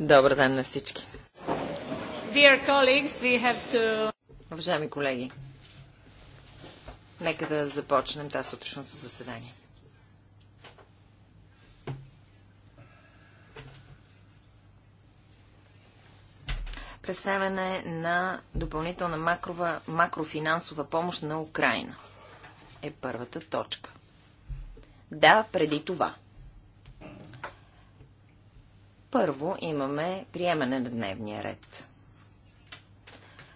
Добър ден на всички. To... Уважаеми колеги, нека да започнем тази сутрешното заседание. Представяне на допълнителна макрова, макрофинансова помощ на Украина – е първата точка. Да, преди това. Първо имаме приемане на дневния ред.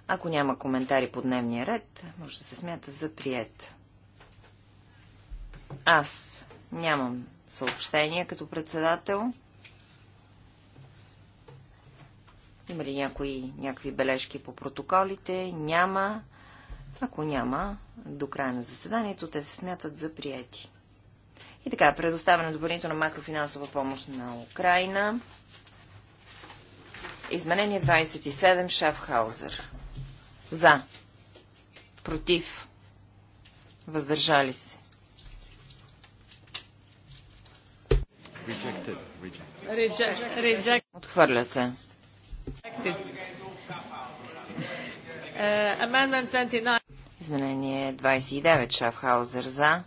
Ако няма коментари по дневния ред, може да се смята за прият. Аз нямам съобщения като председател. Има ли някои, някакви бележки по протоколите? Няма. Ако няма, до края на заседанието те се смятат за прияти. И така, предоставяне допълнителна макрофинансова помощ на Украина. Изменение 27, Шафхаузер. За. Против. Въздържали се. Rejected. Rejected. Отхвърля се. Uh, 29. Изменение 29. Шафхаузер за.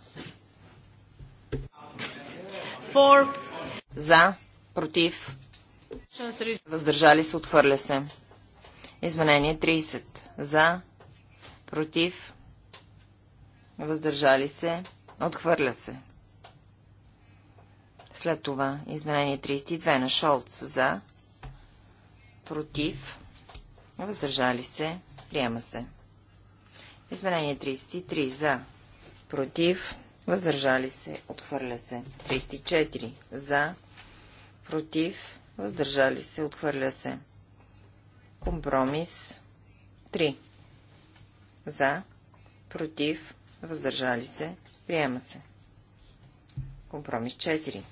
For... За. Против. Въздържали се. Отхвърля се. Изменение 30. За. Против. Въздържали се. Отхвърля се. След това изменение 32 на Шолц за. Против. Въздържали се. Приема се. Изменение 33 за. Против. Въздържали се. Отхвърля се. 34 за. Против. Въздържали се. Отхвърля се. Компромис 3 за. Против. Въздържали се. Приема се. Компромис 4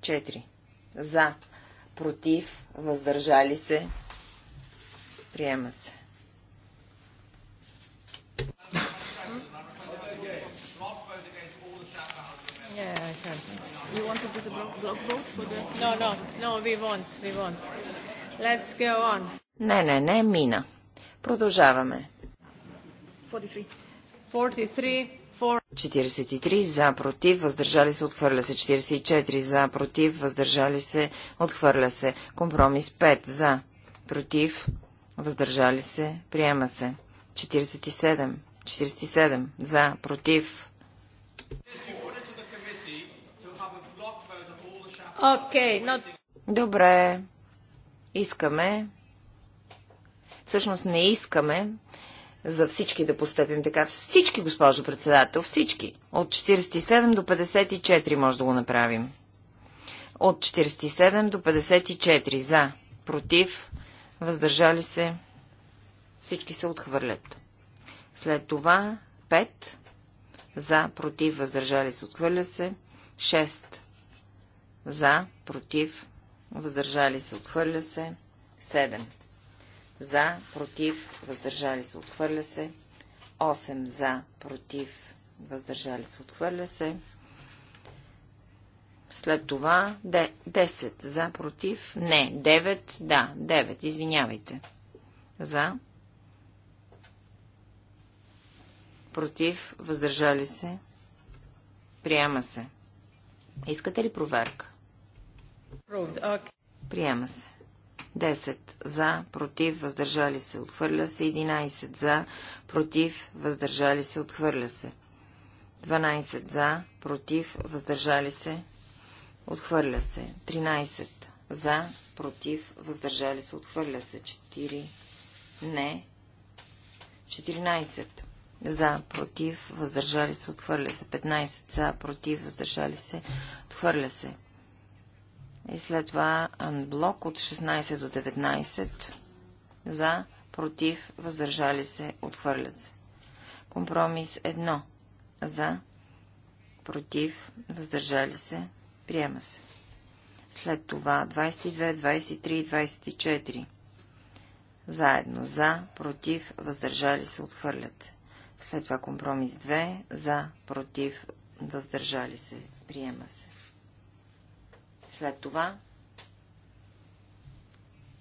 4 за. Против. Въздържали се. Приема се. You want to do the block, vote for the... No, no, no, we won't, we won't. Let's go on. Не, не, не, мина. Продължаваме. 43. 43 за, против, въздържали се, отхвърля се. 44 за, против, въздържали се, отхвърля се. Компромис 5 за, против, въздържали се, приема се. 47. 47 за, против. Okay, not... Добре. Искаме. Всъщност не искаме за всички да постъпим така. Всички, госпожо председател, всички. От 47 до 54 може да го направим. От 47 до 54 за, против, въздържали се, всички се отхвърлят. След това 5 за, против, въздържали се, отхвърля се, 6 за, против, въздържали се, отхвърля се. 7. За, против, въздържали се, отхвърля се. 8. За, против, въздържали се, отхвърля се. След това 10 за, против, не, 9, да, 9, извинявайте. За, против, въздържали се, приема се. Искате ли проверка? Приема се. 10 за, против, въздържали се, отхвърля се. 11 за, против, въздържали се, отхвърля се. 12 за, против, въздържали се, отхвърля се. 13 за, против, въздържали се, отхвърля се. 4 не. 14 за, против, въздържали се, отхвърля се. 15 за, против, въздържали се, отхвърля се. И след това анблок от 16 до 19 за, против, въздържали се, отхвърлят се. Компромис 1 за, против, въздържали се, приема се. След това 22, 23 24. Заедно за, против, въздържали се, отхвърлят се. След това компромис 2 за, против, въздържали се, приема се. След това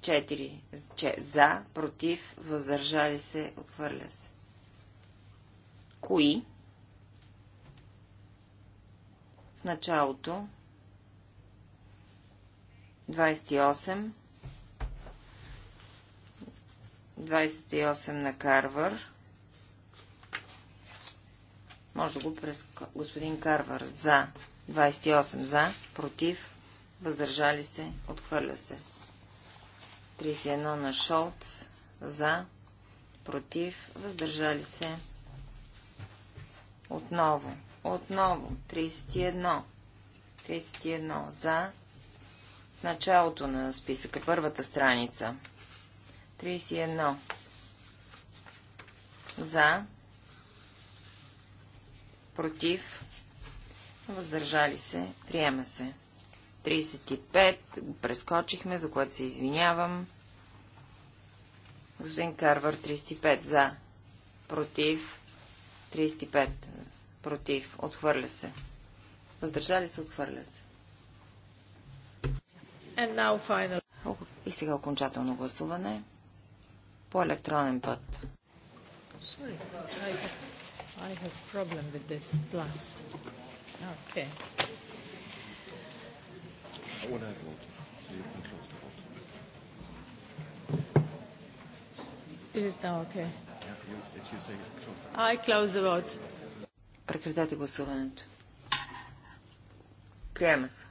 4 че, за, против, въздържали се, отхвърля се. Кои? В началото 28 28 на Карвар. Може да го през господин Карвар за 28 за, против, въздържали се, отхвърля се. 31 на Шолц, за, против, въздържали се. Отново, отново, 31, 31, за, в началото на списъка, първата страница. 31, за, против, въздържали се, приема се. 35 прескочихме, за което се извинявам. Господин Карвар, 35 за. Против. 35 против. Отхвърля се. Въздържали се, отхвърля се. And now final. И сега окончателно гласуване по електронен път. Sorry, I have, I have problem with this plus. Okay. Прекратете гласуването. Приема се.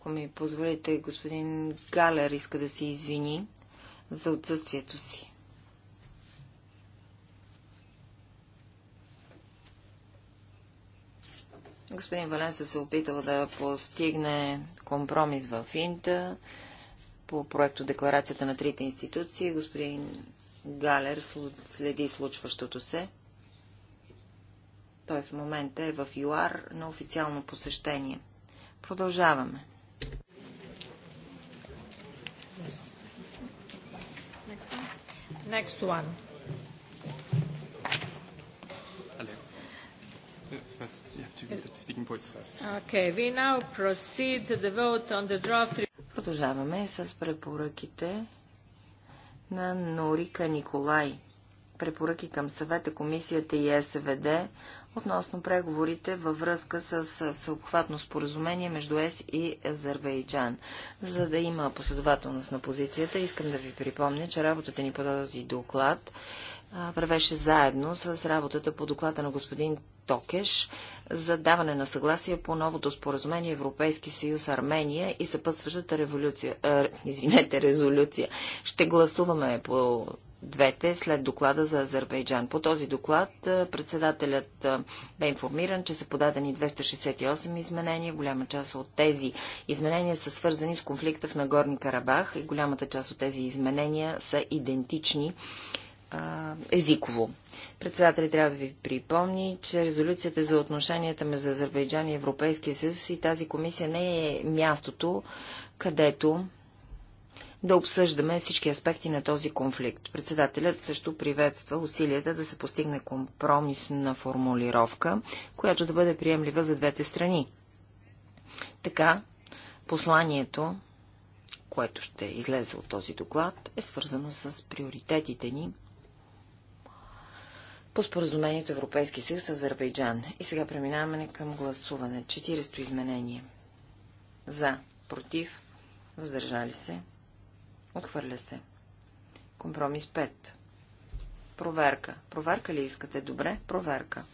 Ако ми позволите, господин Галер иска да се извини за отсъствието си. Господин Валенса се е опитал да постигне компромис в Инта по проекто Декларацията на трите институции. Господин Галер следи случващото се. Той в момента е в ЮАР на официално посещение. Продължаваме. Next one. Продължаваме с препоръките на Норика Николай. Препоръки към съвета, комисията и СВД относно преговорите във връзка с всеобхватно споразумение между ЕС и Азербайджан. За да има последователност на позицията, искам да ви припомня, че работата ни по този доклад вървеше заедно с работата по доклада на господин Токеш за даване на съгласие по новото споразумение Европейски съюз Армения и съпътстващата революция, е, извинете, резолюция. Ще гласуваме по двете след доклада за Азербайджан. По този доклад председателят бе информиран, че са подадени 268 изменения. Голяма част от тези изменения са свързани с конфликта в Нагорни Карабах и голямата част от тези изменения са идентични езиково. Председатели трябва да ви припомни, че резолюцията за отношенията между Азербайджан и Европейския съюз и тази комисия не е мястото, където да обсъждаме всички аспекти на този конфликт. Председателят също приветства усилията да се постигне компромисна формулировка, която да бъде приемлива за двете страни. Така, посланието, което ще излезе от този доклад, е свързано с приоритетите ни по споразумението Европейски съюз с Азербайджан. И сега преминаваме към гласуване. 40-то изменение. За, против, въздържали се, отхвърля се. Компромис 5. Проверка. Проверка ли искате? Добре, проверка.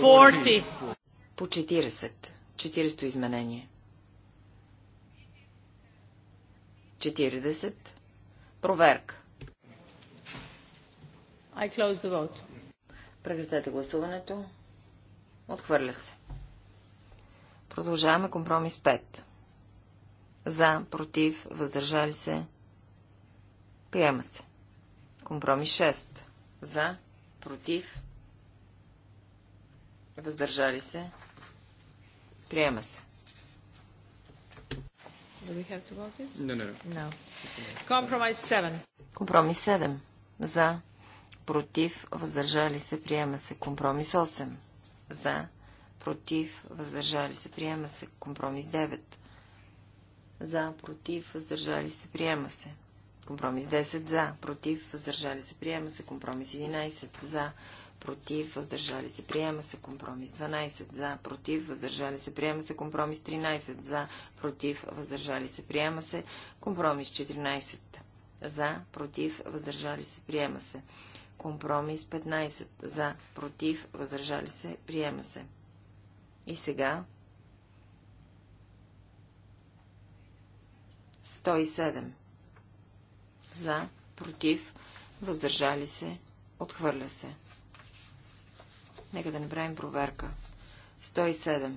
По 40. 40 изменение. 40. Проверка. I close the vote. Прекратете гласуването. Отхвърля се. Продължаваме компромис 5. За, против, въздържали се. Приема се. Компромис 6. За, против, въздържали се. Приема се. Do we have to vote No, no, no. no. Compromise 7. Компромис 7. За. Против. Въздържали се. Приема се. Компромис 8. За. Против. Въздържали се. Приема се. Компромис 9. За. Против. Въздържали се. Приема се. Компромис 10. За. Против. Въздържали се. Приема се. Компромис 11. За против, въздържали се, приема се компромис 12 за, против, въздържали се, приема се компромис 13 за, против, въздържали се, приема се компромис 14 за, против, въздържали се, приема се компромис 15 за, против, въздържали се, приема се. И сега 107 за, против, въздържали се, отхвърля се. Нека да направим проверка. 107.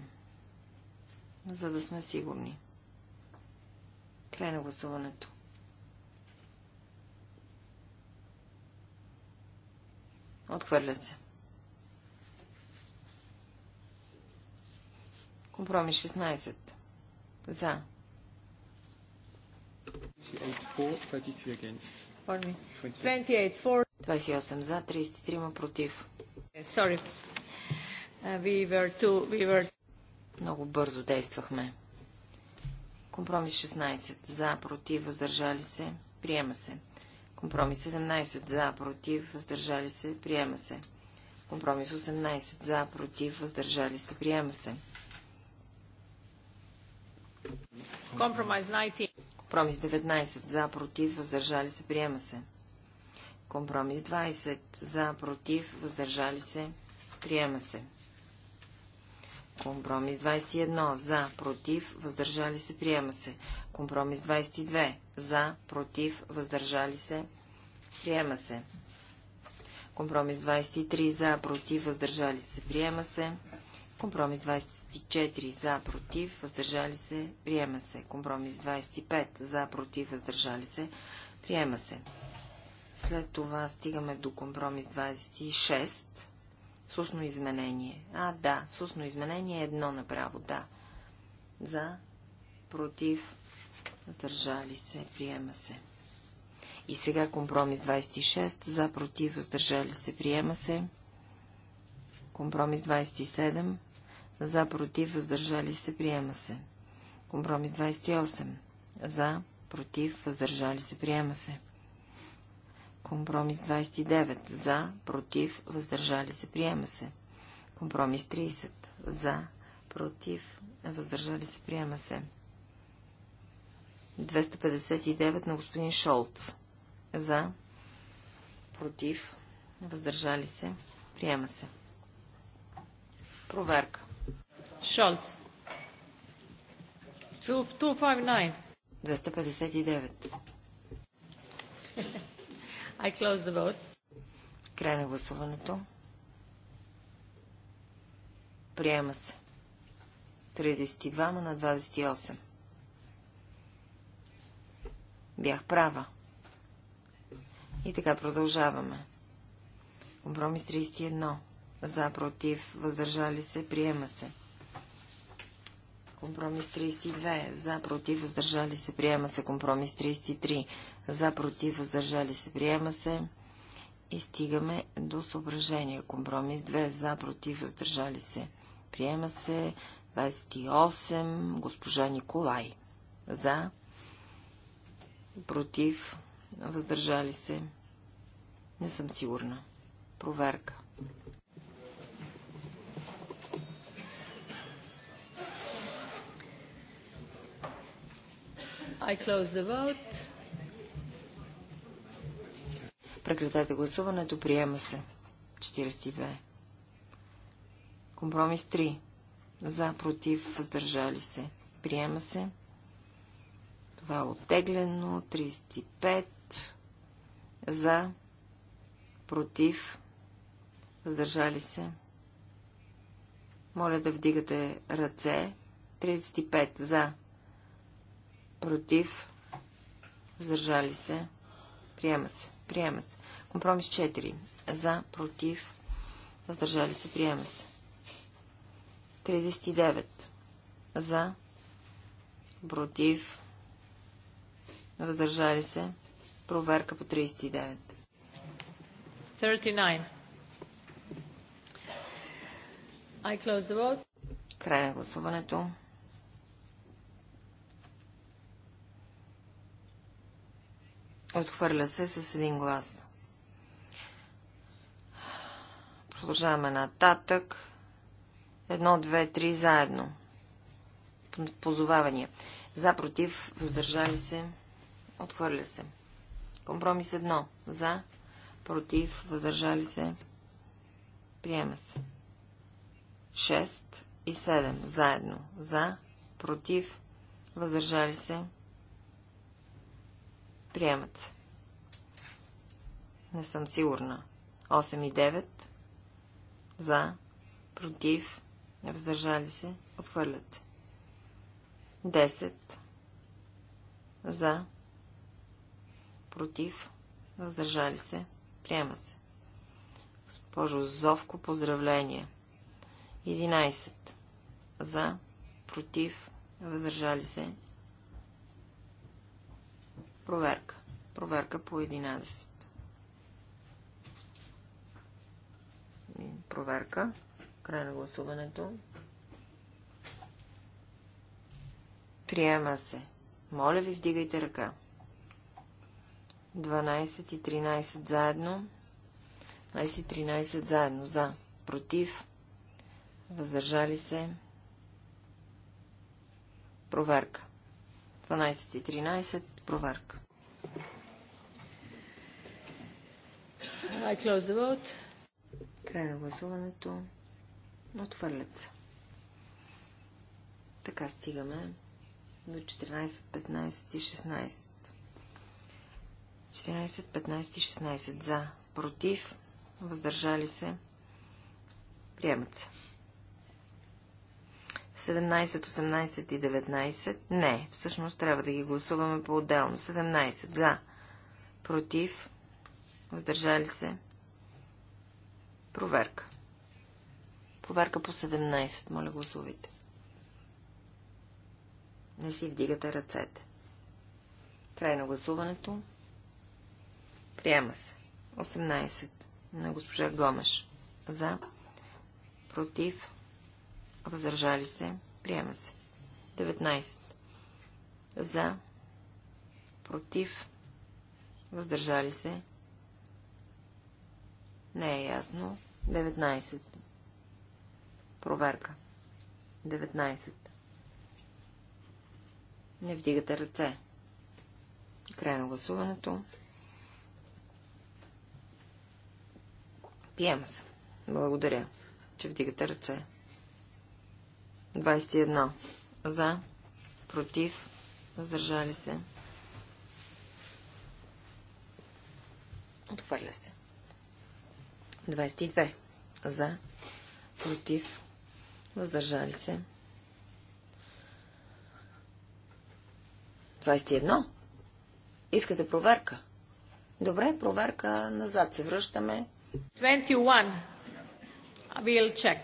За да сме сигурни. Край на гласуването. Отхвърля се. Компромис 16. За. 28 за, 33 против. Sorry. Uh, we were too, we were... Много бързо действахме. Компромис 16. За, против, въздържали се. Приема се. Компромис 17. За, против, въздържали се. Приема се. Компромис 18. За, против, въздържали се. Приема се. Компромис 19. Компромис 19. За, против, въздържали се. Приема се. Компромис 20. За, против, въздържали се. Приема се. Компромис 21. За, против, въздържали се, приема се. Компромис 22. За, против, въздържали се, приема се. Компромис 23. За, против, въздържали се, приема се. Компромис 24. За, против, въздържали се, приема се. Компромис 25. За, против, въздържали се, приема се. След това стигаме до компромис 26. Сусно изменение. А, да. Сусно изменение е едно направо, да. За, против, държали се, приема се. И сега компромис 26. За, против, въздържали се, приема се. Компромис 27. За, против, въздържали се, приема се. Компромис 28. За, против, въздържали се, приема се. Компромис 29. За, против, въздържали се, приема се. Компромис 30. За, против, въздържали се, приема се. 259 на господин Шолц. За, против, въздържали се, приема се. Проверка. Шолц. 259. 259. I close the vote. Край на гласуването. Приема се. 32 на 28. Бях права. И така продължаваме. Компромис 31. За, против, въздържали се, приема се. Компромис 32. За, против, въздържали се, приема се. Компромис 33 за, против, въздържали се, приема се. И стигаме до съображение. Компромис 2 за, против, въздържали се, приема се. 28, госпожа Николай. За, против, въздържали се. Не съм сигурна. Проверка. I close the vote. Прекратете гласуването. Приема се. 42. Компромис 3. За, против, въздържали се. Приема се. Това е оттеглено. 35. За, против, въздържали се. Моля да вдигате ръце. 35. За, против, въздържали се. Приема се приема се. Компромис 4. За, против, въздържали се, приема се. 39. За, против, въздържали се. Проверка по 39. 39. I close the vote. Край на гласуването. Отхвърля се с един глас. Продължаваме нататък. Едно, две, три заедно. Позовавания. За, против, въздържали се. Отхвърля се. Компромис едно. За, против, въздържали се. Приема се. Шест и седем заедно. За, против, въздържали се. Приемат се. Не съм сигурна. 8 и 9. За. Против. Въздържали се. Отхвърлят се. 10. За. Против. Въздържали се. Приема се. Госпожо Зовко, поздравление. 11. За. Против. Въздържали се. Проверка. Проверка по 11. Проверка. Край на гласуването. Приема се. Моля ви, вдигайте ръка. 12 и 13 заедно. 12 и 13 заедно. За. Против. Въздържали се. Проверка. 12 и 13 проверка. I close the vote. Край на гласуването. Отвърлят се. Така стигаме до 14, 15 и 16. 14, 15 и 16 за, против, въздържали се, приемат се. 17, 18 и 19. Не, всъщност трябва да ги гласуваме по-отделно. 17 за, против, въздържали се. Проверка. Проверка по 17. Моля, гласувайте. Не си вдигате ръцете. Край на гласуването. Приема се. 18. На госпожа Гомеш. За. Против. Въздържали се. Приема се. 19. За. Против. Въздържали се. Не е ясно. 19. Проверка. 19. Не вдигате ръце. Край на гласуването. Пием се. Благодаря, че вдигате ръце. 21. За. Против. Въздържали се. Отхвърля се. 22. За. Против. Въздържали се. 21. Искате проверка? Добре, проверка. Назад се връщаме. 21. I will check.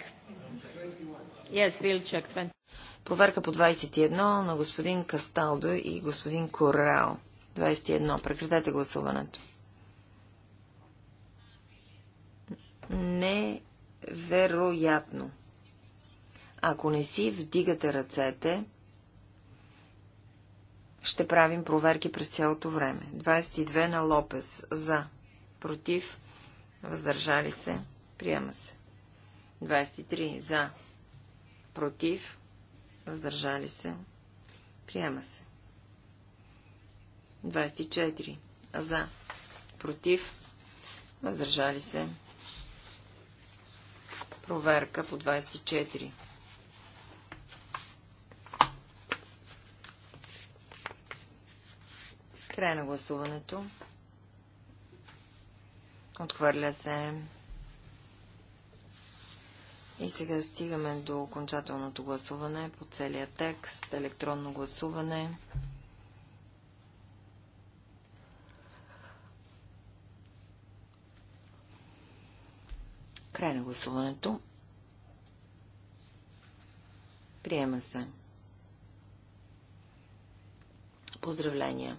Yes, Проверка по 21 на господин Касталдо и господин Корал. 21. Прекратете гласуването. Невероятно. Ако не си вдигате ръцете, ще правим проверки през цялото време. 22 на Лопес. За. Против. Въздържали се. Приема се. 23. За против, въздържали се, приема се. 24. За, против, въздържали се. Проверка по 24. Край на гласуването. Отхвърля се. И сега стигаме до окончателното гласуване по целия текст, електронно гласуване. Край на гласуването. Приема се. Поздравления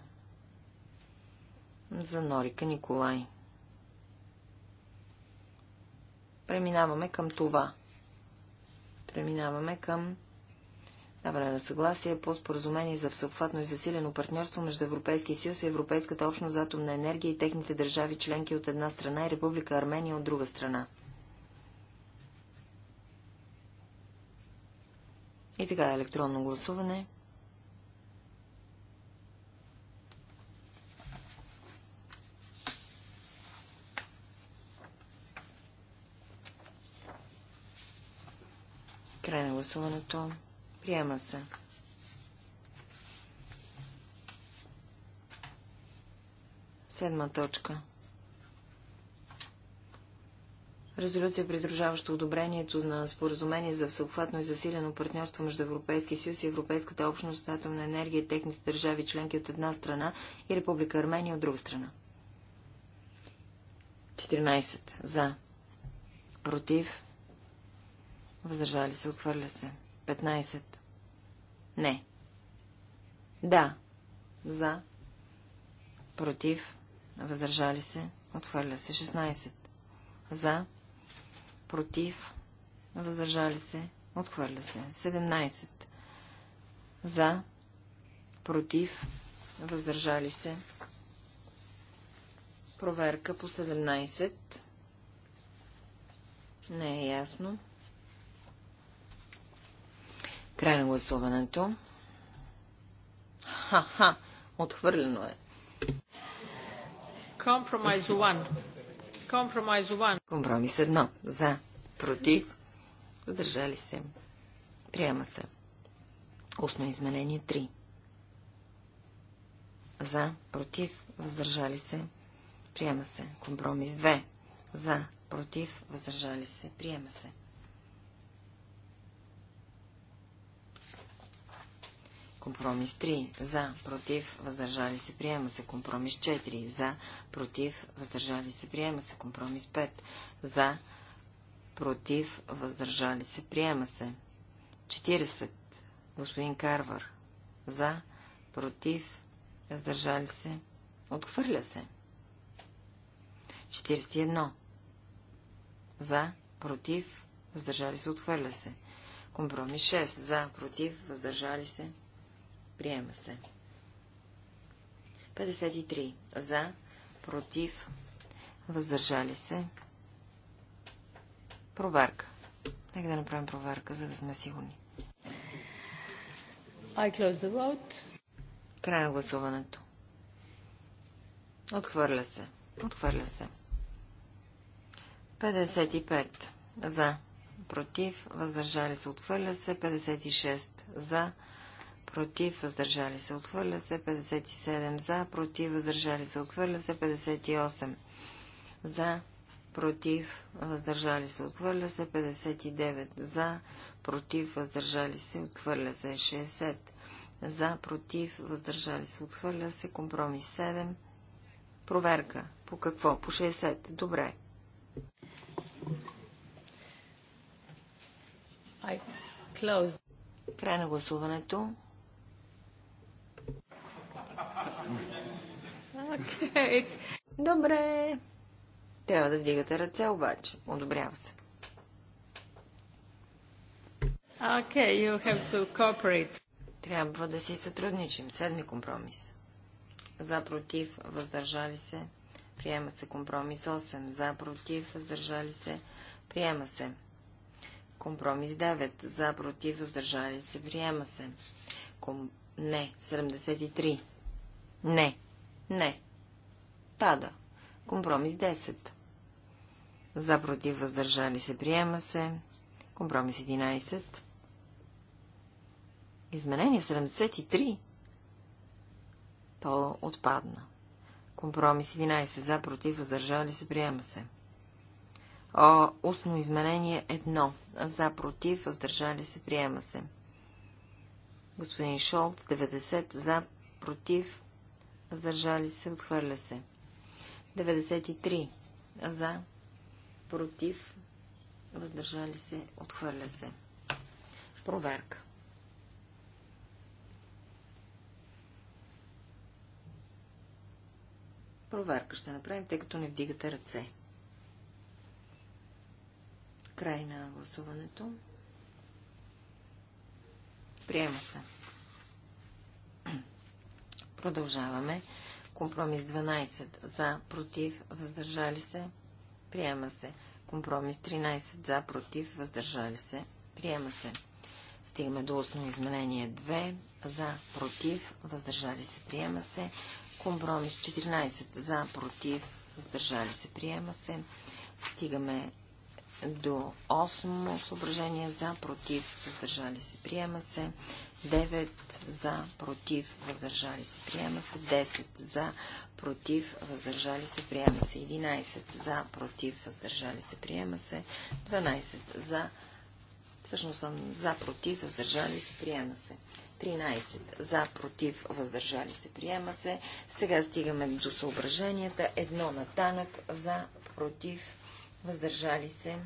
за Норика Николай. Преминаваме към това. Преминаваме към даване на съгласие по споразумение за всеобхватно и засилено партньорство между Европейския съюз и Европейската общност за атомна енергия и техните държави членки от една страна и Република Армения от друга страна. И така електронно гласуване. Край на гласуването. Приема се. Седма точка. Резолюция, придружаваща одобрението на споразумение за всеобхватно и засилено партньорство между Европейския съюз и Европейската общност за атомна енергия и техните държави членки от една страна и Република Армения от друга страна. 14. За. Против. Въздържали се, отхвърля се. 15. Не. Да. За. Против. Въздържали се. Отхвърля се. 16. За. Против. Въздържали се. Отхвърля се. 17. За. Против. Въздържали се. Проверка по 17. Не е ясно. Край на гласуването. Ха-ха, отхвърлено е. Компромис 1. Компромис 1. Компромис 1. За. Против. Въздържали се. Приема се. Устно изменение 3. За. Против. Въздържали се. Приема се. Компромис 2. За. Против. Въздържали се. Приема се. Компромис 3. За, против, въздържали се, приема се. Компромис 4. За, против, въздържали се, приема се. Компромис 5. За, против, въздържали се, приема се. 40. Господин Карвар. За, против, въздържали се, отхвърля се. 41. За, против, въздържали се, отхвърля се. Компромис 6. За, против, въздържали се, Приема се. 53. За. Против. Въздържали се. Проверка. Нека да направим проверка, за да сме сигурни. I close the vote. Край на гласуването. Отхвърля се. Отхвърля се. 55. За. Против. Въздържали се. Отхвърля се. 56. За против, въздържали се, отхвърля се, 57 за, против, въздържали се, отхвърля се, 58 за, против, въздържали се, отхвърля се, 59 за, против, въздържали се, отхвърля се, 60 за, против, въздържали се, отхвърля се, компромис 7. Проверка. По какво? По 60. Добре. Край на гласуването. Okay. Добре. Трябва да вдигате ръце обаче. Одобрява се. Okay, you have to cooperate. Трябва да си сътрудничим. Седми компромис. За, против, въздържали се. Приема се компромис 8. За, против, въздържали се. Приема се. Компромис 9. За, против, въздържали се. Приема се. Ком... Не. 73. Не. Не. Пада. Компромис 10. За против въздържали се приема се. Компромис 11. Изменение 73. То отпадна. Компромис 11. За против въздържали се приема се. О, устно изменение 1. За против въздържали се приема се. Господин Шолт 90. За против въздържали се, отхвърля се. 93 за, против, въздържали се, отхвърля се. Проверка. Проверка ще направим, тъй като не вдигате ръце. Край на гласуването. Приема се. Продължаваме. Компромис 12 за, против, въздържали се, приема се. Компромис 13 за, против, въздържали се, приема се. Стигаме до устно изменение 2 за, против, въздържали се, приема се. Компромис 14 за, против, въздържали се, приема се. Стигаме до 8 съображение за, против, въздържали се, приема се. 9 за, против, въздържали се, приема се. 10 за, против, въздържали се, приема се. 11 за, против, въздържали се, приема се. 12 за, всъщност съм за, против, въздържали се, приема се. 13 за, против, въздържали се, приема се. Сега стигаме до съображенията. Едно на танък за, против, въздържали се.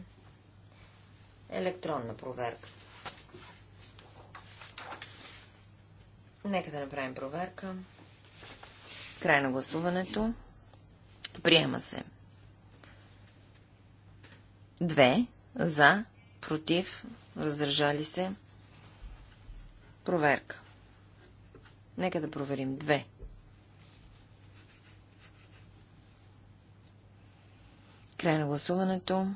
Електронна проверка. Нека да направим проверка. Край на гласуването. Приема се. Две. За. Против. Въздържали се. Проверка. Нека да проверим. Две. Край на гласуването.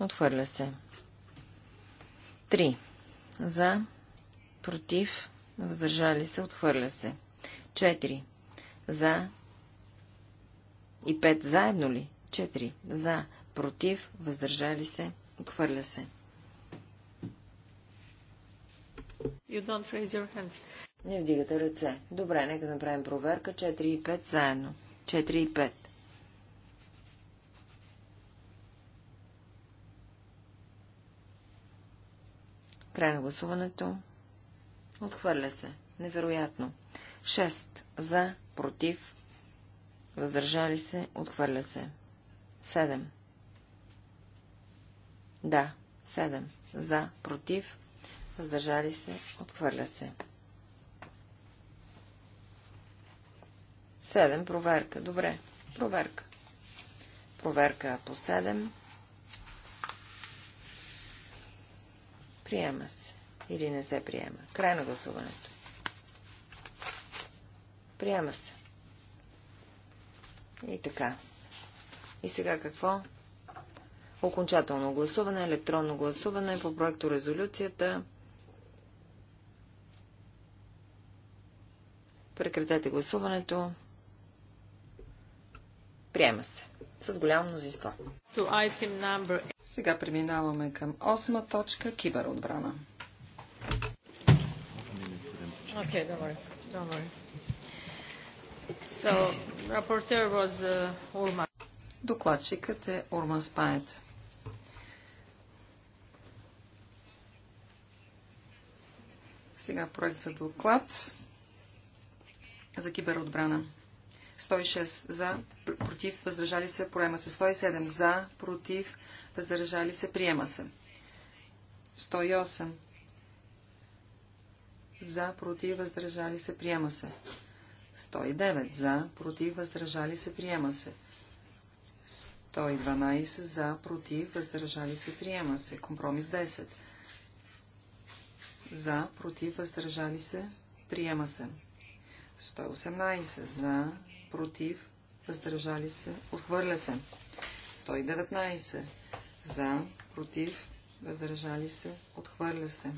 Отхвърля се. Три. За против, въздържали се, отхвърля се. 4 за и 5 заедно ли? 4 за, против, въздържали се, отхвърля се. You don't raise your hands. Не вдигате ръце. Добре, нека направим проверка. 4 и 5 заедно. 4 и 5. Край на гласуването. Отхвърля се. Невероятно. 6. За, против, въздържали се, отхвърля се. 7. Да, 7. За, против, въздържали се, отхвърля се. 7. Проверка. Добре. Проверка. Проверка по 7. Приема се или не се приема. Край на гласуването. Приема се. И така. И сега какво? Окончателно гласуване, електронно гласуване по проекто резолюцията. Прекратете гласуването. Приема се. С голямо мнозинство. Сега преминаваме към осма точка киберотбрана. Okay, don't worry. Don't worry. So, rapporteur was uh, Докладчикът е Урман Спаят. Сега проект за доклад за киберотбрана. 106 за, против, въздържали се, проема се. 107 за, против, въздържали се, приема се. 108 за, против, въздържали се, приема се. 109 за, против, въздържали се, приема се. 112 за, против, въздържали се, приема се. Компромис 10. За, против, въздържали се, приема се. 118 за, против, въздържали се, отхвърля се. 119 за, против, въздържали се, отхвърля се.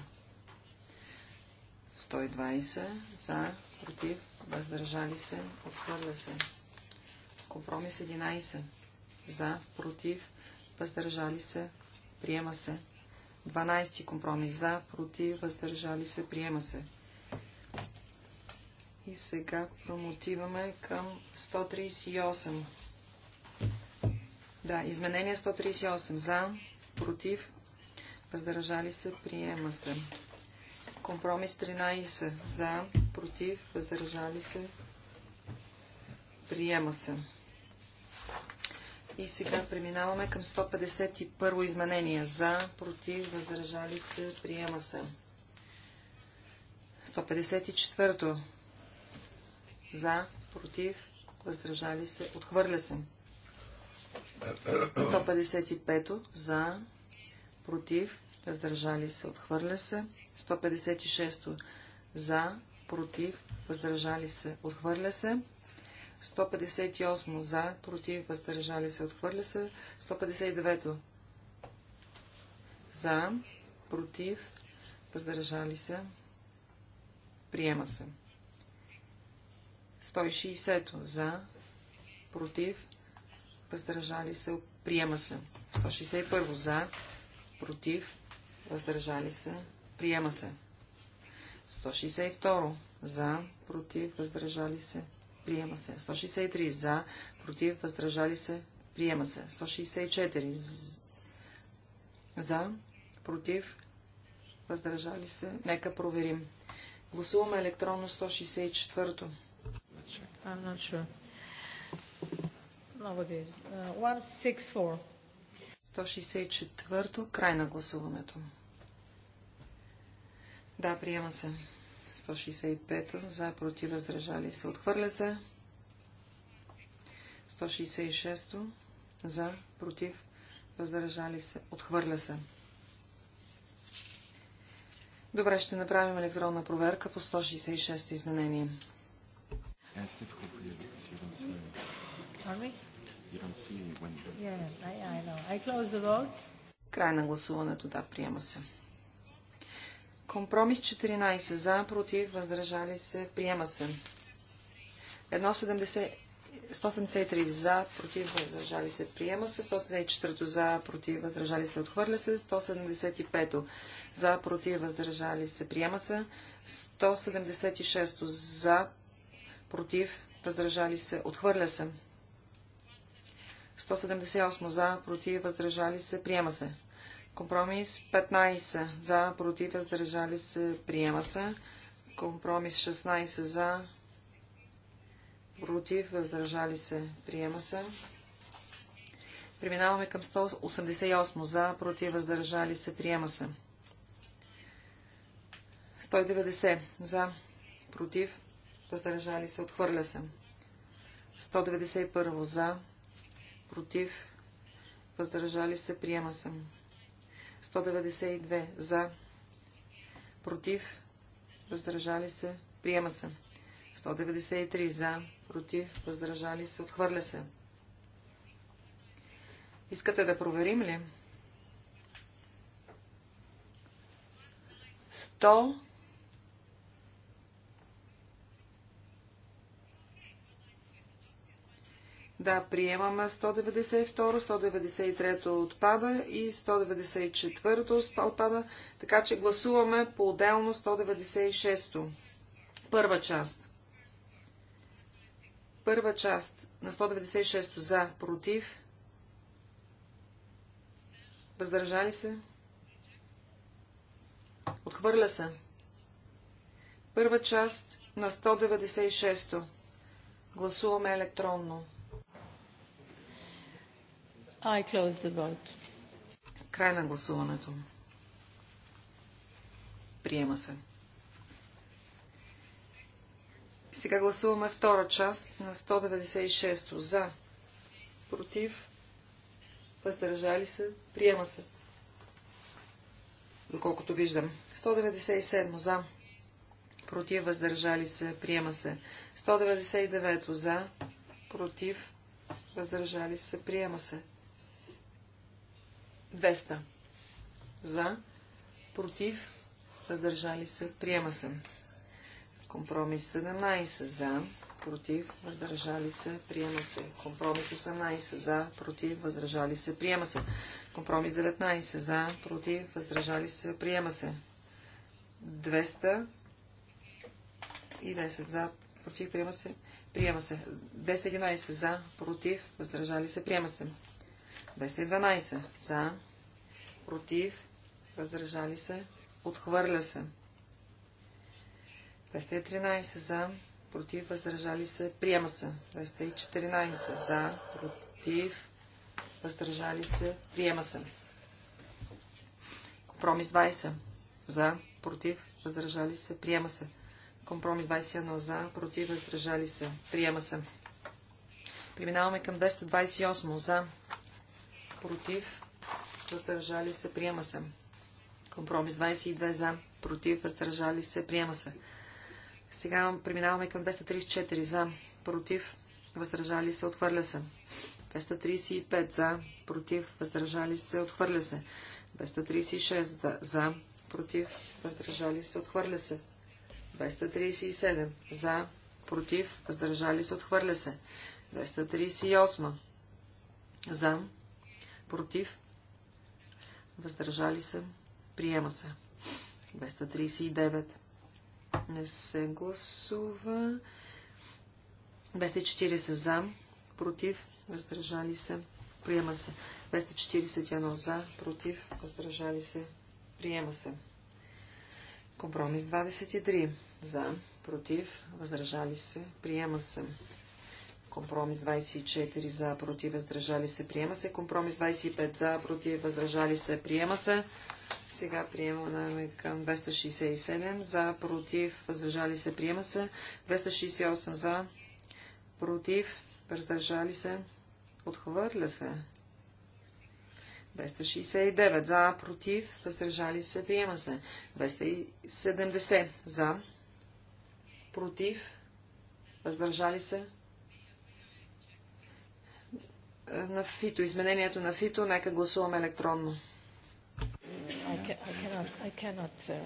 120 за, против, въздържали се, отхвърля се. Компромис 11 за, против, въздържали се, приема се. 12 компромис за, против, въздържали се, приема се. И сега промотиваме към 138. Да, изменение 138 за, против, въздържали се, приема се. Компромис 13. За, против, въздържали се. Приема се. И сега преминаваме към 151 изменение. За, против, въздържали се, приема се. 154. За, против, въздържали се, отхвърля се. 155. За, против, въздържали се, отхвърля се. 156 за, против, въздържали се, отхвърля се. 158 за, против, въздържали се, отхвърля се. 159 за, против, въздържали се, приема се. 160 за, против, въздържали се, приема се. 161 за, против, въздържали се, приема се. 162 за, против, въздържали се, приема се. 163 за, против, въздържали се, приема се. 164 за, против, въздържали се. Нека проверим. Гласуваме електронно 164-то. I'm not sure. Nowadays. Е. Uh, 164. 164-то, край на гласуването. Да, приема се. 165 за, против, въздържали се. Отхвърля се. 166 за, против, въздържали се. Отхвърля се. Добре, ще направим електронна проверка по 166 изменение. Край на гласуването, да, приема се. Компромис 14. За, против, въздържали се, приема се. 1, 173 за, против, въздържали се, приема се. 174 за, против, въздържали се, отхвърля се. 175 за, против, въздържали се, приема се. 176 за, против, въздържали се, отхвърля се. 178 за, против, въздържали се, приема се. Компромис 15 за, против, въздържали се, приема се. Компромис 16 за, против, въздържали се, приема се. Преминаваме към 188 за, против, въздържали се, приема се. 190 за, против, въздържали се, отхвърля се. 191 за, против, въздържали се, приема се. 192 за, против, въздържали се, приема се. 193 за, против, въздържали се, отхвърля се. Искате да проверим ли? 100 Да, приемаме 192, 193 отпада и 194 отпада, така че гласуваме по-отделно 196. Първа част. Първа част на 196 за, против, въздържали се, отхвърля се. Първа част на 196. Гласуваме електронно. I close the vote. Край на гласуването. Приема се. Сега гласуваме втора част на 196 За. Против. Въздържали се. Приема се. Доколкото виждам. 197 за. Против. Въздържали се. Приема се. 199 за. Против. Въздържали се. Приема се. 200. За, против, въздържали се, приема се. Компромис 17 за, против, въздържали се, приема се. Компромис 18 за, против, въздържали се, приема се. Компромис 19 за, против, въздържали се, приема се. 200 и 10 за, против, приема се, приема се. 211 за, против, въздържали се, приема се. 212 за, против, въздържали се, отхвърля се. 213 за, против, въздържали се, приема се. 214 за, против, въздържали се, приема се. Компромис 20 за, против, въздържали се, приема се. Компромис 21 за, против, въздържали се, приема се. Преминаваме към 228 за, против, въздържали се, приема се. Компромис 22 за, против, въздържали се, приема се. Сега преминаваме към 234 за, против, въздържали се, отхвърля се. 235 за, против, въздържали се, отхвърля се. 236 за, против, въздържали се, отхвърля се. 237 за, против, въздържали се, отхвърля се. 238 за, против, въздържали се, приема се. 239 не се гласува. 240 за, против, въздържали се, приема се. 241 за, против, въздържали се, приема се. Компромис 23 за, против, въздържали се, приема се. Компромис 24 за, против, въздържали се, приема се. Компромис 25 за, против, въздържали се, приема се. Сега приемаме към 267 за, против, въздържали се, приема се. 268 за, против, въздържали се, отхвърля се. 269 за, против, въздържали се, приема се. 270 за, против, въздържали се, на фито, изменението на фито, нека гласуваме електронно. I cannot, I cannot uh,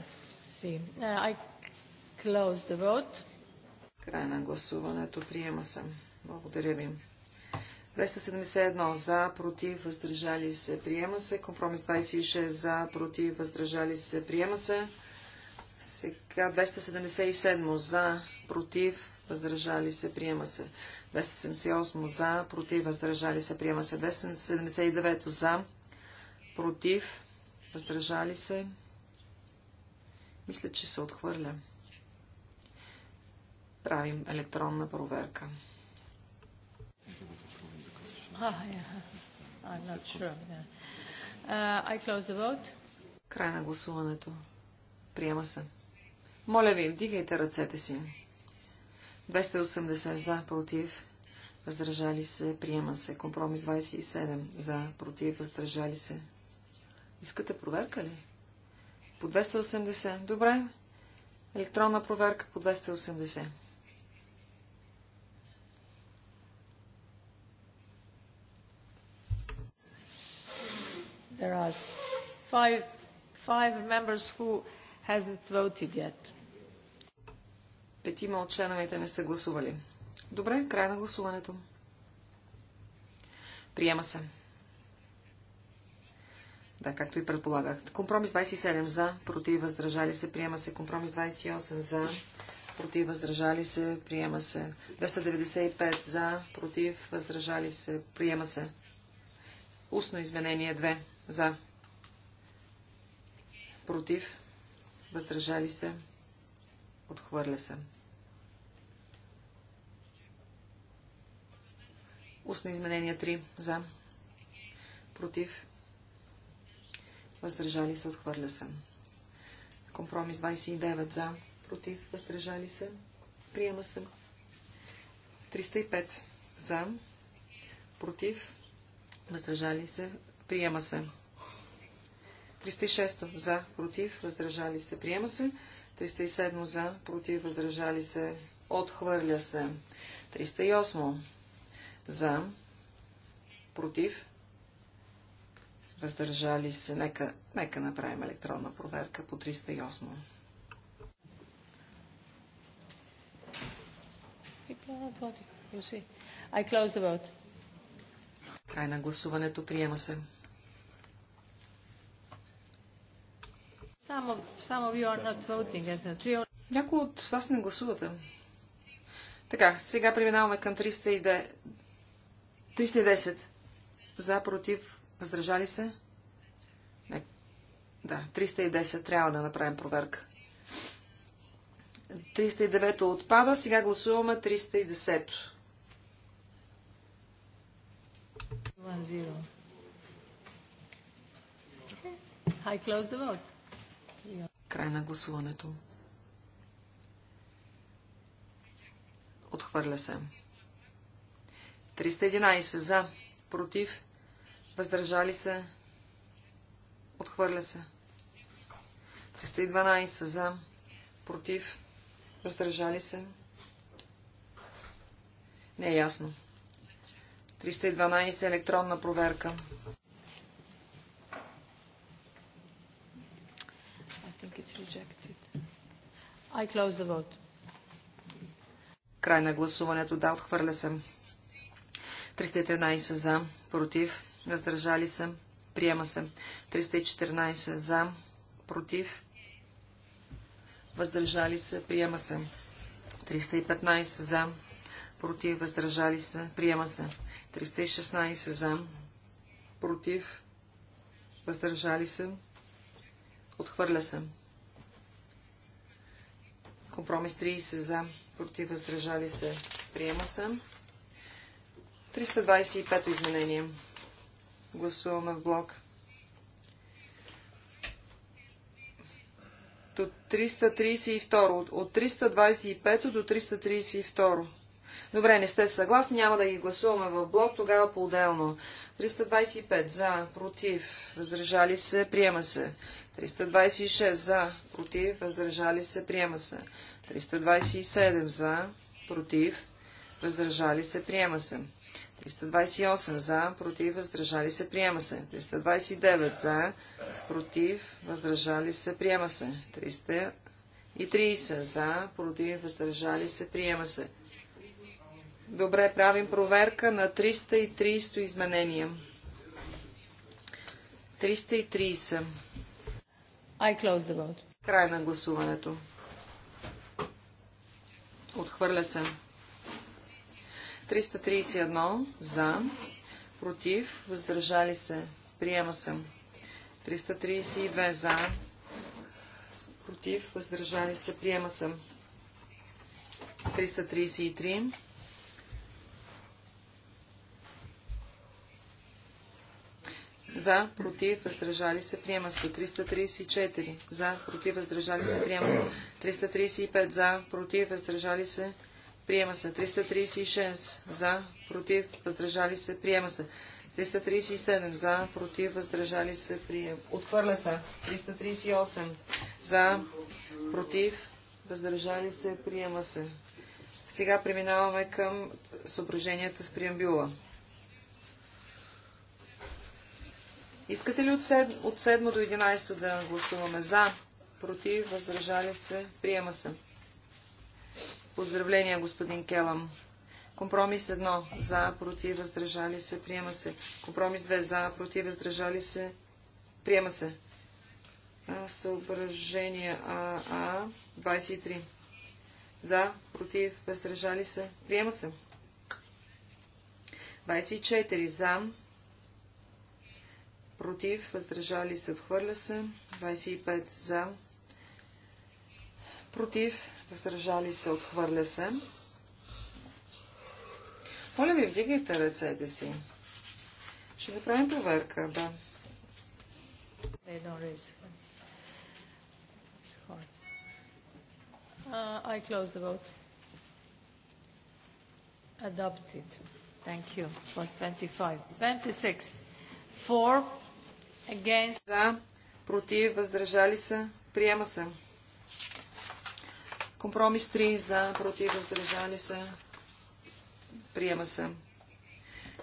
see. Uh, I the vote. Край на гласуването. Приема се. Благодаря ви. 271 за, против, въздържали се, приема се. Компромис 26 за, против, въздържали се, приема се. Сега 277 за, против, въздържали се, приема се. 278 за, против, въздържали се, приема се 279 за, против, въздържали се. Мисля, че се отхвърля. Правим електронна проверка. Uh, Край на гласуването. Приема се. Моля ви, вдигайте ръцете си. 280 за, против, въздържали се, приема се. Компромис 27 за, против, въздържали се. Искате проверка ли? По 280. Добре. Електронна проверка по 280. There are five, five members who hasn't voted yet. Петима от членовете не са гласували. Добре, край на гласуването. Приема се. Да, както и предполагах. Компромис 27 за, против, въздържали се, приема се. Компромис 28 за, против, въздържали се, приема се. 295 за, против, въздържали се, приема се. Устно изменение 2 за, против, въздържали се, Отхвърля се. Устно изменение 3. За. Против. Въздържали се. Отхвърля се. Компромис 29. За. Против. Въздържали се. Приема се. 305. За. Против. Въздържали се. Приема се. 306. За. Против. Въздържали се. Приема се. 307 за, против, въздържали се, отхвърля се. 308 за, против, въздържали се. Нека, нека направим електронна проверка по 308. Край на гласуването приема се. Някои от вас не гласувате. Така, сега преминаваме към 310. 310. За, против, въздържали се? Не. Да, 310 трябва да направим проверка. 309 отпада, сега гласуваме 310. 1-0. I close the vote. Yeah. Край на гласуването. Отхвърля се. 311 за, против, въздържали се, отхвърля се. 312 за, против, въздържали се. Не е ясно. 312 електронна проверка. It's rejected. I close the vote. Край на гласуването. Да, отхвърля се. 313 за, против, въздържали се, приема се. 314 за, против, въздържали се, приема се. 315 за, против, въздържали се, приема се. 316 за, против, въздържали се, отхвърля се. Компромис 30 за, против, въздържали се, приема съм. 325 изменение. Гласуваме в блок. До 332. От 325 до 332. Добре, не сте съгласни, няма да ги гласуваме в блок, тогава по-отделно. 325 за, против, въздържали се, приема се. 326 за, против, въздържали се, приема се. 327 за, против, въздържали се, приема се. 328 за, против, въздържали се, приема се. 329 за, против, въздържали се, приема се. 330 за, против, въздържали се, приема се. Добре, правим проверка на 330 изменения. 330. I close the vote. Край на гласуването. Отхвърля се. 331 за, против, въздържали се, приема се. 332 за, против, въздържали се, приема се. 333 За, против, въздържали се, приема се. 334. За, против, въздържали се, приема се. 335. За, против, въздържали се, приема се. 336. За, против, въздържали се, приема се. 337 за, против, въздържали се, се. Отхвърля се. 338 за, против, въздържали се, приема се. Сега преминаваме към съображенията в преамбюла. Искате ли от 7, до 11 да гласуваме за, против, въздържали се, приема се. Поздравления, господин Келам. Компромис 1. За, против, въздържали се, приема се. Компромис 2. За, против, въздържали се, приема се. Съображение АА 23. За, против, въздържали се, приема се. 24. За, против, въздържали се, отхвърля се. 25 за, против, въздържали се, отхвърля се. Моля ви, вдигайте ръцете си. Ще направим проверка, да. Uh, I close the vote. Adopted. Thank you. For 25. 26. 4 Against. За, против, въздържали се, приема се. Компромис 3 за, против, въздържали се, приема се.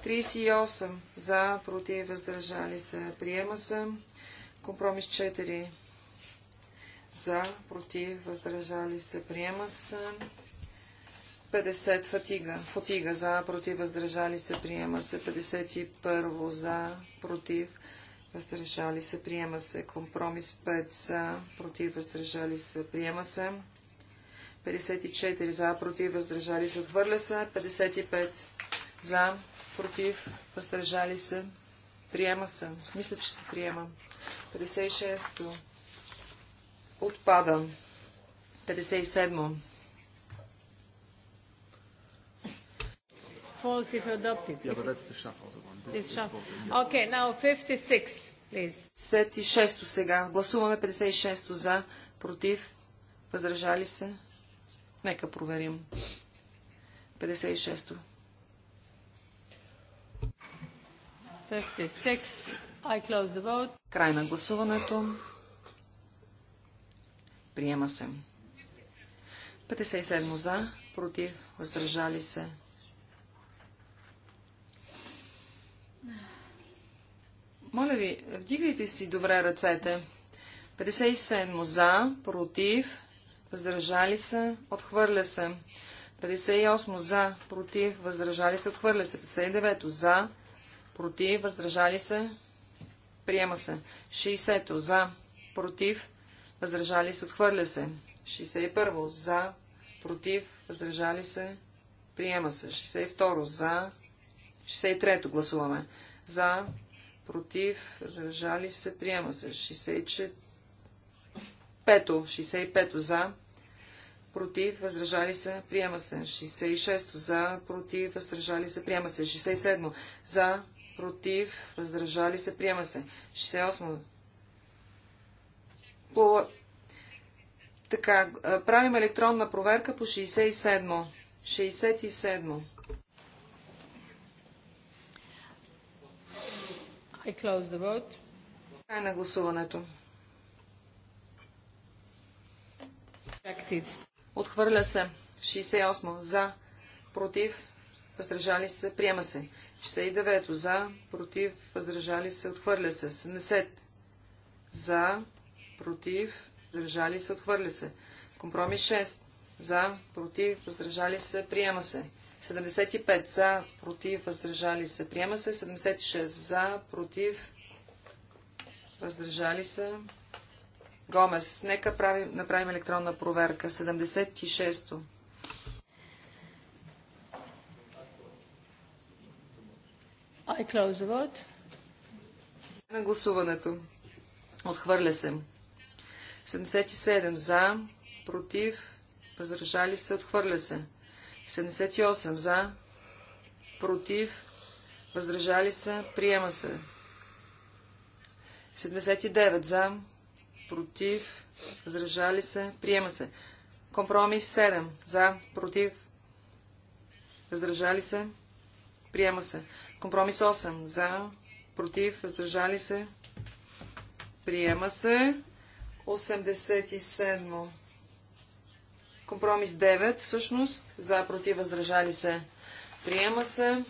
38 за, против, въздържали се, приема се. Компромис 4 за, против, въздържали се, приема се. 50 фатига. Фатига за, против, въздържали се, приема се. 51 за, против, въздържали се, приема се. Компромис 5 за, против, въздържали се, приема се. 54 за, против, въздържали се, отхвърля се. 55 за, против, въздържали се, приема се. Мисля, че се приема. 56 отпада. 57 False if adopted. Yeah, but that's the shuffle one. This, this shuffle. Okay, now 56, please. 56-то сега. Гласуваме 56-то за, против, въздържали се. Нека проверим. 56-то. 56. I close the vote. Край на гласуването. Приема се. 57 за, против, въздържали се. Моля ви, вдигайте си добре ръцете. 57 за, против, въздържали се, отхвърля се. 58 за, против, въздържали се, отхвърля се. 59 за, против, въздържали се, приема се. 60 за, против, въздържали се, отхвърля се. 61 за, против, въздържали се, приема се. 62 за, 63 гласуваме. За, против, въздържали се, приема се. 65 то 65-то за, против, въздържали се, приема се. 66-то за, против, въздържали се, приема се. 67-то за, против, въздържали се, приема се. 68-то. По... Така, правим електронна проверка по 67-то. 67-то. I close the vote. на гласуването. Rejected. Отхвърля се. 68 за, против, въздържали се, приема се. 69 за, против, въздържали се, отхвърля се. 70 за, против, въздържали се, отхвърля се. Компромис 6 за, против, въздържали се, приема се. 75 за, против, въздържали се. Приема се. 76 за, против, въздържали се. Гомес, нека прави, направим електронна проверка. 76-то. I close the vote. На гласуването. Отхвърля се. 77 за, против, въздържали се, отхвърля се. 78 за, против, въздържали се, приема се. 79 за, против, въздържали се, приема се. Компромис 7 за, против, въздържали се, приема се. Компромис 8 за, против, въздържали се, приема се. 87 Компромис 9 всъщност. За, против, въздържали се. Приема се.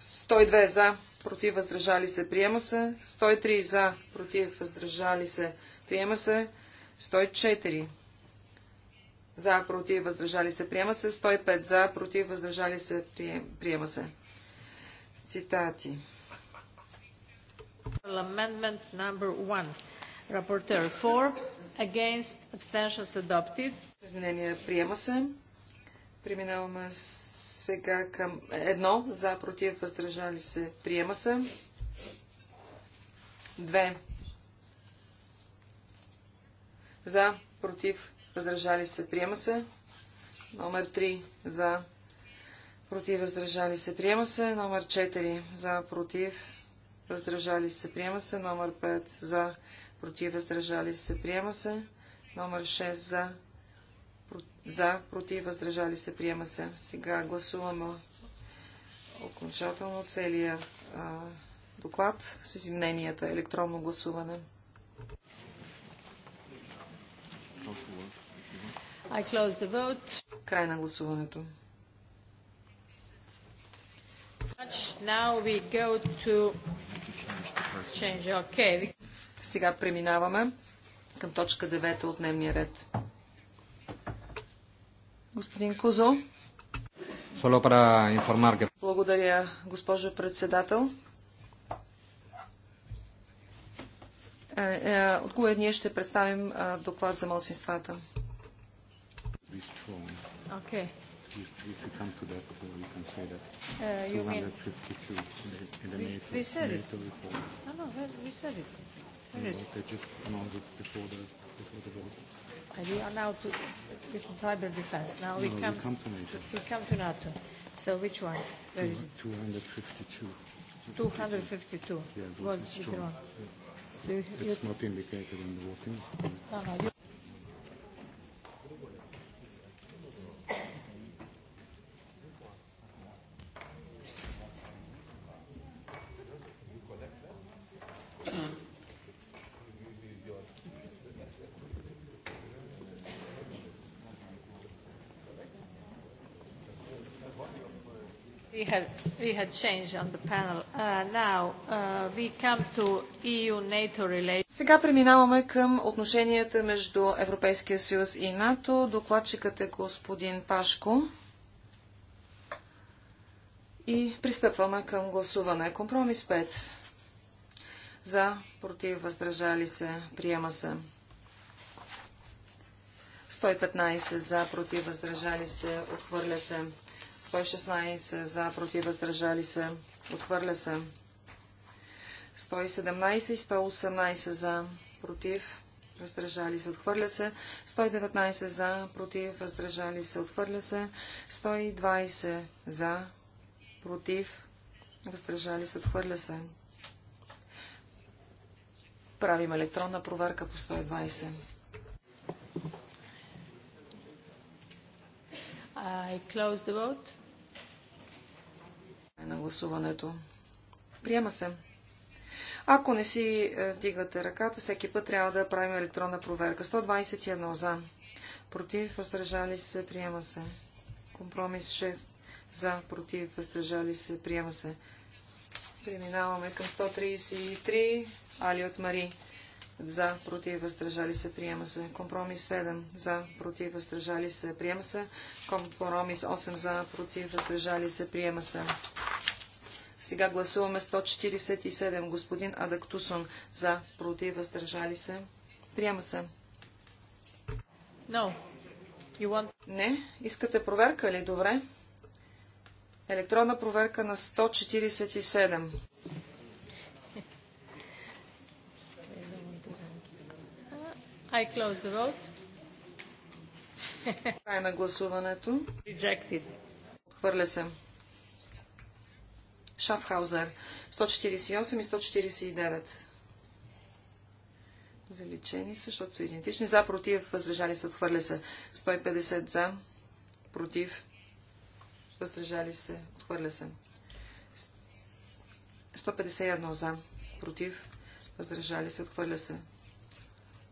102 за, против, въздържали се. Приема се. 103 за, против, въздържали се. Приема се. 104 за, против, въздържали се. Приема се. 105 за, против, въздържали се. Приема се. Цитати. Amendment number 1. Rapporteur 4. Against. Abstentions adopted. Изменение приема се. Преминаваме сега към едно. За, против, въздържали се. Приема се. Две. За, против, въздържали се. Приема се. Номер три За, против, въздържали се. Приема се. Номер 4. За, против, въздържали се. Приема се. Номер пет За, против, въздържали се, приема се. Номер 6 за, про... за, против, въздържали се, приема се. Сега гласуваме окончателно целия а, доклад с измененията, електронно гласуване. I close the vote. Край на гласуването. Now we go to change. Okay. Сега преминаваме към точка 9 от дневния ред. Господин Кузо. Благодаря, госпожо председател. Е, е, от кое ние ще представим доклад за младсинствата. Okay. Uh, uh, you mean? we, we said it. No, no, we said it. We are now to this is cyber defense. Now we, no, come, we come to NATO. We come to NATO. So which one? Where is it? 252. 252 yeah, was withdrawn. So you, it's not indicated in the voting. No, no, We had changed on the panel. Uh, now uh, we come to EU-NATO Сега преминаваме към отношенията между Европейския съюз и НАТО. Докладчикът е господин Пашко. И пристъпваме към гласуване. Компромис 5. За, против, въздържали се, приема се. 115 за, против, въздържали се, отхвърля се. 116 за, против, въздържали се, отхвърля се. 117 и 118 за, против, въздържали се, отхвърля се. 119 за, против, въздържали се, отхвърля се. 120 за, против, въздържали се, отхвърля се. Правим електронна проверка по 120. I close the vote. На гласуването. Приема се. Ако не си е, вдигате ръката, всеки път трябва да правим електронна проверка. 121 за. Против, въздържали се, приема се. Компромис 6 за, против, въздържали се, приема се. Преминаваме към 133. Али от Мари за, против, въздържали се, приема се. Компромис 7 за, против, въздържали се, приема се. Компромис 8 за, против, въздържали се, приема се. Сега гласуваме 147. Господин Адактусон за, против, въздържали се, приема се. No. You want... Не. Искате проверка ли? Добре. Електронна проверка на 147. I close the vote. Край на гласуването. Rejected. Отхвърля се. Шафхаузер. 148 и 149. Заличени са, защото са идентични. За, против, въздържали се, отхвърля се. 150 за, против, въздържали се, отхвърля се. 151 за, против, въздържали се, отхвърля се.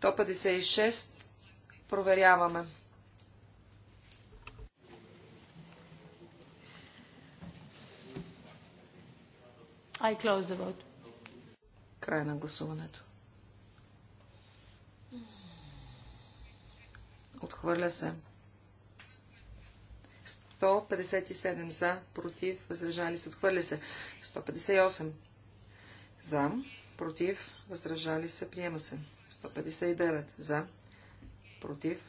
156 проверяваме. I close the vote. Край на гласуването. Отхвърля се. 157 за, против, въздържали се. Отхвърля се. 158 за, против, въздържали се. Приема се. 159 за, против,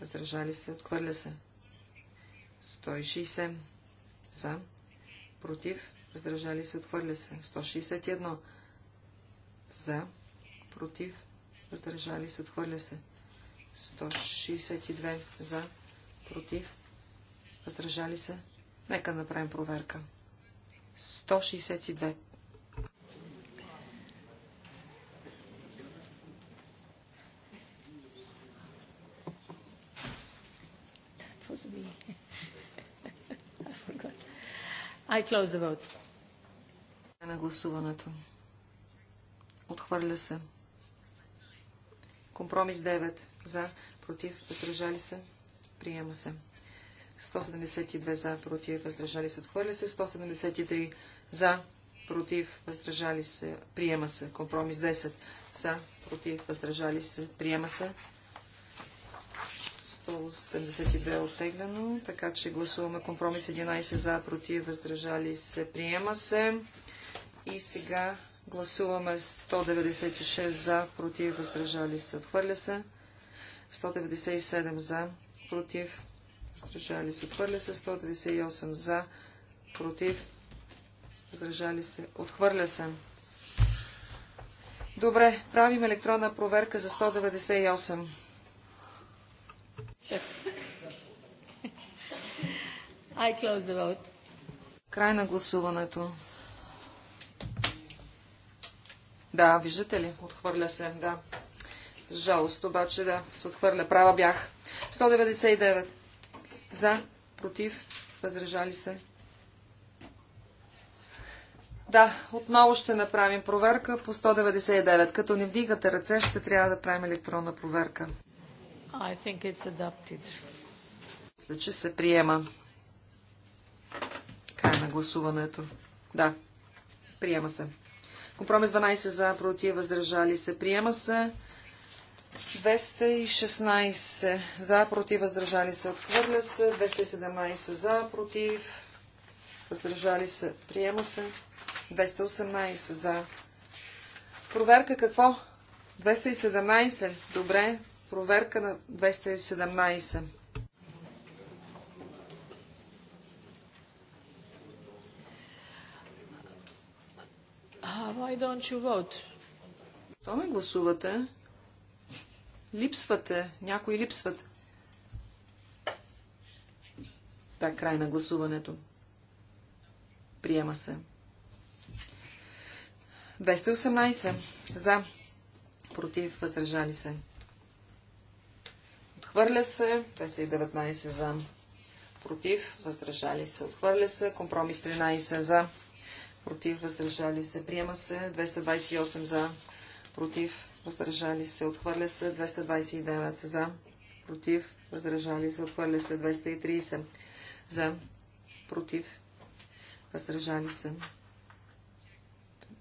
въздържали се, отхвърля се. 160 за, против, въздържали се, отхвърля се. 161 за, против, въздържали се, отхвърля се. 162 за, против, въздържали се. Нека направим проверка. 162 supposed to be? I forgot. I close the vote. На гласуването. Отхвърля се. Компромис 9. За, против, въздържали се. Приема се. 172 за, против, въздържали се. Отхвърля се. 173 за, против, въздържали се. Приема се. Компромис 10. За, против, въздържали се. Приема се. 182 е оттеглено, така че гласуваме компромис 11 за, против, въздържали се, приема се. И сега гласуваме 196 за, против, въздържали се, отхвърля се. 197 за, против, въздържали се, отхвърля се. 198 за, против, въздържали се, отхвърля се. Добре, правим електронна проверка за 198. I close the vote. Край на гласуването. Да, виждате ли? Отхвърля се, да. Жалост обаче, да, се отхвърля. Права бях. 199. За, против, възражали се. Да, отново ще направим проверка по 199. Като не вдигате ръце, ще трябва да правим електронна проверка. I think it's adopted. Мисля, че се приема. Край на гласуването. Да, приема се. Компромис 12 за, против, въздържали се. Приема се. 216 за, против, въздържали се. Отхвърля се. 217 за, против, въздържали се. Приема се. 218 за. Проверка какво? 217. Добре проверка на 217. Why don't you vote? То ме гласувате. Липсвате. Някои липсват. Да, край на гласуването. Приема се. 218. За. Против. Въздържали се. Отхвърля се. 219 за. Против. Въздържали се. Отхвърля се. Компромис 13 за. Против. Въздържали се. Приема се. 228 за. Против. Въздържали се. Отхвърля се. 229 за. Против. Въздържали се. Отхвърля се. 230 за. Против. Въздържали се.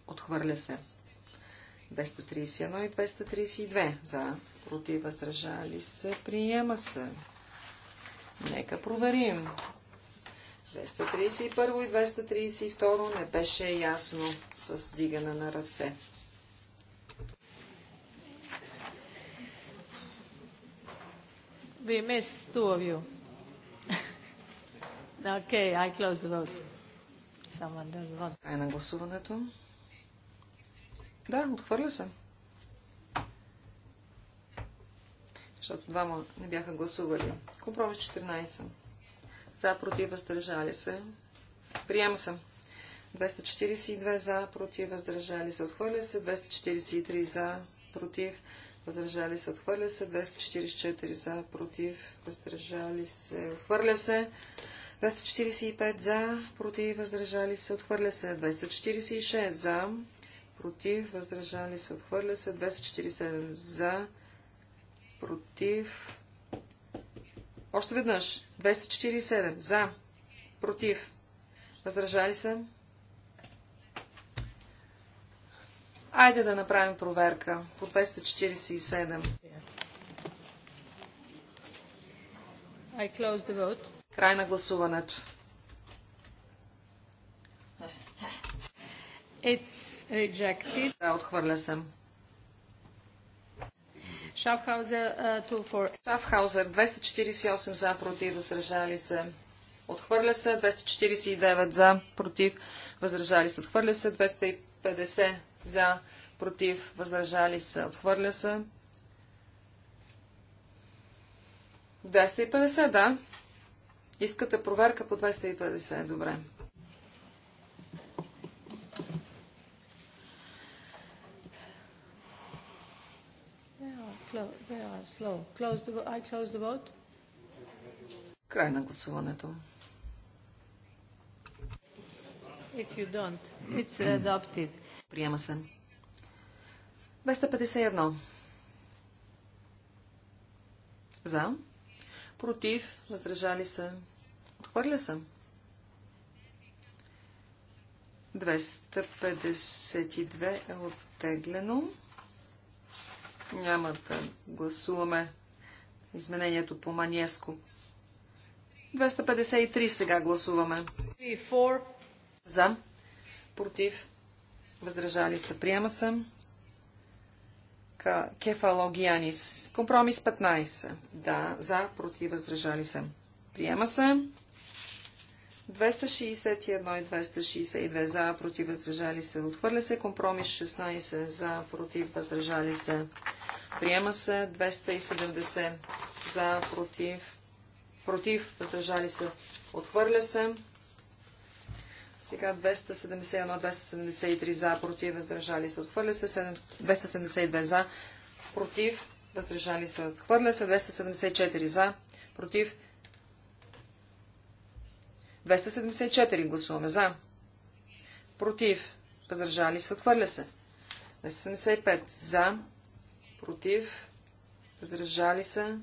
Отхвърля се. 231 и 232 за против, въздържали се, приема се. Нека проверим. 231 и 232 не беше ясно с дигане на ръце. We missed two of you. okay, I close the vote. Someone does vote. на гласуването. Да, отхвърля се. защото двама не бяха гласували. Компромис 14. За, против, въздържали се. Приема се. 242 за, против, въздържали се, отхвърля се. 243 за, против, въздържали се, отхвърля се. 244 за, против, въздържали се, отхвърля се. 245 за, против, въздържали се, отхвърля се. 246 за, против, въздържали се, отхвърля се. 247 за, против. Още веднъж. 247. За. Против. Въздържали се. Айде да направим проверка по 247. I close the vote. Край на гласуването. It's rejected. Да, отхвърля съм. Шафхаузер, Шафхаузер 248 за, против, въздържали се. Отхвърля се 249 за, против, въздържали се. Отхвърля се 250 за, против, въздържали се. Отхвърля се 250, да. Искате проверка по 250, добре. slow. Close the, I close the vote. Край на гласуването. If you don't, it's adopted. Приема се. 251. За. Против. Въздържали се. Отхвърля се. 252 е оттеглено. Няма да гласуваме изменението по Маниеско. 253 сега гласуваме. За. Против. Въздържали се. Приема се. Кефалогианис. Компромис 15. Да. За. Против. Въздържали се. Приема се. 261 и 262 за, против, въздържали се. Отхвърля се компромис 16 за, против, въздържали се. Приема се 270 за, против, против, въздържали се. Отхвърля се. Сега 271, 273 за, против, въздържали се. Отхвърля се 7, 272 за, против, въздържали се. Отхвърля се 274 за, против, 274 гласуваме за. Против. Въздържали се. Отхвърля се. 275 за. Против. Въздържали се.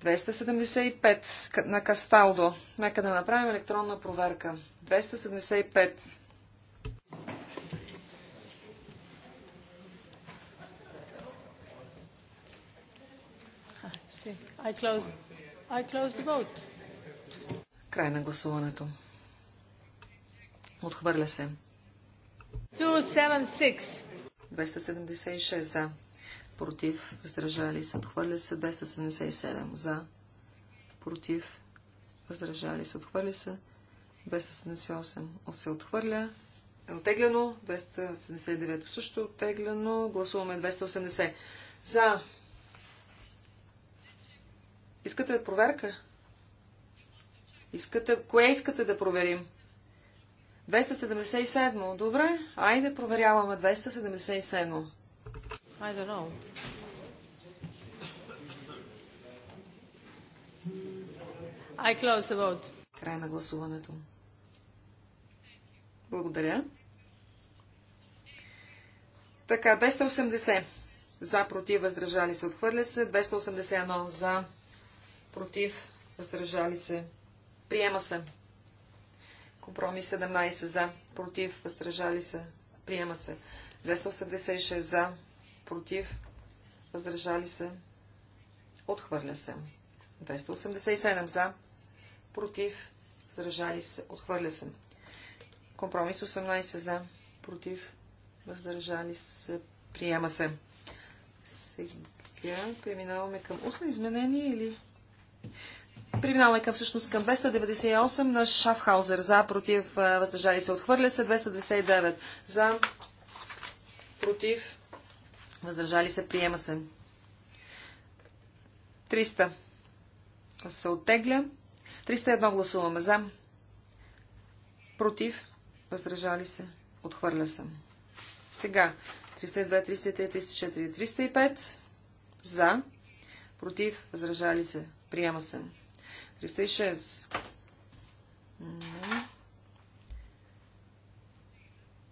275 на Касталдо. Нека да направим електронна проверка. 275. I close, I close the vote. Край на гласуването. Отхвърля се. 276. 276 за. Против. Въздържали се. Отхвърля се. 277 за. Против. Въздържали се. Отхвърля се. 278 се отхвърля. Е отеглено. 279 също е отеглено. Гласуваме 280. За. Искате проверка? Искате, кое искате да проверим? 277. Добре, айде проверяваме 277. I don't know. I close the vote. Край на гласуването. Благодаря. Така, 280 за, против, въздържали се, отхвърля се. 281 за, против, въздържали се, Приема се. Компромис 17 за. Против. Въздържали се. Приема се. 286 за. Против. Въздържали се. Отхвърля се. 287 за. Против. Въздържали се. Отхвърля се. Компромис 18 за. Против. Въздържали се. Приема се. Сега преминаваме към устно изменение или... Преминаваме към всъщност към 298 на Шафхаузер. За, против, въздържали се, отхвърля се. 299 за, против, въздържали се, приема се. 300 се оттегля. 301 гласуваме за, против, въздържали се, отхвърля се. Сега, 302, 303, 304, 305 за, против, въздържали се, приема се. 306.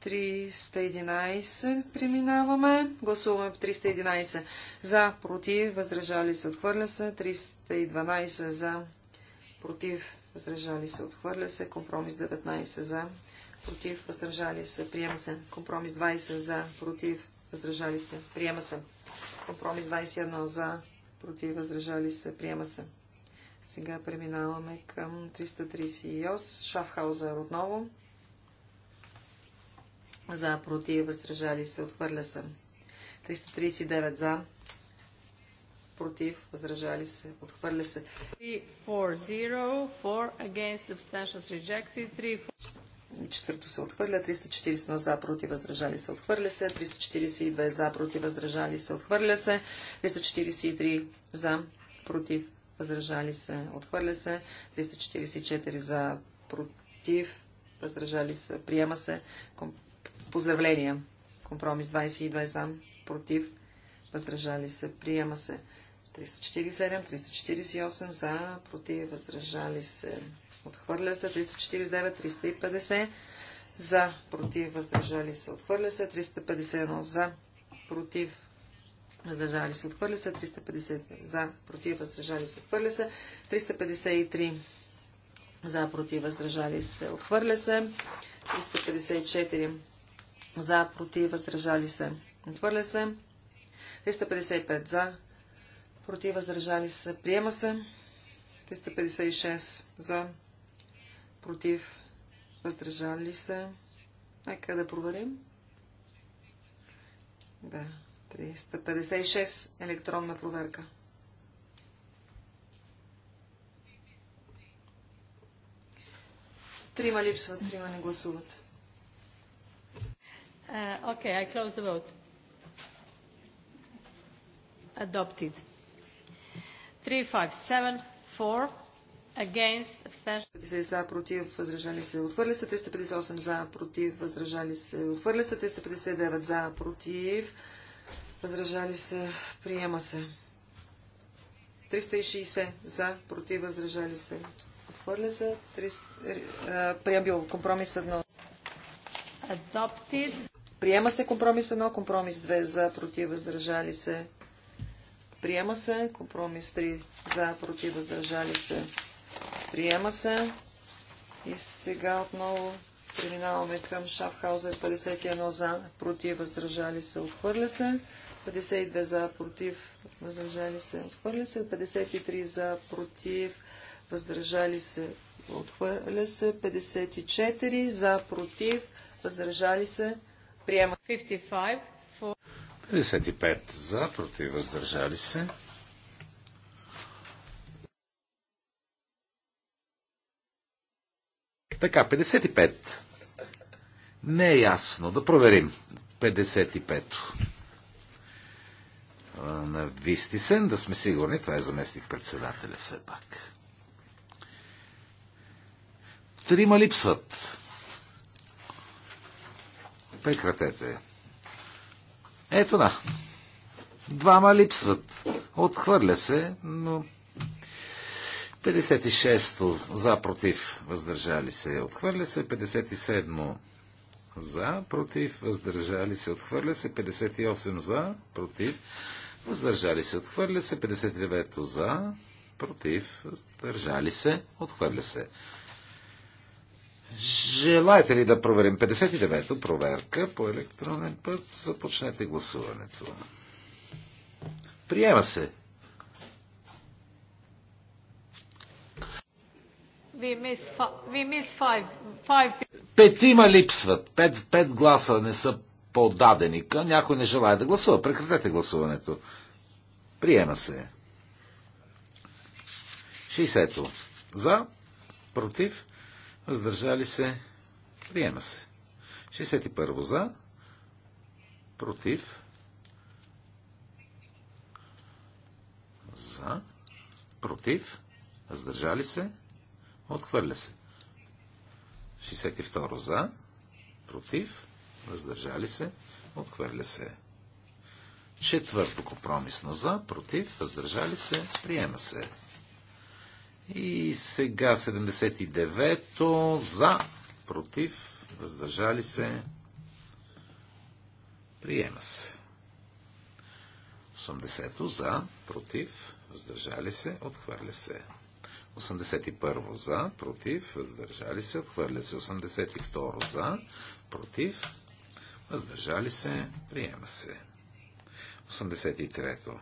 311 преминаваме. Гласуваме 311 за, против, въздържали се, отхвърля се. 312 за, против, въздържали се, отхвърля се. Компромис 19 за, против, въздържали се, приема се. Компромис 20 за, против, въздържали се, приема се. Компромис 21 за, против, въздържали се, приема се. Сега преминаваме към 338. Шафхаузер отново. За, против, въздържали се, отхвърля се. 339 за, против, въздържали се, отхвърля се. 340, Четвърто се отхвърля, 341 за, против, въздържали се, отхвърля се, 342 за, против, въздържали се, отхвърля се, 343 за, против, въздържали се, отхвърля се, 344 за, против, въздържали се, приема се, Ком... поздравления, компромис 22 за, против, въздържали се, приема се, 347, 348 за, против, въздържали се, отхвърля се, 349, 350 за, против, въздържали се, отхвърля се, 351 за, против, въздържали се, отхвърля се, 350 за, против, въздържали се, отхвърля се, 353 за, против, въздържали се, отхвърля се, 354 за, против, въздържали се, отхвърля се, 355 за, против, въздържали се, приема се, 356 за, против, въздържали се. Нека да проверим. Да. 356 електронна проверка. Трима липсват, трима не гласуват. Uh, okay, I close the vote. Adopted. 357, 4, against, abstention. 50 за, против, въздържали се, Отвърли се. 358 за, против, въздържали се, отвърли се. 359 за, против, Въздържали се. Приема се. 360 за, против, въздържали се. Отхвърля се. 300... Е, е, компромис 1. Adopted. Приема се компромис 1, компромис 2 за, против, въздържали се. Приема се. Компромис 3 за, против, въздържали се. Приема се. И сега отново преминаваме към Шафхаузер 51 за, против, въздържали се, отхвърля се. 52 за, против, въздържали се, отхвърля се. 53 за, против, въздържали се, отхвърля се. 54 за, против, въздържали се, приема. 55, for... 55 за, против, въздържали се. Така, 55. Не е ясно. Да проверим. 55 на Вистисен, да сме сигурни, това е заместник председателя все пак. Трима липсват. Прекратете. Ето да. Двама липсват. Отхвърля се, но 56-то за против въздържали се. Отхвърля се 57-мо за против въздържали се. Отхвърля се 58 за против въздържали се, отхвърля се, 59 то за, против, въздържали се, отхвърля се. Желаете ли да проверим 59-то проверка по електронен път? Започнете гласуването. Приема се. Петима липсват. Пет, пет гласа не са подаденика. Някой не желая да гласува. Прекратете гласуването. Приема се. 60-то. За, против, въздържали се. Приема се. 61-во за, против, за, против, въздържали се, отхвърля се. 62 за, против, въздържали се, отхвърля се. Четвърто компромисно за, против, въздържали се, приема се. И сега 79-то за, против, въздържали се, приема се. 80-то за, против, въздържали се, отхвърля се. 81 за, против, въздържали се, отхвърля се. 82 за, против, Въздържали се. Приема се. 83-то.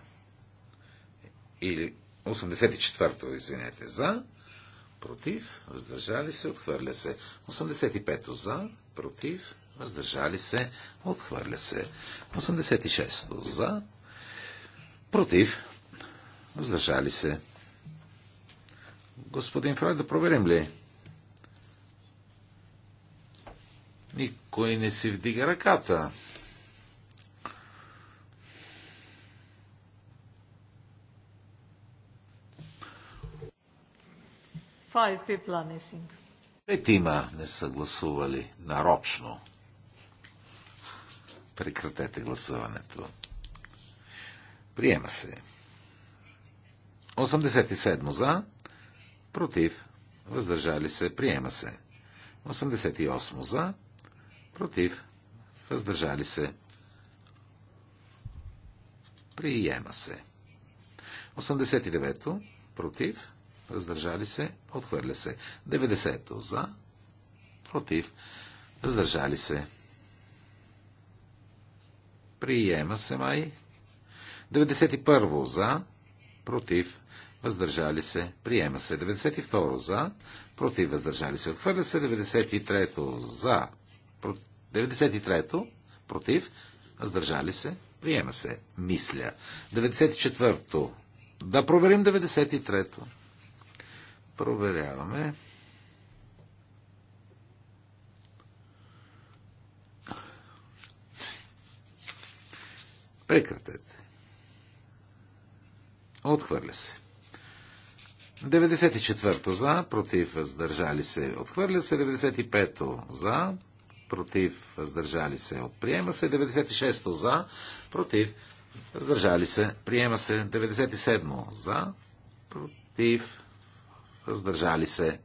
Или 84-то, извинете, за. Против. Въздържали се. Отхвърля се. 85-то за. Против. Въздържали се. Отхвърля се. 86-то за. Против. Въздържали се. Господин Фрой, да проверим ли? Никой не си вдига ръката. има не са гласували нарочно. Прекратете гласуването. Приема се. 87 за, против, въздържали се, приема се. 88 за, против, въздържали се, приема се. 89-то, против, въздържали се, отхвърля се. 90-то, за, против, въздържали се. Приема се май. 91-во за, против, въздържали се, приема се. 92-ро за, против, въздържали се, отхвърля се. 93-то за, 93-то, против, Сдържали се, приема се, мисля. 94-то, да проверим 93-то. Проверяваме. Прекратете. Отхвърля се. 94-то за, против, сдържали се, отхвърля се. 95-то за, против, въздържали се. Приема се 96 за, против, въздържали се. Приема се 97 за, против, въздържали се.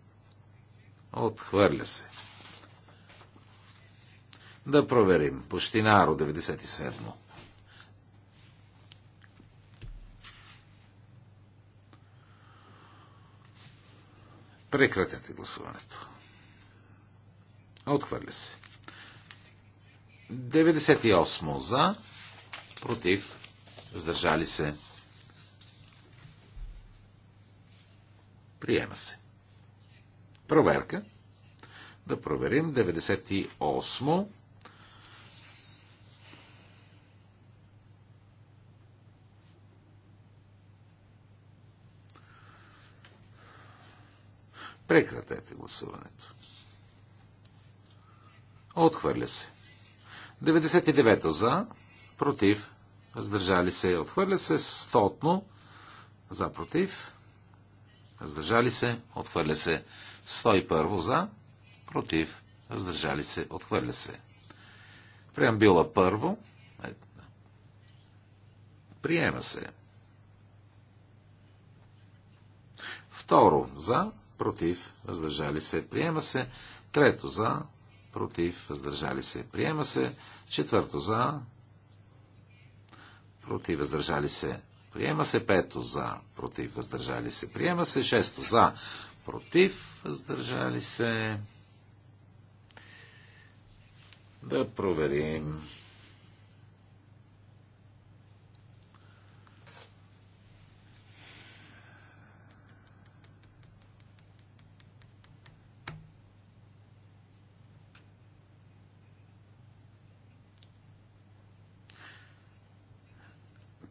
Отхвърля се. Да проверим. Пощинаро 97. Прекратете гласуването. Отхвърля се. 98 за, против, въздържали се. Приема се. Проверка. Да проверим 98. Прекратете гласуването. Отхвърля се. 99 за, против, въздържали се, отхвърля се. 100 за, против, въздържали се, отхвърля се. 101 за, против, въздържали се, отхвърля се. била първо. Приема се. Второ за, против, въздържали се, приема се. Трето за, против, въздържали се, приема се. Четвърто за, против, въздържали се, приема се. Пето за, против, въздържали се, приема се. Шесто за, против, въздържали се. Да проверим.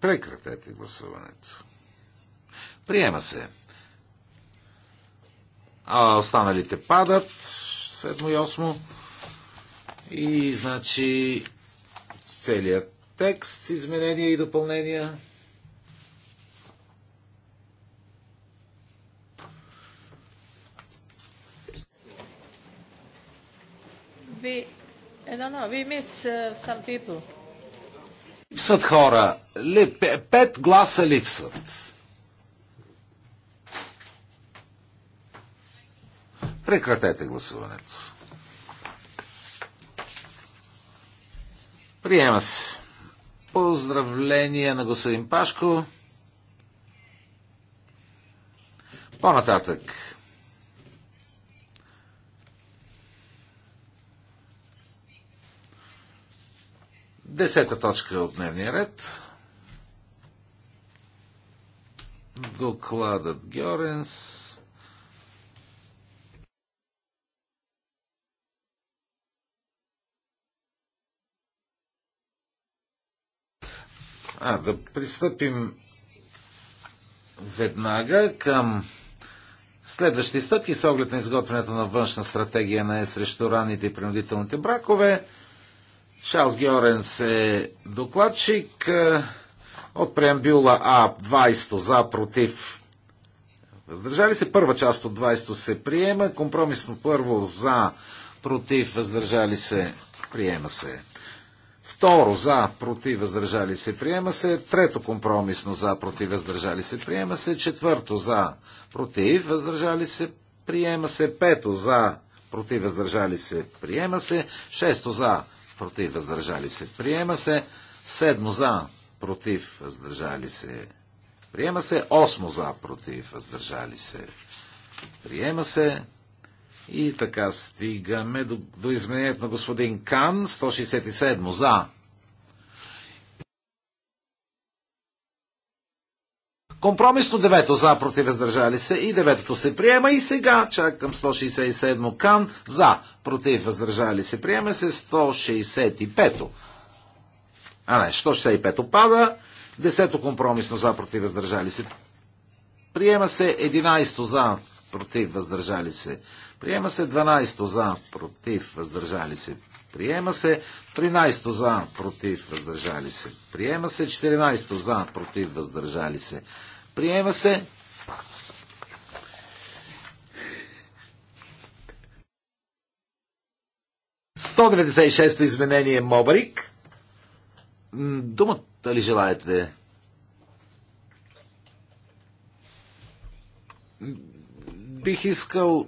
Прекратете гласуването. Приема се. А останалите падат. Седмо и осмо. И значи целият текст с изменения и допълнения. We, I don't know, we miss uh, some people. Липсват хора. Лип... Пет гласа липсват. Прекратете гласуването. Приема се. Поздравление на господин Пашко. По-нататък. Десета точка от дневния ред. Докладът Георенс. А, да пристъпим веднага към следващи стъпки с оглед на изготвянето на външна стратегия на е срещу раните и принудителните бракове. Шарлс Георенс е докладчик е, от преамбюла А 20 за против. Въздържали се първа част от 20 се приема. Компромисно първо за против. Въздържали се приема се. Второ за против. Въздържали се приема се. Трето компромисно за против. Въздържали се приема се. Четвърто за против. Въздържали се приема се. Пето за против. Въздържали се приема се. Шесто за против, въздържали се, приема се. Седмо за, против, въздържали се, приема се. Осмо за, против, въздържали се, приема се. И така стигаме до, до изменението на господин Кан, 167 за, Компромисно девето за против въздържали се и деветото се приема и сега чакам 167 кан за против въздържали се приема се 165. А не, 165 пада. Десето компромисно за против въздържали се. Приема се 11 за против въздържали се. Приема се 12 за против въздържали се. Приема се 13 за против въздържали се. Приема се 14 за против въздържали се. Приема се. Сто то изменение Мобарик. Думата ли желаете? Бих искал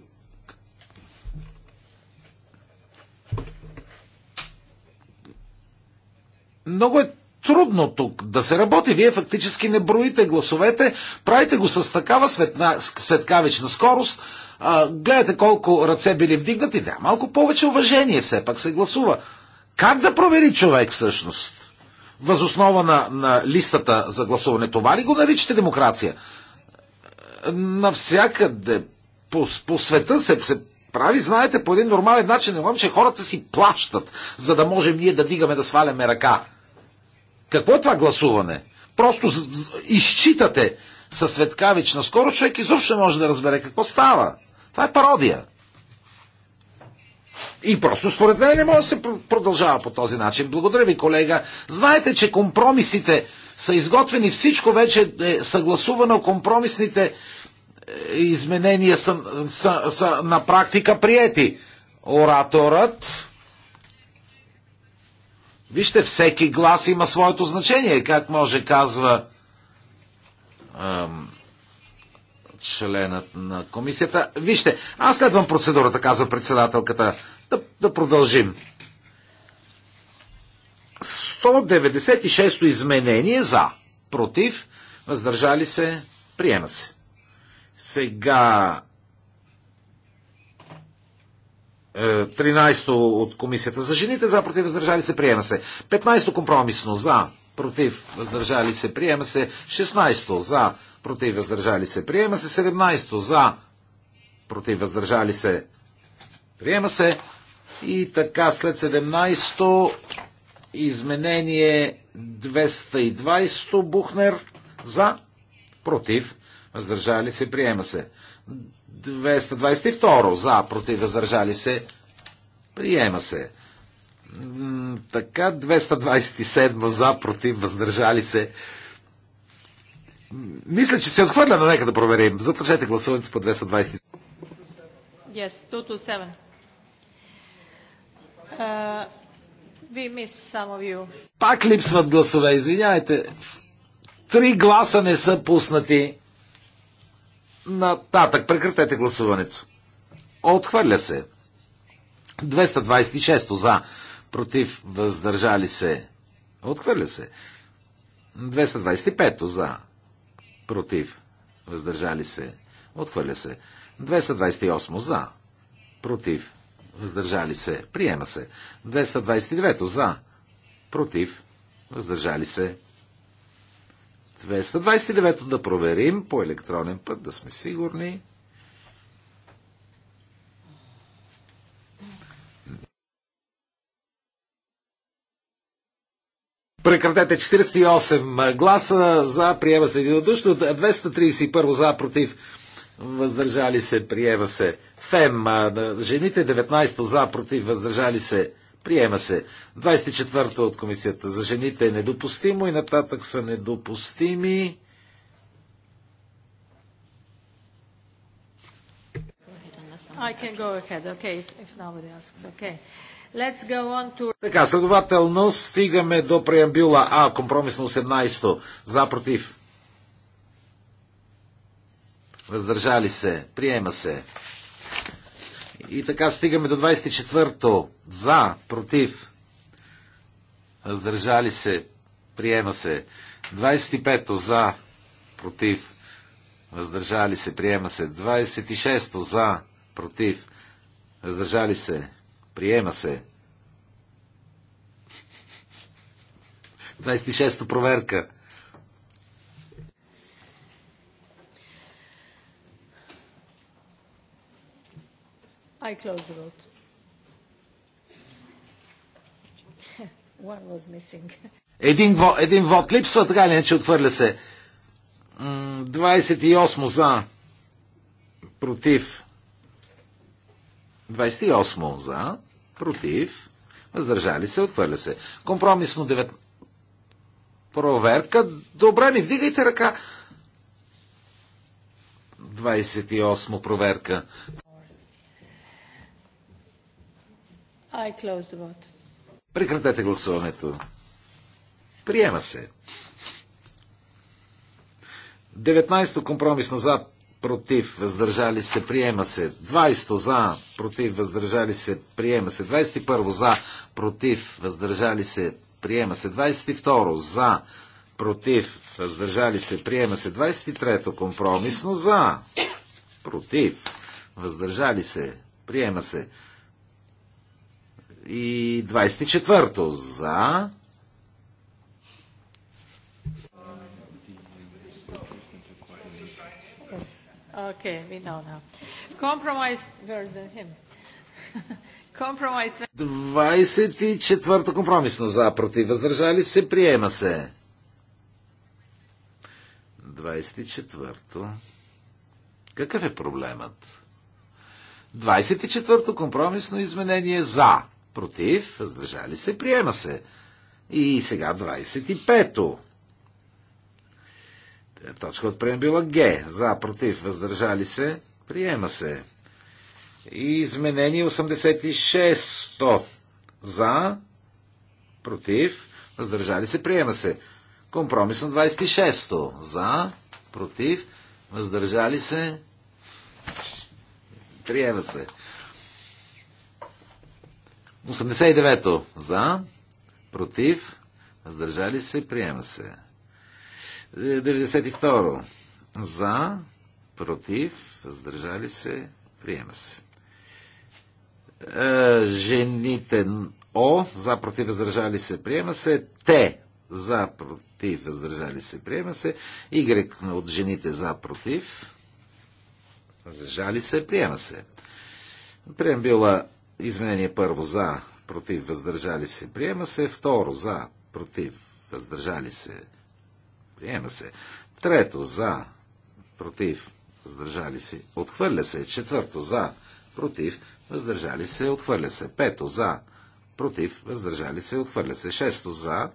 много е трудно тук да се работи. Вие фактически не броите гласовете, правите го с такава светна, светкавична скорост, а, гледате колко ръце били вдигнати, да, малко повече уважение все пак се гласува. Как да провери човек всъщност? Възоснова на, на листата за гласуване. Това ли го наричате демокрация? Навсякъде по, по света се, се прави, знаете, по един нормален начин, не че хората си плащат, за да можем ние да дигаме, да сваляме ръка. Какво е това гласуване? Просто изчитате със светкавич скоро човек изобщо не може да разбере какво става. Това е пародия. И просто според мен не може да се продължава по този начин. Благодаря ви, колега. Знаете, че компромисите са изготвени, всичко вече е съгласувано, компромисните е, изменения са, са, са на практика приети. Ораторът Вижте, всеки глас има своето значение. Как може, казва ам, членът на комисията. Вижте, аз следвам процедурата, казва председателката. Да, да продължим. 196-то изменение за, против, въздържали се, приема се. Сега 13-то е, от комисията за жените, за против въздържали се, приема се. 15-то компромисно, за против въздържали се, приема се. 16-то за против въздържали се, приема се. 17-то за против въздържали се, приема се. И така след 17-то изменение 220 Бухнер за против въздържали се, приема се. 222 за, против, въздържали се. Приема се. Така, 227 за, против, въздържали се. Мисля, че се отхвърля, но нека да проверим. Започнете гласуването по 227. Yes, 227. Uh, we miss some of you. Пак липсват гласове, извинявайте. Три гласа не са пуснати нататък. Прекратете гласуването. Отхвърля се. 226 за, против, въздържали се. Отхвърля се. 225 за, против, въздържали се. Отхвърля се. 228 за, против, въздържали се. Приема се. 229 за, против, въздържали се. 229 да проверим по електронен път, да сме сигурни. Прекратете 48 гласа за, приема се единодушно, 231 за, против, въздържали се, приема се. ФЕМ, жените 19 за, против, въздържали се, Приема се. 24-та от комисията за жените е недопустимо и нататък са недопустими. I can go ahead, okay, if nobody asks, okay. Let's go on to... Така, следователно стигаме до преамбюла А, компромисно 18-то. За, против. Въздържали се. Приема се. И така стигаме до 24-то. За, против, въздържали се, приема се. 25-то за, против, въздържали се, приема се. 26-то за, против, въздържали се, приема се. 26-то проверка. I close the vote. One was missing. Един, един вод липсва, така или че отвърля се. 28 за. Против. 28 за. Против. Въздържали се, отвърля се. Компромисно 9. Проверка. Добре ми, вдигайте ръка. 28 проверка. I close the vote. Прекратете гласуването. Приема се. 19-то компромисно за, против, въздържали се, приема се. 20-то за, против, въздържали се, приема се. 21-то за, против, въздържали се, приема се. 22-то за, против, въздържали се, приема се. 23-то компромисно за, против, въздържали се, приема се. И 24-то за. Okay, we know now. Compromise worse than him. Compromise. 24-то компромисно за, против, въздържали се, приема се. 24-то. Какъв е проблемът? 24-то компромисно изменение за против, въздържали се, приема се. И сега 25-то. Точка от преамбюла Г. За, против, въздържали се, приема се. И изменение 86-то. За, против, въздържали се, приема се. Компромис на 26-то. За, против, въздържали се, приема се. 89-то за, против, въздържали се, приема се. 92-ро е, за, против, въздържали се, приема се. Е, жените О, за, против, въздържали се, приема се. Те, за, против, въздържали се, приема се. Y от жените за, против, въздържали се, приема се. била. Изменение първо за, против, въздържали се. Приема се. Второ за, против, въздържали се. Приема се. Трето за, против, въздържали се. Отхвърля се. Четвърто за, против, въздържали се. Отхвърля се. Пето за, против, въздържали се. Отхвърля се. Шесто за,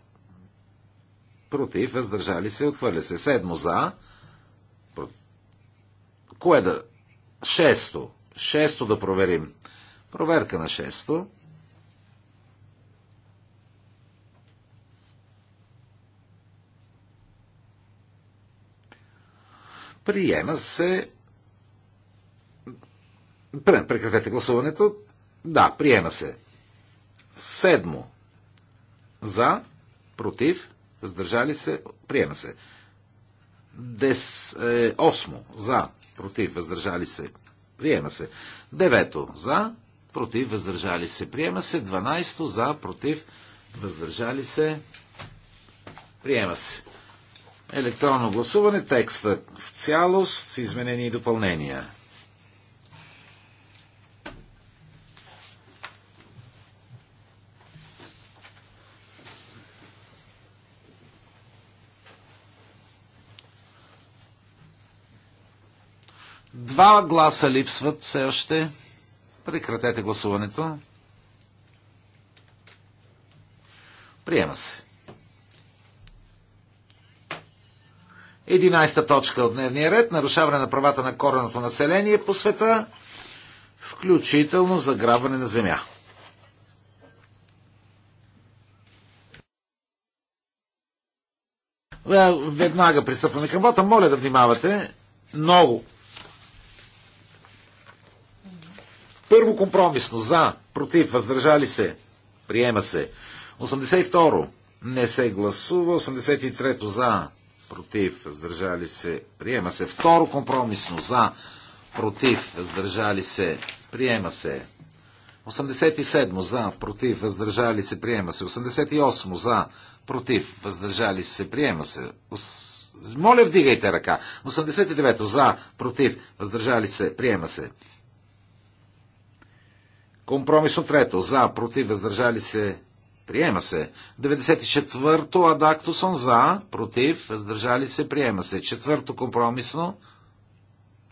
против, въздържали се. Отхвърля се. Седмо за, Кое да? Шесто. Шесто да проверим. Проверка на шесто. Приема се. Прекратете гласуването. Да, приема се. Седмо. За, против, въздържали се, приема се. Дес, е, осмо. За, против, въздържали се, приема се. Девето. За, против, въздържали се. Приема се 12 за, против, въздържали се. Приема се. Електронно гласуване, текста в цялост с изменения и допълнения. Два гласа липсват все още. Прекратете гласуването. Приема се. 11 точка от дневния ред. Нарушаване на правата на кореното население по света, включително заграбване на земя. Е, веднага пристъпваме към вота. Моля да внимавате. Много Първо компромисно. За. Против. Въздържали се. Приема се. 82. Не се гласува. 83. За. Против. Въздържали се. Приема се. Второ компромисно. За. Против. Въздържали се. Приема се. 87 за, против, въздържали се, приема се. 88 за, против, въздържали се, приема се. Моля, вдигайте ръка. 89 за, против, въздържали се, приема се. Компромисно трето. За, против, въздържали се. Приема се. 94-то Адактусон за, против, въздържали се, приема се. Четвърто компромисно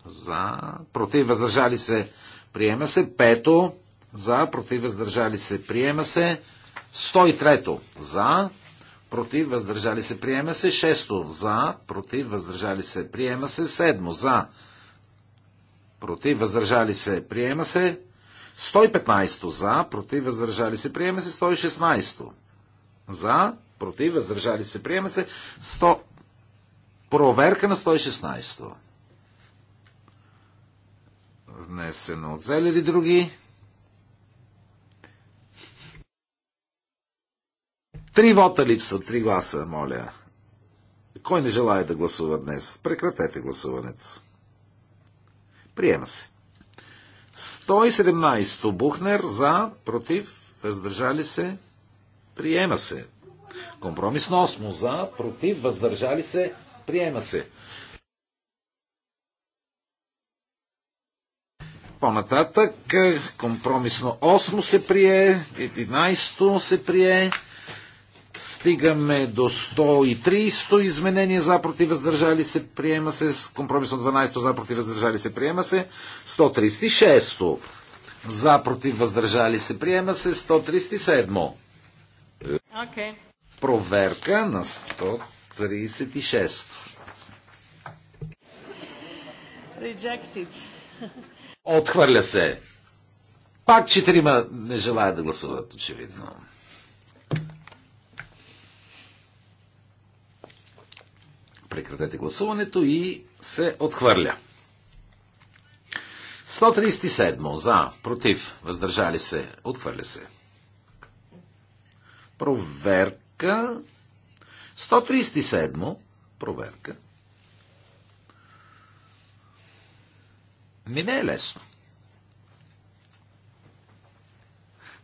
за, против, въздържали се, приема се. Пето за, против, въздържали се, приема се. 103-то за, против, въздържали се, приема се. Шесто за, против, въздържали се, приема се. Седмо за, против, въздържали се, приема се. 115 за, против, въздържали се, приема се. 116 за, против, въздържали се, приема се. 100... Проверка на 116 внесено от зели ли други. Три вота липса, 3 гласа, моля. Кой не желая да гласува днес? Прекратете гласуването. Приема се. 117 Бухнер за, против, въздържали се, приема се. Компромисно 8 за, против, въздържали се, приема се. По-нататък компромисно 8 се прие, 11 се прие, Стигаме до 130 изменения за против въздържали се, приема се. С компромисно 12 за против въздържали се, приема се. 136 за против въздържали се, приема се. 137. Okay. Проверка на 136. Rejected. Отхвърля се. Пак четирима не желая да гласуват, очевидно. Прекратете гласуването и се отхвърля. 137. За, против, въздържали се, отхвърля се. Проверка. 137. Проверка. Ми не е лесно.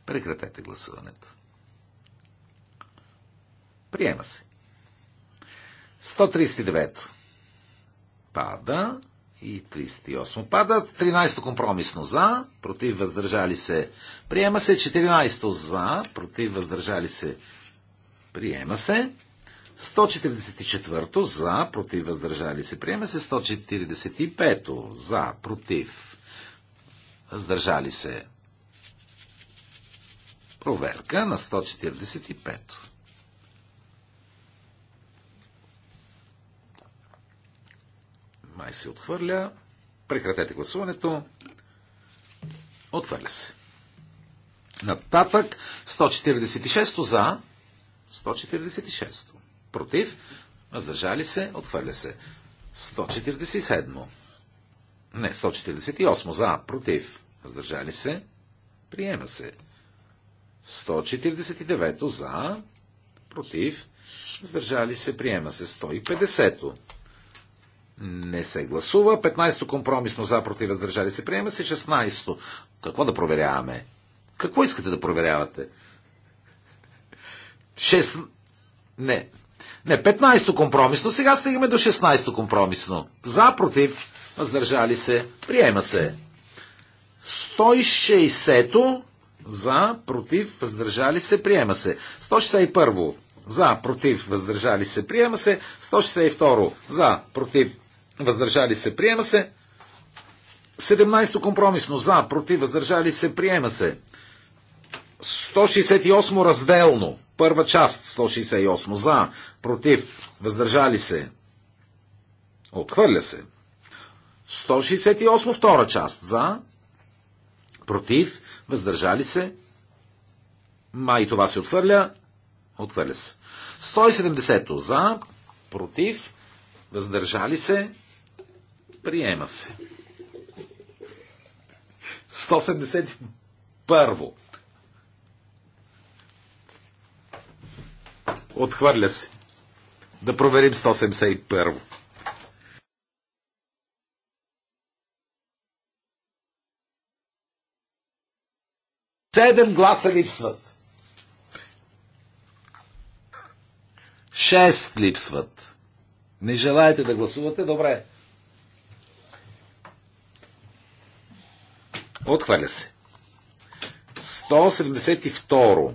Прекратете гласуването. Приема се. 139 пада и 38 падат. 13 компромисно за, против въздържали се. Приема се 14 за, против въздържали се. Приема се. 144 за, против въздържали се. Приема се 145 за, против въздържали се. Проверка на 145. Май се отхвърля. Прекратете гласуването. Отхвърля се. Нататък 146 за. 146 Против. Въздържали се. Отхвърля се. 147 Не, 148 за. Против. Въздържали се. Приема се. 149 за. Против. Въздържали се. Приема се. 150 не се гласува. 15-то компромисно за против въздържали се приема се. 16-то. Какво да проверяваме? Какво искате да проверявате? 6... Не. Не, 15-то компромисно. Сега стигаме до 16-то компромисно. За против въздържали се приема се. 160-то за против въздържали се приема се. 161-во за против въздържали се приема се. 162-ро за против въздържали се, приема се. 17 компромисно за, против, въздържали се, приема се. 168 разделно. Първа част 168 за, против, въздържали се. Отхвърля се. 168 втора част за, против, въздържали се. Май това се отхвърля. Отхвърля се. 170 за, против, въздържали се. Приема се. 171. Отхвърля се. Да проверим 171. Седем гласа липсват. Шест липсват. Не желаете да гласувате? Добре. Отхвърля се. 172.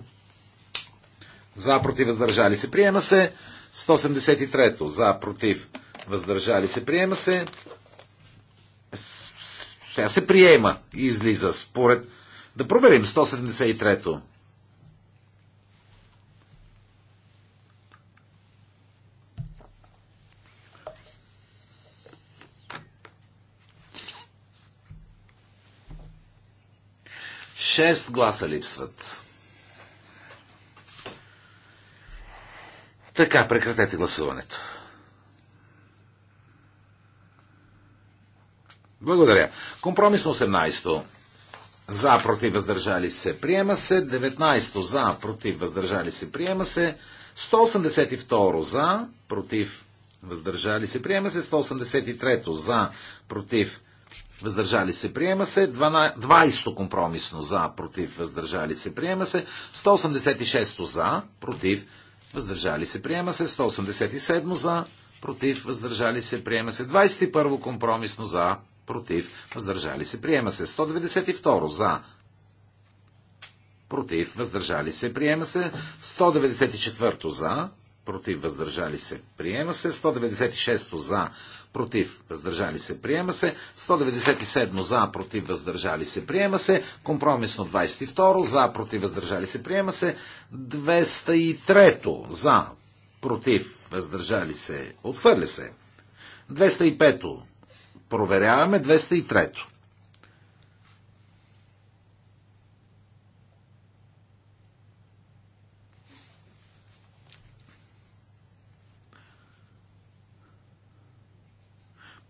За, против, въздържали се. Приема се. 173. За, против, въздържали се. Приема се. Сега се приема и излиза според... Да проверим 173-то. 6 гласа липсват. Така, прекратете гласуването. Благодаря. Компромис 18-то. За, против, въздържали се, приема се. 19-то. За, против, въздържали се, приема се. 182 за, против, въздържали се, приема се. 183 за, против, въздържали се, приема се. 20 компромисно за, против, въздържали се, приема се. 186 за, против, въздържали се, приема се. 187 за, против, въздържали се, приема се. 21 компромисно за, против, въздържали се, приема се. 192 за, против, въздържали се, приема се. 194 за, против, въздържали се, приема се. 196 за, против, въздържали се, приема се. 197 за, против, въздържали се, приема се. Компромисно 22 за, против, въздържали се, приема се. 203 за, против, въздържали се, отхвърля се. 205 проверяваме 203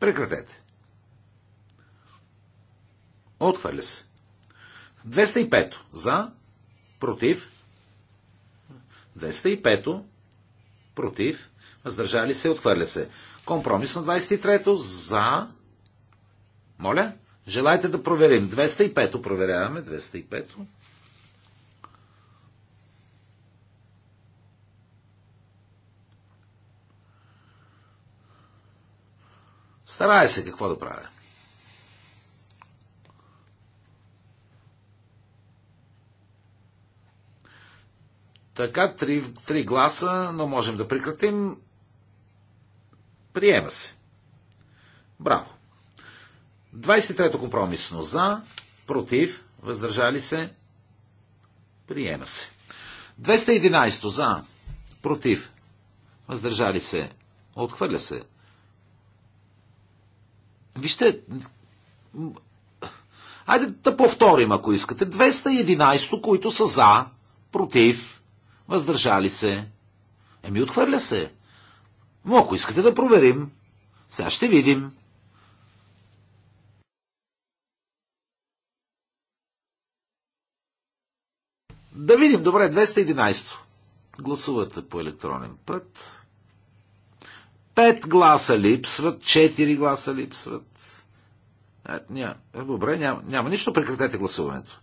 Прекратете. Отхвърля се. 205 за, против, 205 против, въздържали се, отхвърля се. Компромис на 23 за, моля, желайте да проверим. 205 проверяваме, 205 Старая се какво да правя. Така, три, три гласа, но можем да прекратим. Приема се. Браво. 23-то компромисно за, против, въздържали се, приема се. 211-то за, против, въздържали се, отхвърля се. Вижте, айде да повторим, ако искате. 211, които са за, против, въздържали се. Еми, отхвърля се. Но ако искате да проверим, сега ще видим. Да видим, добре, 211. Гласувате по електронен път. Пет гласа липсват, четири гласа липсват. А, ня, добре, няма, няма нищо, прекратете гласуването.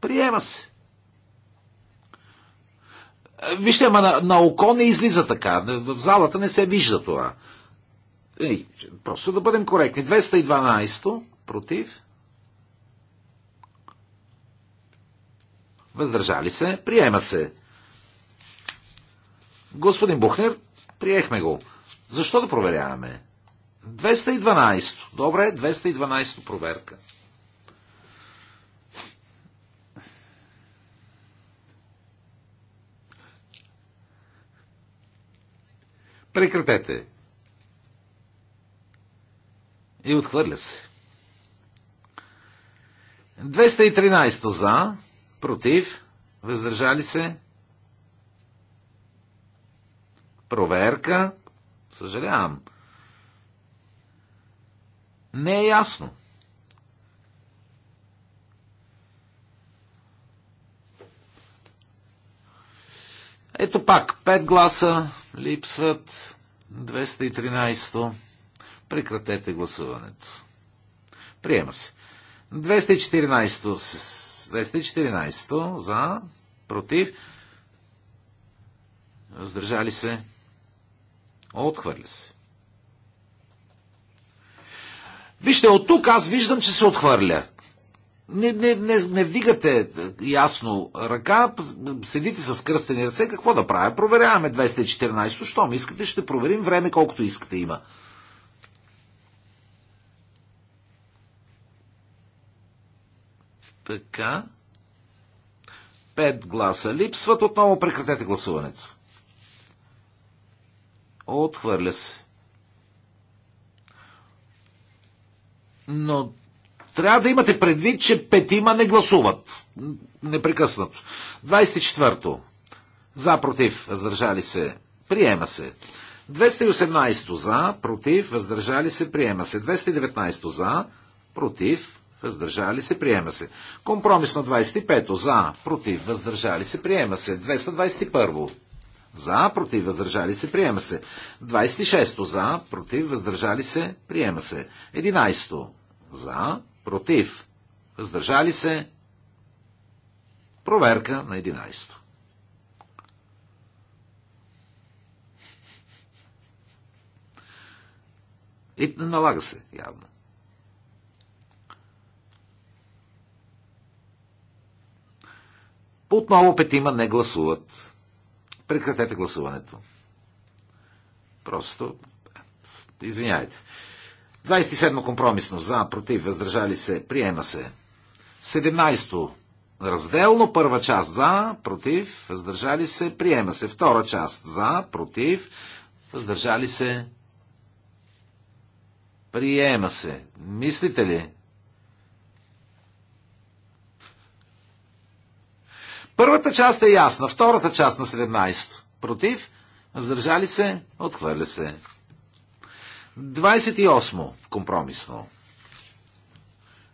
Приема се. Вижте, ама на, на око не излиза така. В залата не се вижда това. Ей, просто да бъдем коректни. 212 против. Въздържали се. Приема се. Господин Бухнер, Приехме го. Защо да проверяваме? 212. Добре, 212 проверка. Прекратете. И отхвърля се. 213 за, против, въздържали се, проверка. Съжалявам. Не е ясно. Ето пак, 5 гласа липсват, 213. Прекратете гласуването. Приема се. 214, 214 за, против, въздържали се Отхвърля се. Вижте, от тук аз виждам, че се отхвърля. Не, не, не, не вдигате ясно ръка, седите с кръстени ръце, какво да правя? Проверяваме 214-то, що ми искате, ще проверим време колкото искате има. Така. Пет гласа липсват. Отново прекратете гласуването. Отхвърля се. Но трябва да имате предвид, че петима не гласуват. Непрекъснато. 24-то. За, против, въздържали се. Приема се. 218 за, против, въздържали се, приема се. 219 за, против, въздържали се, приема се. Компромисно 25 то за, против, въздържали се, приема се. 221 за, против, въздържали се, приема се. 26 За, против, въздържали се, приема се. 11 За, против, въздържали се. Проверка на 11 И налага се, явно. По отново петима не гласуват. Прекратете гласуването. Просто. Извинявайте. 27 компромисно. За, против, въздържали се. Приема се. 17 разделно. Първа част за, против, въздържали се. Приема се. Втора част за, против, въздържали се. Приема се. Мислите ли? Първата част е ясна, втората част на 17. Против, въздържали се, отхвърля се. 28. Компромисно.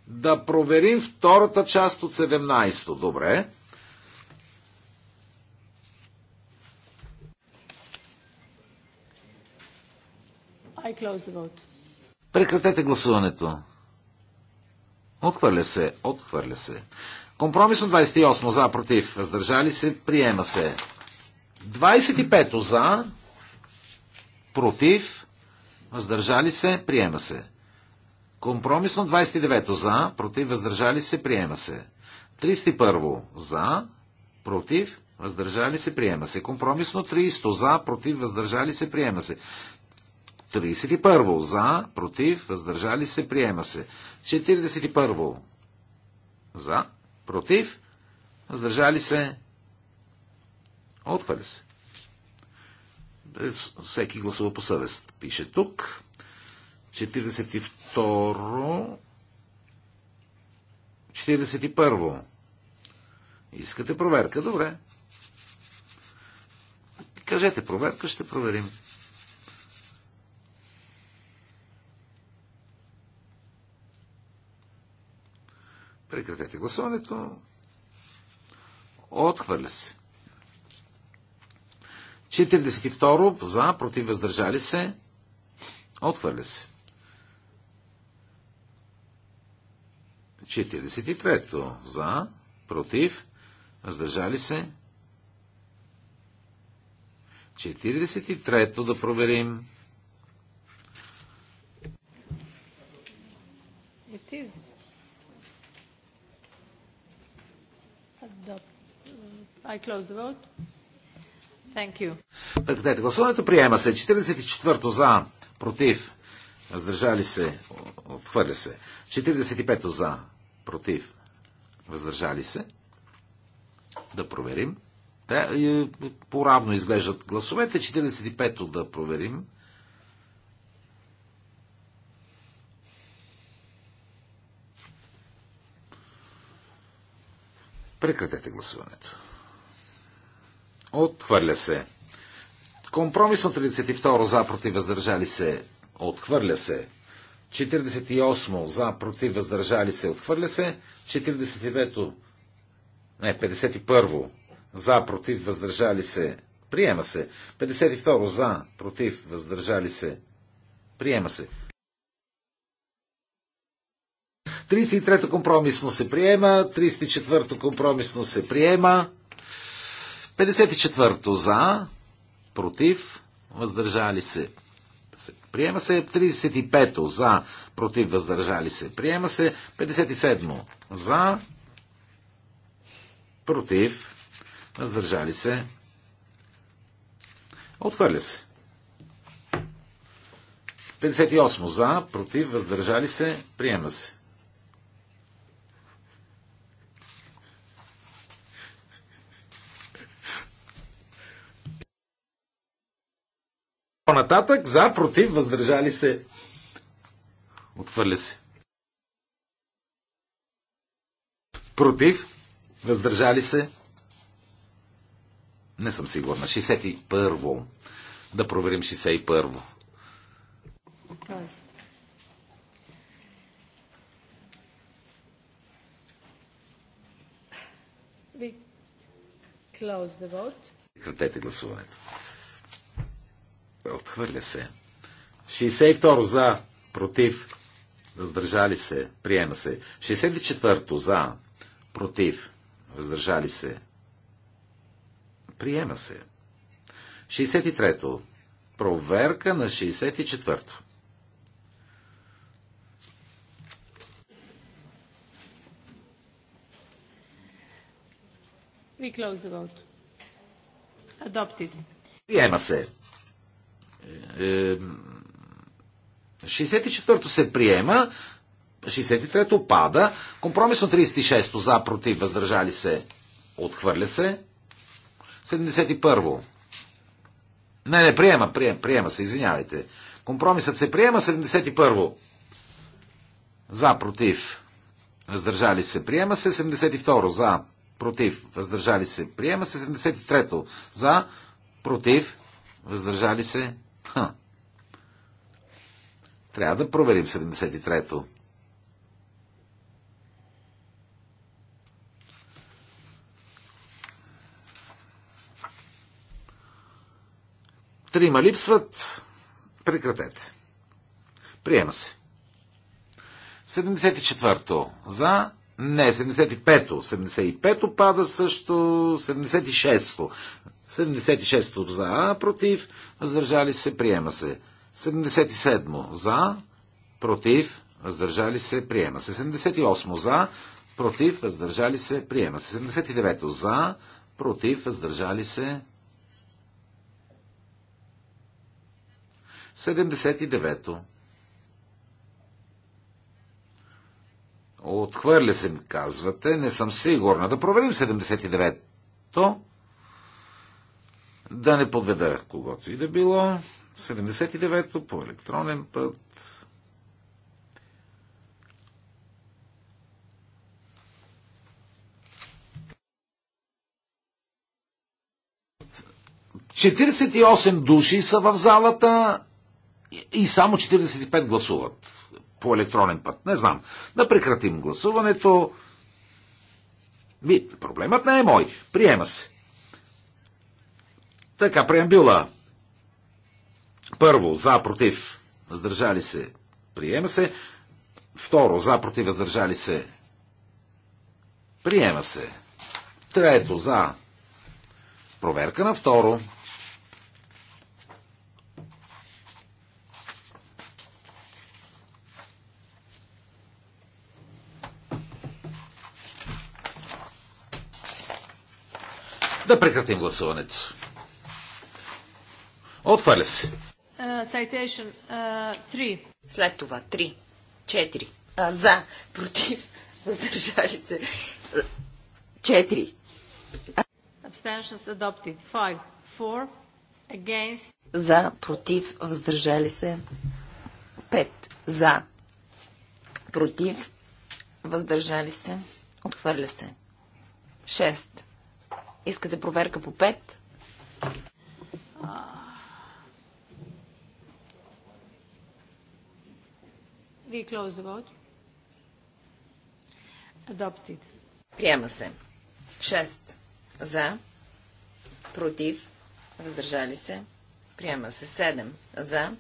Да проверим втората част от 17. Добре. I close the vote. Прекратете гласуването. Отхвърля се, отхвърля се. Компромисно 28 за, против, въздържали се, приема се. 25 за, против, въздържали се, приема се. Компромисно 29 за, против, въздържали се, приема се. 31 за, против, въздържали се, приема се. Компромисно 30 за, против, въздържали се, приема се. 31 за, против, въздържали се, приема се. 41 за, против, въздържали се, Отхвали се. Всеки гласува по съвест. Пише тук. 42. 41. Искате проверка? Добре. Кажете проверка, ще проверим. Прекратете гласуването. Отхвърля се. 42 за, против въздържали се. Отхвърля се. 43 за, против, въздържали се. 43-то да проверим. I close the vote. Thank you. Прекратете гласуването. Приема се. 44-то за. Против. Въздържали се. Отхвърля се. 45-то за. Против. Въздържали се. Да проверим. Те е, по-равно изглеждат гласовете. 45-то да проверим. Прекратете гласуването. Отхвърля се. Компромис от 32 за против въздържали се. Отхвърля се. 48 за против въздържали се. Отхвърля се. 49 не, 51 за против въздържали се. Приема се. 52 за против въздържали се. Приема се. 33-то компромисно се приема, 34-то компромисно се приема, 54-то за, против, въздържали се. Приема се 35-то за, против, въздържали се. Приема се 57-то за, против, въздържали се. Отхвърля се. 58 за, против, въздържали се, приема се. По-нататък, за, против, въздържали се. Отвърля се. Против, въздържали се. Не съм сигурна. 61-во. Да проверим 61-во. Close the vote. гласуването. Отхвърля се. 62 за, против, въздържали се, приема се. 64 за, против, въздържали се, приема се. 63 Проверка на 64-то. We close the vote. Adopted. Приема се. 64-то е, се приема, 63-то пада, компромисно 36-то за, против, въздържали се, отхвърля се. 71-во. Не, не, приема, приема, приема се, извинявайте. Компромисът се приема, 71-во. За, против, въздържали се, приема се, 72-ро, за, против, въздържали се, приема се, 73-то, за, против, въздържали се, Ха. Трябва да проверим 73-то. Трима липсват. Прекратете. Приема се. 74-то за... Не, 75-то. 75-то пада също 76-то. 76 за, против, въздържали се, приема се. 77 за, против, въздържали се, приема се. 78 за, против, въздържали се, приема се. 79 за, против, въздържали се. 79 Отхвърля се, казвате. Не съм сигурна. Да проверим 79-то. Да не подведа когото и да било. 79-то по електронен път. Четиридесет и осем души са в залата и само 45 гласуват по електронен път. Не знам. Да прекратим гласуването. Ми, проблемът не е мой. Приема се. Така, преамбюла. Първо, за, против, въздържали се, приема се. Второ, за, против, въздържали се, приема се. Трето, за, проверка на второ. Да прекратим гласуването. Отваря се. Uh, uh, След това 3. Четири. за. Против. Въздържали се. 4. Абстеншнс адоптид. Файв. Фор. Against. За. Против. Въздържали се. 5. За. Против. Въздържали се. Отхвърля се. 6. Искате проверка по 5? We close the vote. Adopted. Приема се. 6. За. Против. Въздържали се. Приема се. 7. За.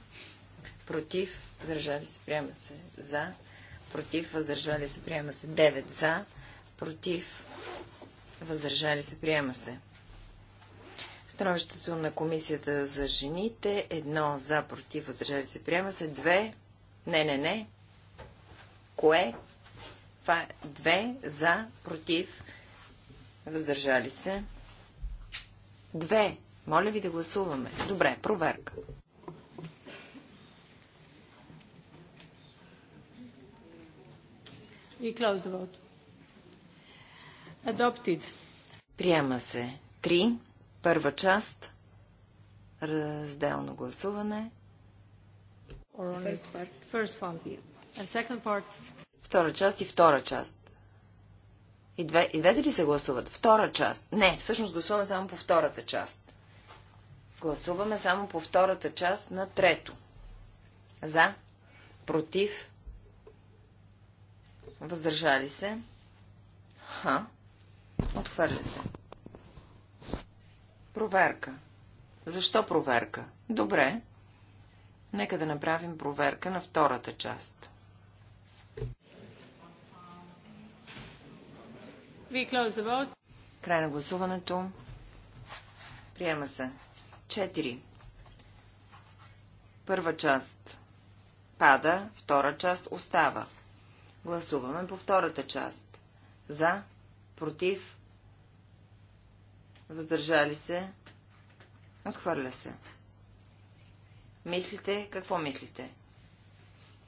Против. Въздържали се. Приема се. За. Против. Въздържали се. Приема се. 9. За. Против. Въздържали се. Приема се. Становището на комисията за жените. Едно за, против, въздържали се, приема се. Две. Не, не, не кое, това две за, против, въздържали се. Две. Моля ви да гласуваме. Добре, проверка. И клаус да vote. Адоптид. Приема се. Три. Първа част. Разделно гласуване. First part. First part. Втора част и втора част. И, две, и двете ли се гласуват? Втора част. Не, всъщност гласуваме само по втората част. Гласуваме само по втората част на трето. За, против, въздържали се. Ха, отхвърля се. Проверка. Защо проверка? Добре. Нека да направим проверка на втората част. Край на гласуването. Приема се. Четири. Първа част. Пада, втора част остава. Гласуваме по втората част. За, против, въздържали се, отхвърля се. Мислите, какво мислите?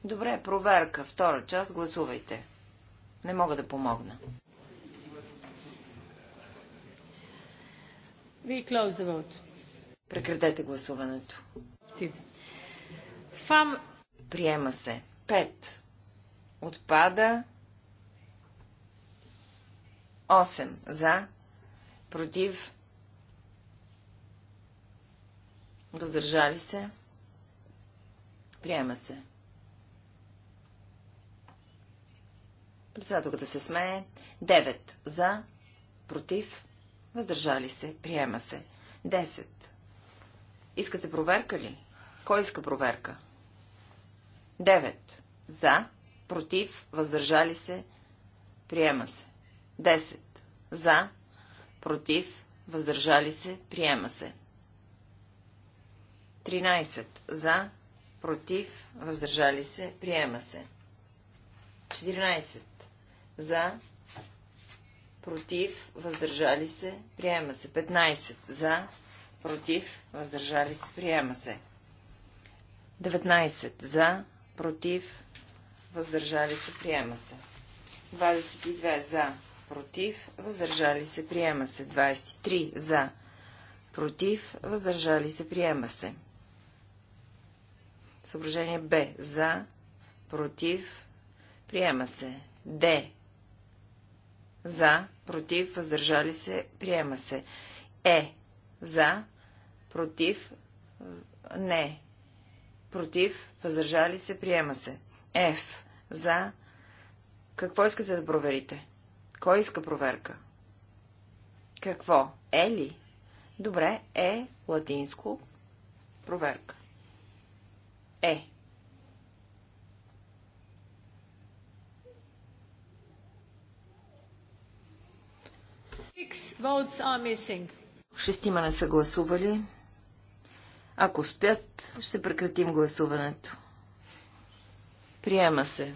Добре, проверка, втора част, гласувайте. Не мога да помогна. We close the vote. Прекратете гласуването. Фам. Приема се. 5. Отпада. 8. За. Против. Въздържали се. Приема се. Председателката се смее. 9. За. Против. Въздържали се. Приема се. 10. Искате проверка ли? Кой иска проверка? 9. За. Против. Въздържали се. Приема се. 10. За. Против. Въздържали се. Приема се. 13. За. Против. Въздържали се. Приема се. 14. За против, въздържали се, приема се. 15 за, против, въздържали се, приема се. 19 за, против, въздържали се, приема се. 22 за, против, въздържали се, приема се. 23 за, против, въздържали се, приема се. Съображение Б. За, против, приема се. Д за, против, въздържали се, приема се. Е, за, против, не, против, въздържали се, приема се. Ф, за, какво искате да проверите? Кой иска проверка? Какво? Е ли? Добре, е латинско проверка. Е. Шестима не са гласували. Ако спят, ще прекратим гласуването. Приема се.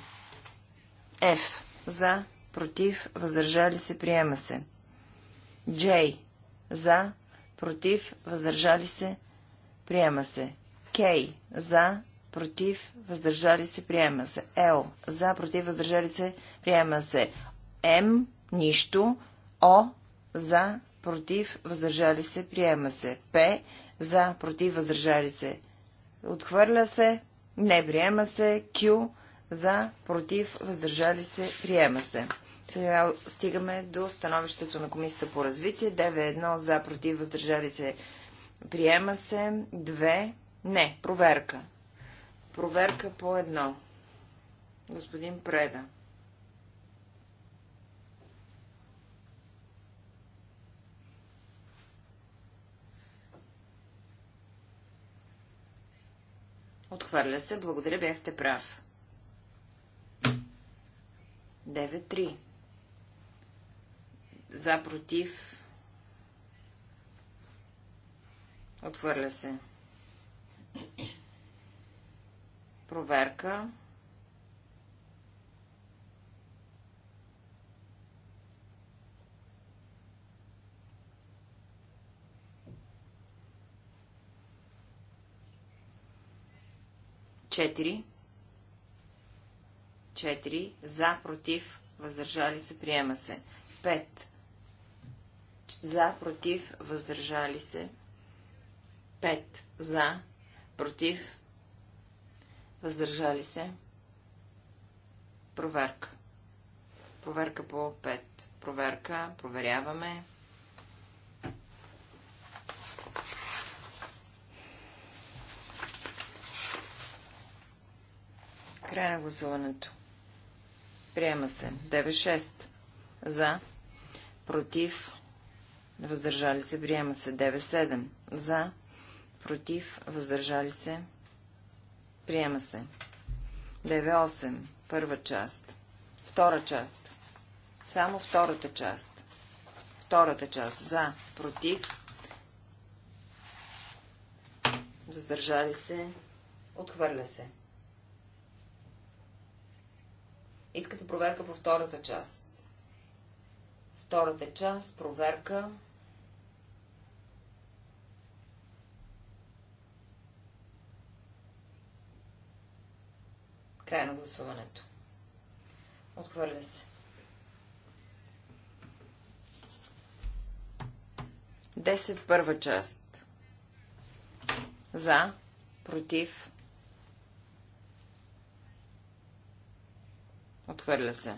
F. За. Против. Въздържали се. Приема се. J. За. Против. Въздържали се. Приема се. K. За. Против. Въздържали се. Приема се. L. За. Против. Въздържали се. Приема се. М. Нищо. О за, против, въздържали се, приема се. П, за, против, въздържали се, отхвърля се, не приема се. Q, за, против, въздържали се, приема се. Сега стигаме до становището на Комисията по развитие. 9.1 за, против, въздържали се, приема се. 2. Не, проверка. Проверка по едно. Господин Преда. Отхвърля се. Благодаря, бяхте прав. 9-3. За, против. Отхвърля се. Проверка. 4. 4. За, против, въздържали се, приема се. 5. За, против, въздържали се. 5. За, против, въздържали се. Проверка. Проверка по 5. Проверка. Проверяваме. Край на гласуването. Приема се. 9-6. За. Против. Въздържали се. Приема се. 9-7. За. Против. Въздържали се. Приема се. 9-8. Първа част. Втора част. Само втората част. Втората част. За. Против. Въздържали се. Отхвърля се. 9 Искате проверка по втората част. Втората част, проверка. Край на гласуването. Отхвърля се. 10 първа част. За, против, Отхвърля се.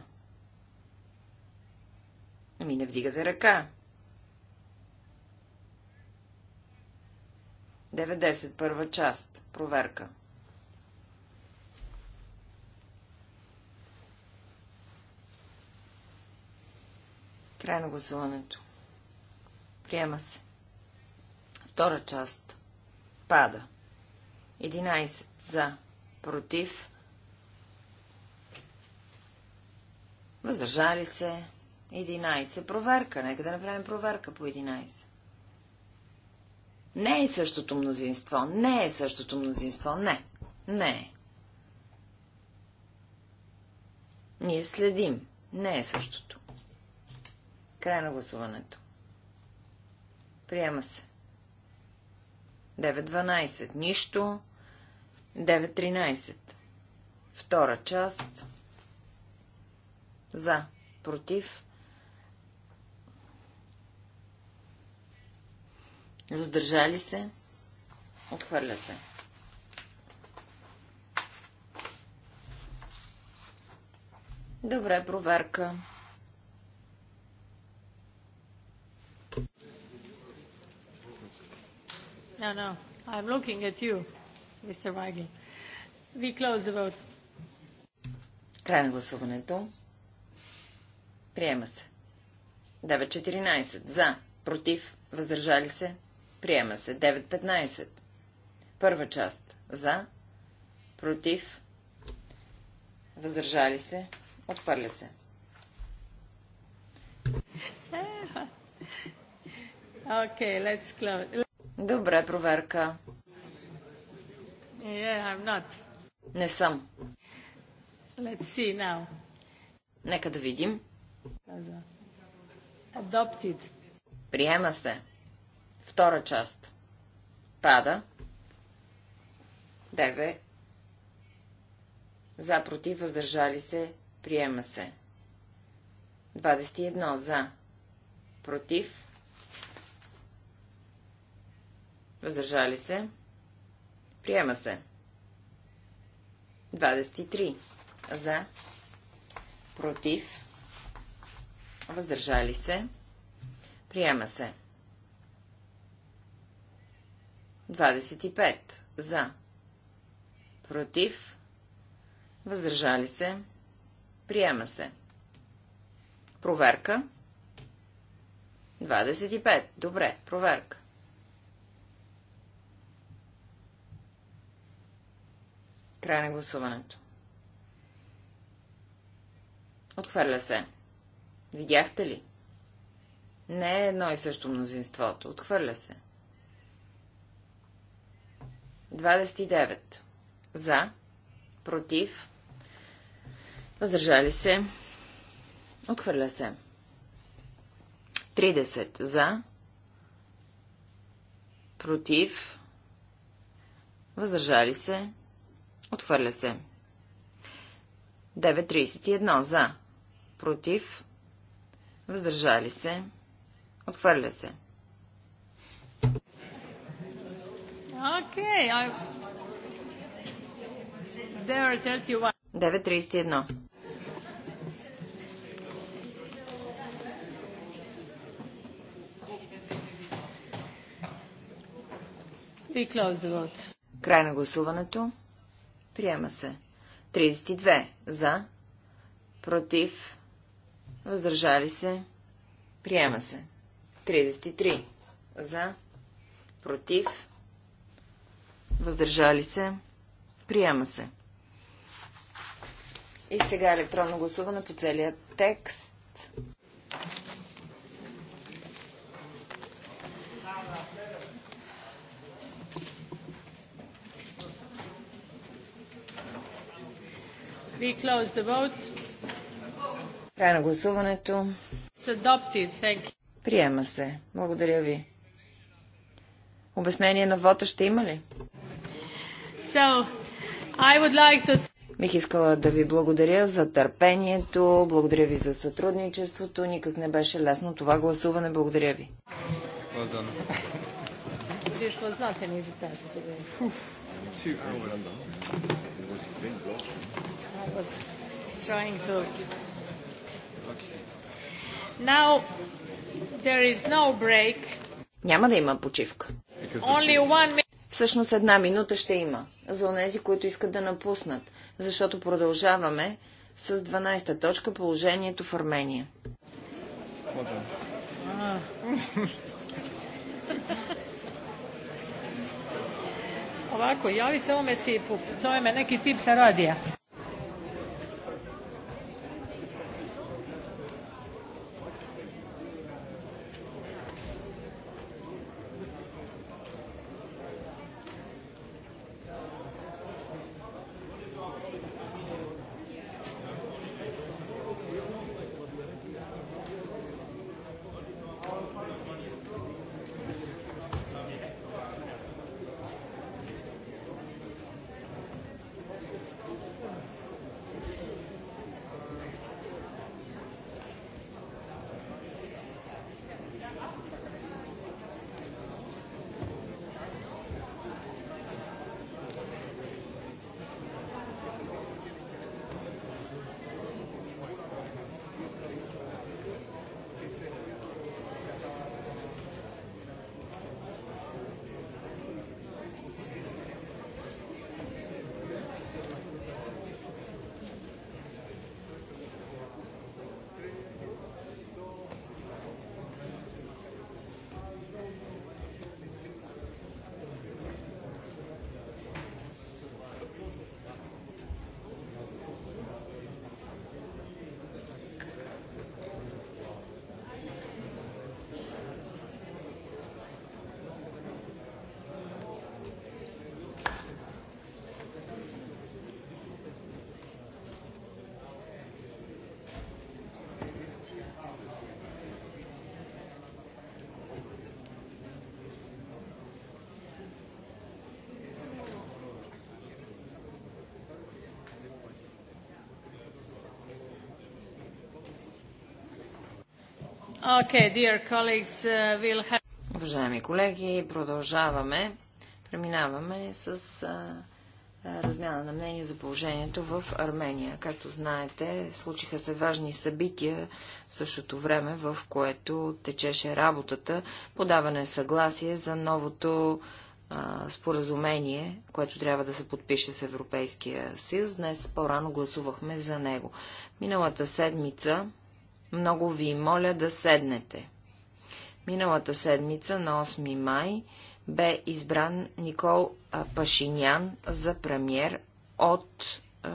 Ами не вдигате ръка. 90. първа част. Проверка. Край на гласуването. Приема се. Втора част. Пада. 11 за. Против. Въздържали се. 11. Проверка. Нека да направим проверка по 11. Не е същото мнозинство. Не е същото мнозинство. Не. Не е. Ние следим. Не е същото. Край на гласуването. Приема се. 9.12. Нищо. 9.13. Втора част. За. Против. Въздържали се. Отхвърля се. Добре, проверка. No, no. I'm looking at you, Mr. Weigel. We close the vote. Край на гласуването. Приема се. 9.14. За. Против. Въздържали се. Приема се. 9.15. Първа част. За. Против. Въздържали се. Отхвърля се. Okay, let's close. Добре, проверка. Yeah, I'm not. Не съм. Let's see now. Нека да видим. Adopted. Приема се. Втора част. Пада. Деве. За, против, въздържали се. Приема се. 21. За. Против. Въздържали се. Приема се. 23. За. Против. Въздържали се. Приема се. 25. За. Против. Въздържали се. Приема се. Проверка. 25. Добре, проверка. Край на гласуването. Отхвърля се. Видяхте ли? Не е едно и също мнозинството. Отхвърля се. 29. За. Против. Въздържали се. Отхвърля се. 30. За. Против. Въздържали се. Отхвърля се. 9.31. За. Против. Въздържали се. Отхвърля се. Окей, Okay, I... 9.31. 9.31. Край на гласуването. Приема се. 32 за, против, Въздържали се. Приема се. 33. За. Против. Въздържали се. Приема се. И сега електронно гласуване по целия текст. We close the vote. Край на гласуването. Приема се. Благодаря ви. Обяснение на вота ще има ли? So, I would like to... Бих искала да ви благодаря за търпението, благодаря ви за сътрудничеството. Никак не беше лесно това гласуване. Благодаря ви. Well This was not an easy task Now, there is no break. Няма да има почивка. Only one... Всъщност една минута ще има за онези, които искат да напуснат, защото продължаваме с 12-та точка положението в Армения. Ovako, javi se ovome tipu, zove me neki tip sa radija. Okay, dear colleagues, uh, we'll have... Уважаеми колеги, продължаваме. Преминаваме с а, размяна на мнение за положението в Армения. Както знаете, случиха се важни събития в същото време, в което течеше работата по даване съгласие за новото споразумение, което трябва да се подпише с Европейския съюз. Днес по-рано гласувахме за него. Миналата седмица много ви моля да седнете. Миналата седмица, на 8 май, бе избран Никол Пашинян за премьер от е,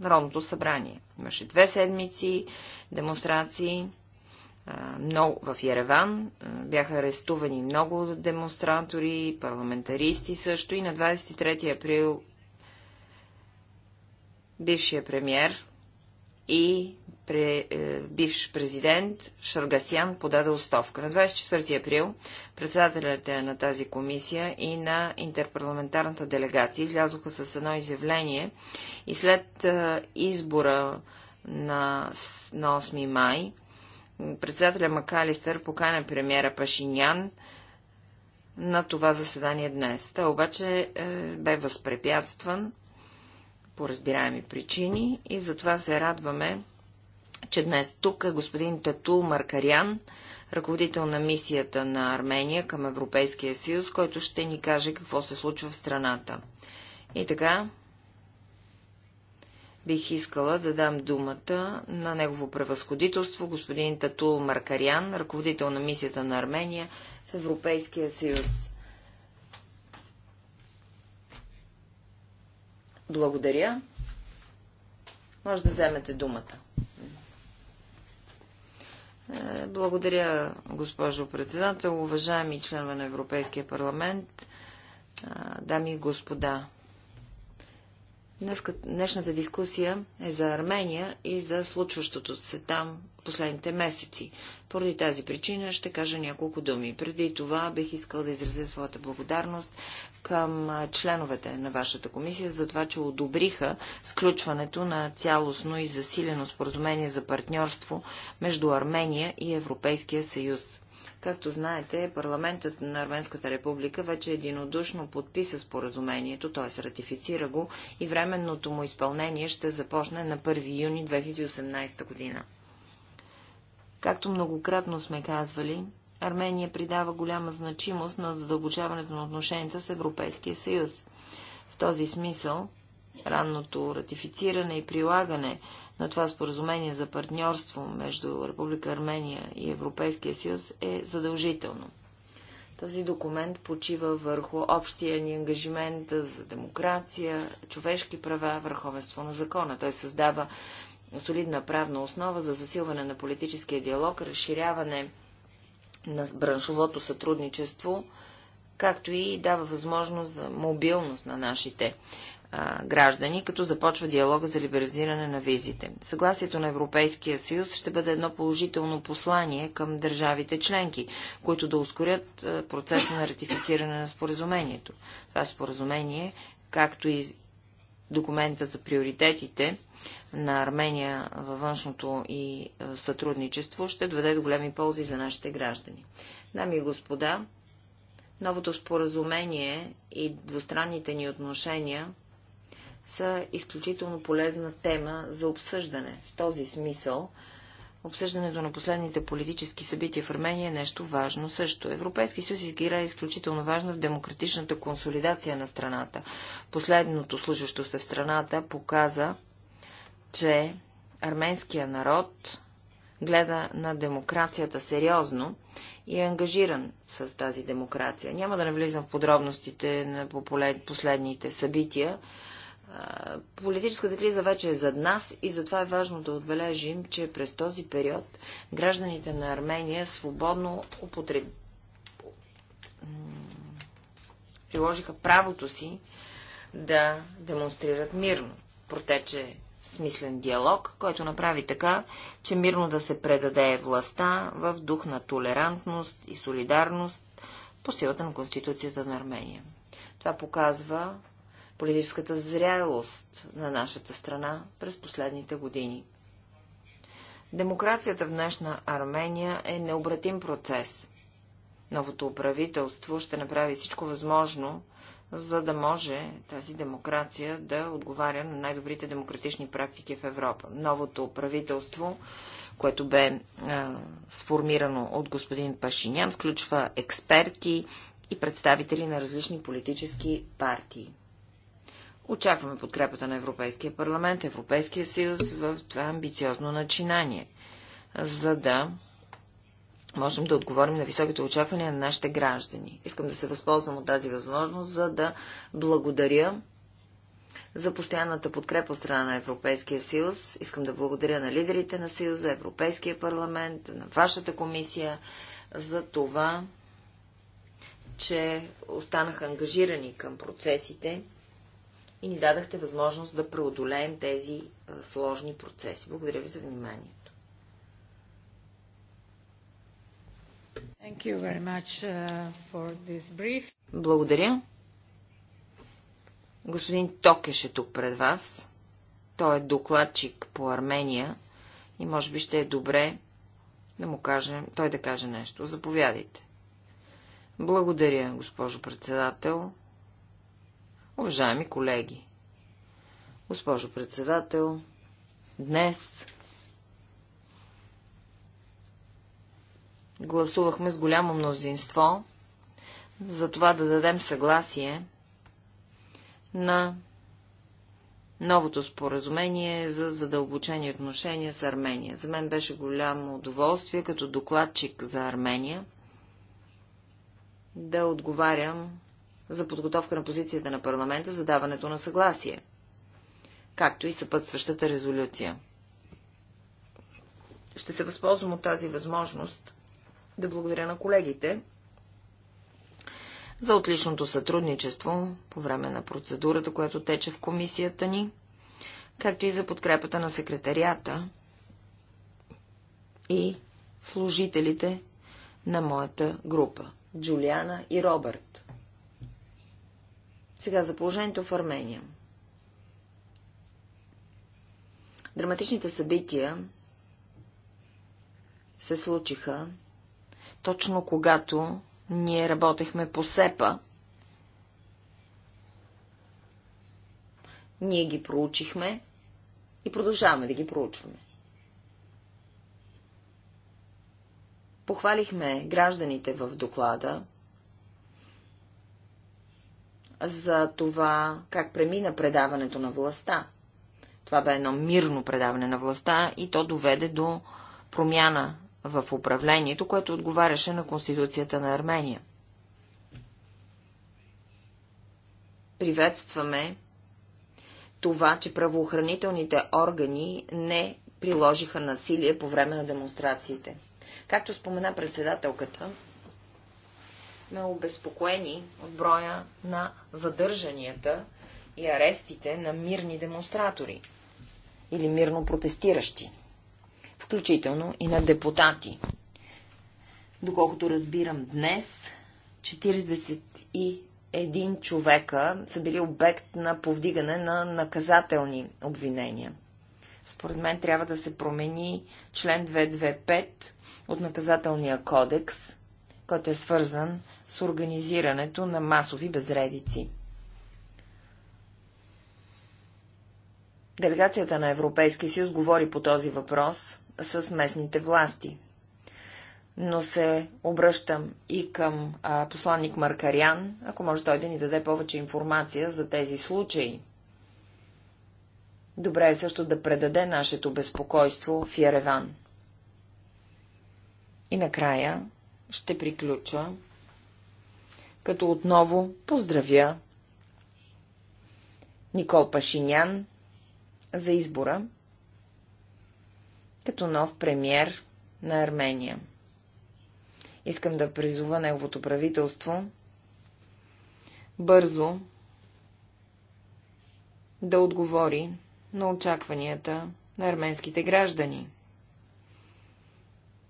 Народното събрание. Имаше две седмици демонстрации много в Ереван. Бяха арестувани много демонстратори, парламентаристи също и на 23 април бившия премьер и пре, е, бивш президент Шаргасян подаде оставка. На 24 април председателят е на тази комисия и на интерпарламентарната делегация излязоха с едно изявление и след е, избора на, на 8 май председателя Макалистър покана премиера Пашинян на това заседание днес. Той обаче е, бе възпрепятстван по разбираеми причини и затова се радваме, че днес тук е господин Татул Маркарян, ръководител на мисията на Армения към Европейския съюз, който ще ни каже какво се случва в страната. И така, бих искала да дам думата на негово превъзходителство, господин Татул Маркарян, ръководител на мисията на Армения в Европейския съюз. Благодаря. Може да вземете думата. Е, благодаря, госпожо председател, уважаеми членове на Европейския парламент, е, дами и господа. днешната дискусия е за Армения и за случващото се там последните месеци. Поради тази причина ще кажа няколко думи. Преди това бих искал да изразя своята благодарност към членовете на вашата комисия за това, че одобриха сключването на цялостно и засилено споразумение за партньорство между Армения и Европейския съюз. Както знаете, парламентът на Арменската република вече единодушно подписа споразумението, т.е. ратифицира го и временното му изпълнение ще започне на 1 юни 2018 година. Както многократно сме казвали, Армения придава голяма значимост на задълбочаването на отношенията с Европейския съюз. В този смисъл, ранното ратифициране и прилагане на това споразумение за партньорство между Република Армения и Европейския съюз е задължително. Този документ почива върху общия ни ангажимент за демокрация, човешки права, върховенство на закона. Той създава солидна правна основа за засилване на политическия диалог, разширяване на браншовото сътрудничество, както и дава възможност за мобилност на нашите а, граждани, като започва диалога за либерализиране на визите. Съгласието на Европейския съюз ще бъде едно положително послание към държавите членки, които да ускорят процеса на ратифициране на споразумението. Това споразумение, както и документа за приоритетите, на Армения във външното и е, сътрудничество ще доведе до големи ползи за нашите граждани. Дами и господа, новото споразумение и двустранните ни отношения са изключително полезна тема за обсъждане. В този смисъл, обсъждането на последните политически събития в Армения е нещо важно също. Европейски съюз изгира изключително важно в демократичната консолидация на страната. Последното служащо се в страната показа, че арменския народ гледа на демокрацията сериозно и е ангажиран с тази демокрация. Няма да навлизам в подробностите на последните събития. Политическата криза вече е зад нас и затова е важно да отбележим, че през този период гражданите на Армения свободно употреб... приложиха правото си да демонстрират мирно. Протече смислен диалог, който направи така, че мирно да се предаде властта в дух на толерантност и солидарност по силата на Конституцията на Армения. Това показва политическата зрялост на нашата страна през последните години. Демокрацията в днешна Армения е необратим процес. Новото правителство ще направи всичко възможно, за да може тази демокрация да отговаря на най-добрите демократични практики в Европа. Новото правителство, което бе а, сформирано от господин Пашинян, включва експерти и представители на различни политически партии. Очакваме подкрепата на Европейския парламент, Европейския съюз в това амбициозно начинание, за да можем да отговорим на високите очаквания на нашите граждани. Искам да се възползвам от тази възможност, за да благодаря за постоянната подкрепа от страна на Европейския съюз. Искам да благодаря на лидерите на съюза, Европейския парламент, на вашата комисия за това, че останаха ангажирани към процесите и ни дадахте възможност да преодолеем тези сложни процеси. Благодаря ви за вниманието. Uh, Благодаря. Господин Токеш е тук пред вас. Той е докладчик по Армения и може би ще е добре да му кажем, той да каже нещо. Заповядайте. Благодаря, госпожо председател. Уважаеми колеги, госпожо председател, днес гласувахме с голямо мнозинство за това да дадем съгласие на новото споразумение за задълбочени отношения с Армения. За мен беше голямо удоволствие като докладчик за Армения да отговарям за подготовка на позицията на парламента за даването на съгласие, както и съпътстващата резолюция. Ще се възползвам от тази възможност да благодаря на колегите за отличното сътрудничество по време на процедурата, която тече в комисията ни, както и за подкрепата на секретарията и служителите на моята група – Джулиана и Робърт. Сега за положението в Армения. Драматичните събития се случиха точно когато ние работехме по СЕПА, ние ги проучихме и продължаваме да ги проучваме. Похвалихме гражданите в доклада за това, как премина предаването на властта. Това бе едно мирно предаване на властта и то доведе до промяна в управлението, което отговаряше на Конституцията на Армения. Приветстваме това, че правоохранителните органи не приложиха насилие по време на демонстрациите. Както спомена председателката, сме обезпокоени от броя на задържанията и арестите на мирни демонстратори или мирно протестиращи включително и на депутати. Доколкото разбирам днес, 41 човека са били обект на повдигане на наказателни обвинения. Според мен трябва да се промени член 225 от наказателния кодекс, който е свързан с организирането на масови безредици. Делегацията на Европейския съюз говори по този въпрос с местните власти. Но се обръщам и към а, посланник Маркарян, ако може той да ни даде повече информация за тези случаи. Добре е също да предаде нашето безпокойство в Яреван. И накрая ще приключа, като отново поздравя Никол Пашинян за избора като нов премьер на Армения. Искам да призова неговото правителство бързо да отговори на очакванията на арменските граждани.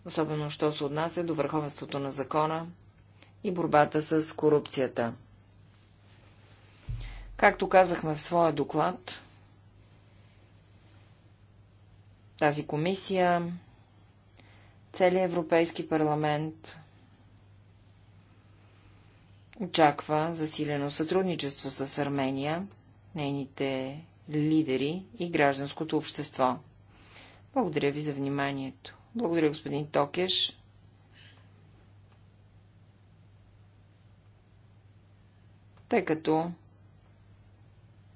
Особено, що се отнася до върховенството на закона и борбата с корупцията. Както казахме в своя доклад, тази комисия, целият Европейски парламент очаква засилено сътрудничество с Армения, нейните лидери и гражданското общество. Благодаря ви за вниманието. Благодаря, господин Токеш. Тъй като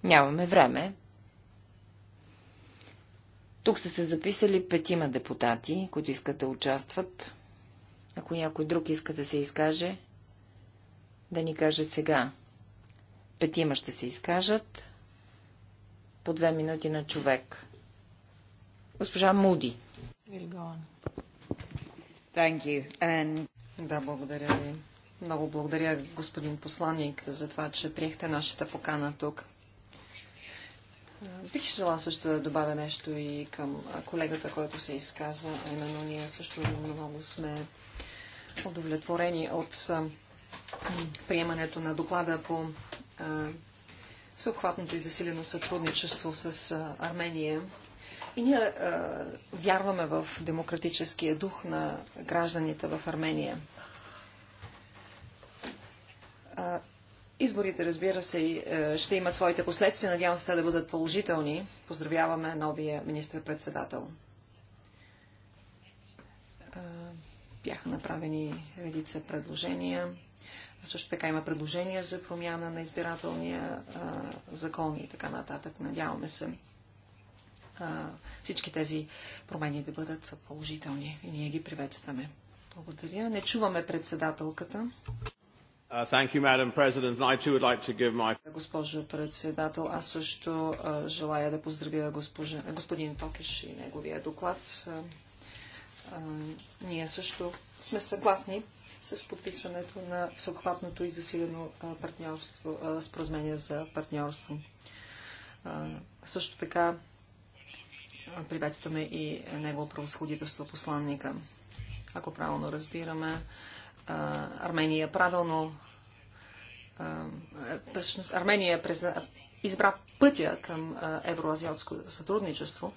нямаме време, тук са се записали петима депутати, които искат да участват. Ако някой друг иска да се изкаже, да ни каже сега. Петима ще се изкажат по две минути на човек. Госпожа Муди. And... Да, благодаря ви. Много благодаря, господин посланник, за това, че приехте нашата покана тук. Е, бих желала също да добавя нещо и към колегата, който се изказа. Именно ние също много сме удовлетворени от приемането на доклада по всеобхватното и засилено сътрудничество с Армения. И ние вярваме в демократическия дух на гражданите в Армения. Изборите, разбира се, е, ще имат своите последствия. Надявам се те да бъдат положителни. Поздравяваме новия министр-председател. Е, бяха направени редица предложения. Също така има предложения за промяна на избирателния е, закон и така нататък. Надяваме се всички тези промени да бъдат положителни и ние ги приветстваме. Благодаря. Не чуваме председателката. Uh, Госпожо председател, аз също желая да поздравя господин Токиш и неговия доклад. Ние също сме съгласни с подписването на всеобхватното и засилено партньорство, споразумение за партньорство. Също така приветстваме и негово правосходителство посланника. Ако правилно разбираме, Армения правилно всъщност Армения през, избра пътя към евроазиатско сътрудничество,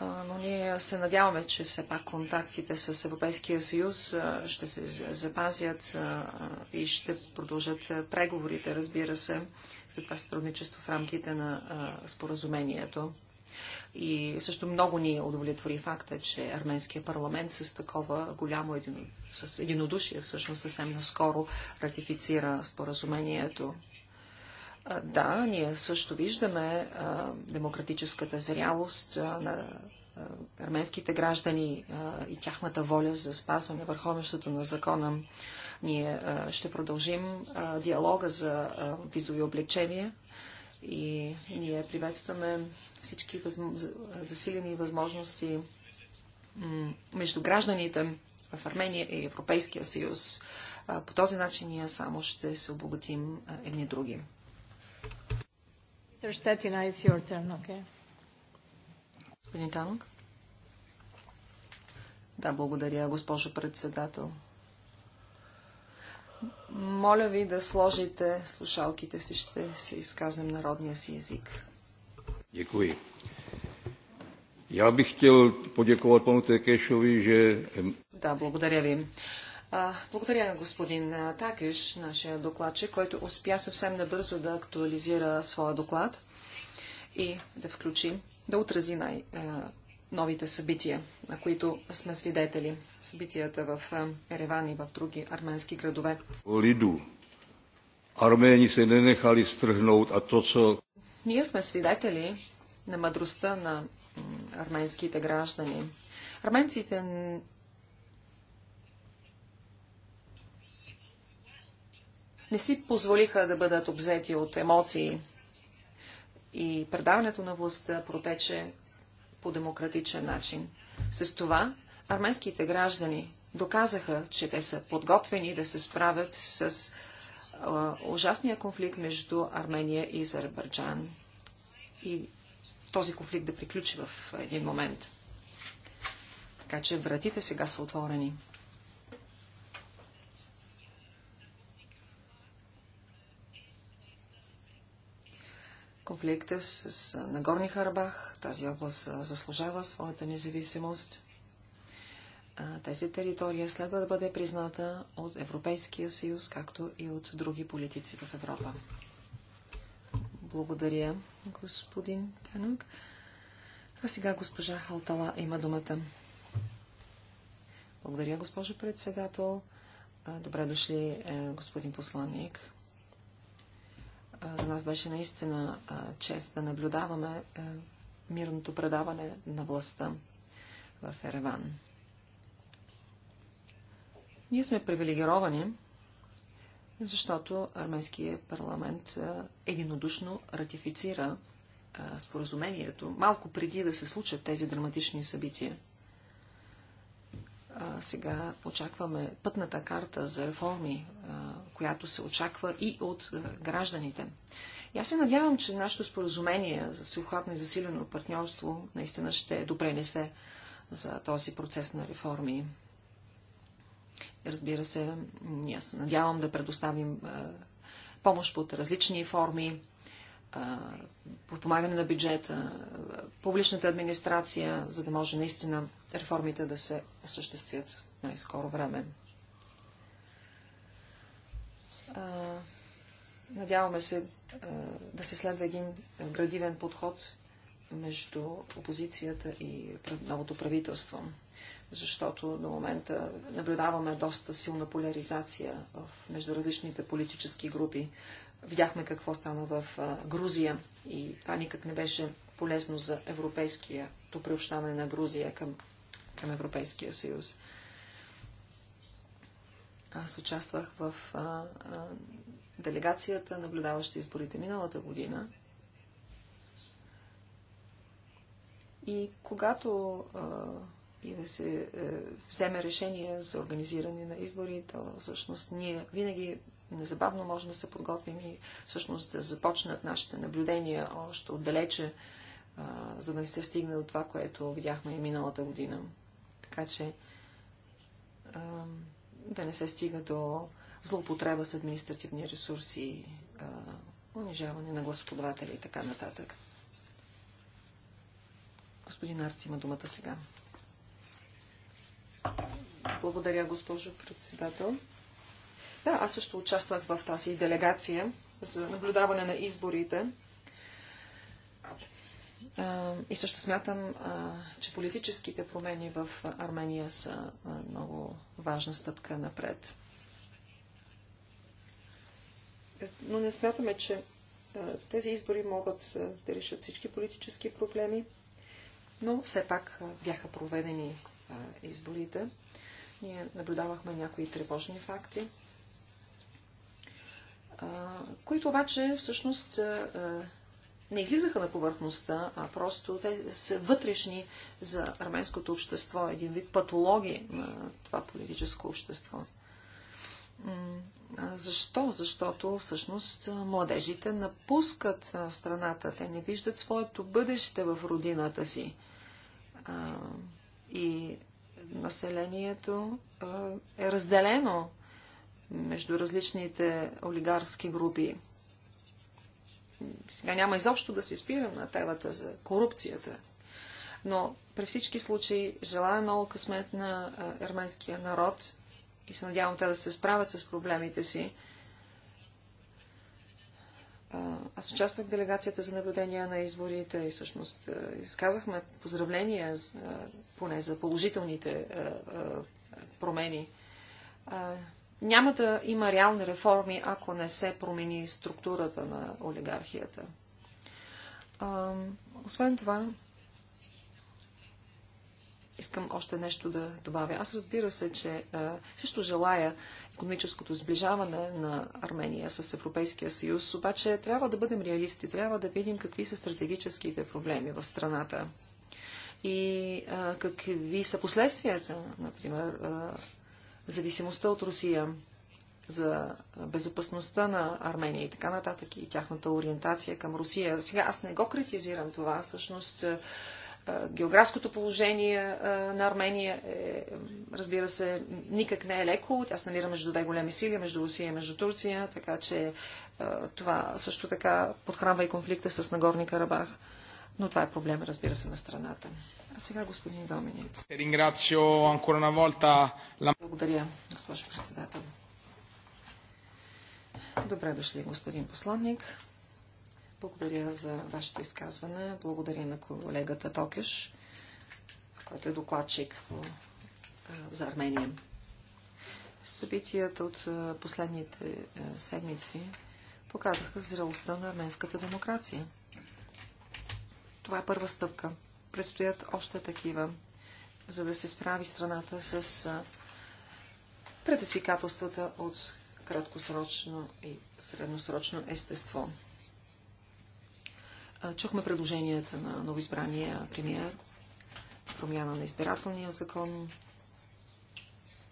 но ние се надяваме, че все пак контактите с Европейския съюз ще се запазят и ще продължат преговорите, разбира се, за това сътрудничество в рамките на споразумението. И също много ни удовлетвори факта, че Арменския парламент с такова голямо един, с единодушие всъщност съвсем наскоро ратифицира споразумението. да, ние също виждаме а, демократическата зрялост а, на арменските граждани и тяхната воля за спазване върховенството на закона. Ние ще продължим диалога за визови облечения и ние приветстваме всички възм... засилени възможности между гражданите в Армения и Европейския съюз. По този начин ние само ще се обогатим едни други. Господин Танг? Да, благодаря, госпожо председател. Моля ви да сложите слушалките си, ще се изказвам народния си език. Děkuji. Já bych chtěl poděkovat panu Tekešovi, že... Да, благодаря ви. Благодаря на господин Такеш, нашия докладчик, който успя съвсем набързо да актуализира своя доклад и да включи, да отрази най- новите събития, на които сме свидетели. Събитията в Ереван и в други арменски градове. Лиду. Армени се не нехали стръгнат, а то, co... Ние сме свидетели на мъдростта на арменските граждани. Арменците не си позволиха да бъдат обзети от емоции и предаването на властта протече по демократичен начин. С това арменските граждани доказаха, че те са подготвени да се справят с ужасния конфликт между Армения и Азербайджан и този конфликт да приключи в един момент. Така че вратите сега са отворени. Конфликта с, Нагорни Харбах, тази област заслужава своята независимост тази територия следва да бъде призната от Европейския съюз, както и от други политици в Европа. Благодаря, господин Тенък. А сега госпожа Халтала има думата. Благодаря, госпожо председател. Добре дошли, е, господин посланник. За нас беше наистина чест да наблюдаваме е, мирното предаване на властта в Ереван. Ние сме привилегировани, защото арменският парламент единодушно ратифицира споразумението, малко преди да се случат тези драматични събития. А, сега очакваме пътната карта за реформи, а, която се очаква и от гражданите. И аз се надявам, че нашето споразумение за всеохватно и засилено партньорство наистина ще допренесе за този процес на реформи Разбира се, ние се надявам да предоставим а, помощ под различни форми, а, подпомагане на бюджета, публичната администрация, за да може наистина реформите да се осъществят най-скоро време. А, надяваме се да се следва един градивен подход между опозицията и новото правителство защото до момента наблюдаваме доста силна поляризация в, между различните политически групи. Видяхме какво стана в Грузия и това никак не беше полезно за европейското приобщаване на Грузия към, към Европейския съюз. Аз участвах в а, а, делегацията, наблюдаваща изборите миналата година. И когато а, и да се е, вземе решение за организиране на избори, то всъщност ние винаги незабавно можем да се подготвим и всъщност да започнат нашите наблюдения още отдалече, а, е, за да не се стигне до това, което видяхме и миналата година. Така че а, е, да не се стига до злоупотреба с административни ресурси, а, е, унижаване на господавателя и така нататък. Господин Арт има думата сега. Благодаря, госпожо председател. Да, аз също участвах в тази делегация за наблюдаване на изборите. И също смятам, че политическите промени в Армения са много важна стъпка напред. Но не смятаме, че тези избори могат да решат всички политически проблеми, но все пак бяха проведени изборите. Ние наблюдавахме някои тревожни факти, които обаче всъщност не излизаха на повърхността, а просто те са вътрешни за арменското общество, един вид патологи на това политическо общество. Защо? Защото всъщност младежите напускат страната. Те не виждат своето бъдеще в родината си и населението е разделено между различните олигарски групи. Сега няма изобщо да се спирам на темата за корупцията. Но при всички случаи желая много късмет на ерменския народ и се надявам те да се справят с проблемите си. Аз участвах в делегацията за наблюдение на изборите и всъщност изказахме поздравления поне за положителните промени. Няма да има реални реформи, ако не се промени структурата на олигархията. Освен това, искам още нещо да добавя. Аз разбира се, че също желая економическото сближаване на Армения с Европейския съюз, обаче трябва да бъдем реалисти, трябва да видим какви са стратегическите проблеми в страната и какви са последствията, например, зависимостта от Русия за безопасността на Армения и така нататък и тяхната ориентация към Русия. Сега аз не го критизирам това, всъщност Географското положение на Армения, е, разбира се, никак не е леко. Тя се намира между две големи сили, между Русия и между Турция, така че това също така подхранва и конфликта с Нагорни Карабах. Но това е проблем, разбира се, на страната. А сега господин Доминиц. Благодаря, госпожо председател. Добре дошли, господин посланник. Благодаря за вашето изказване. Благодаря на колегата Токеш, който е докладчик за Армения. Събитията от последните седмици показаха зрелостта на арменската демокрация. Това е първа стъпка. Предстоят още такива, за да се справи страната с предизвикателствата от краткосрочно и средносрочно естество. Чухме предложенията на новоизбрания премиер, промяна на избирателния закон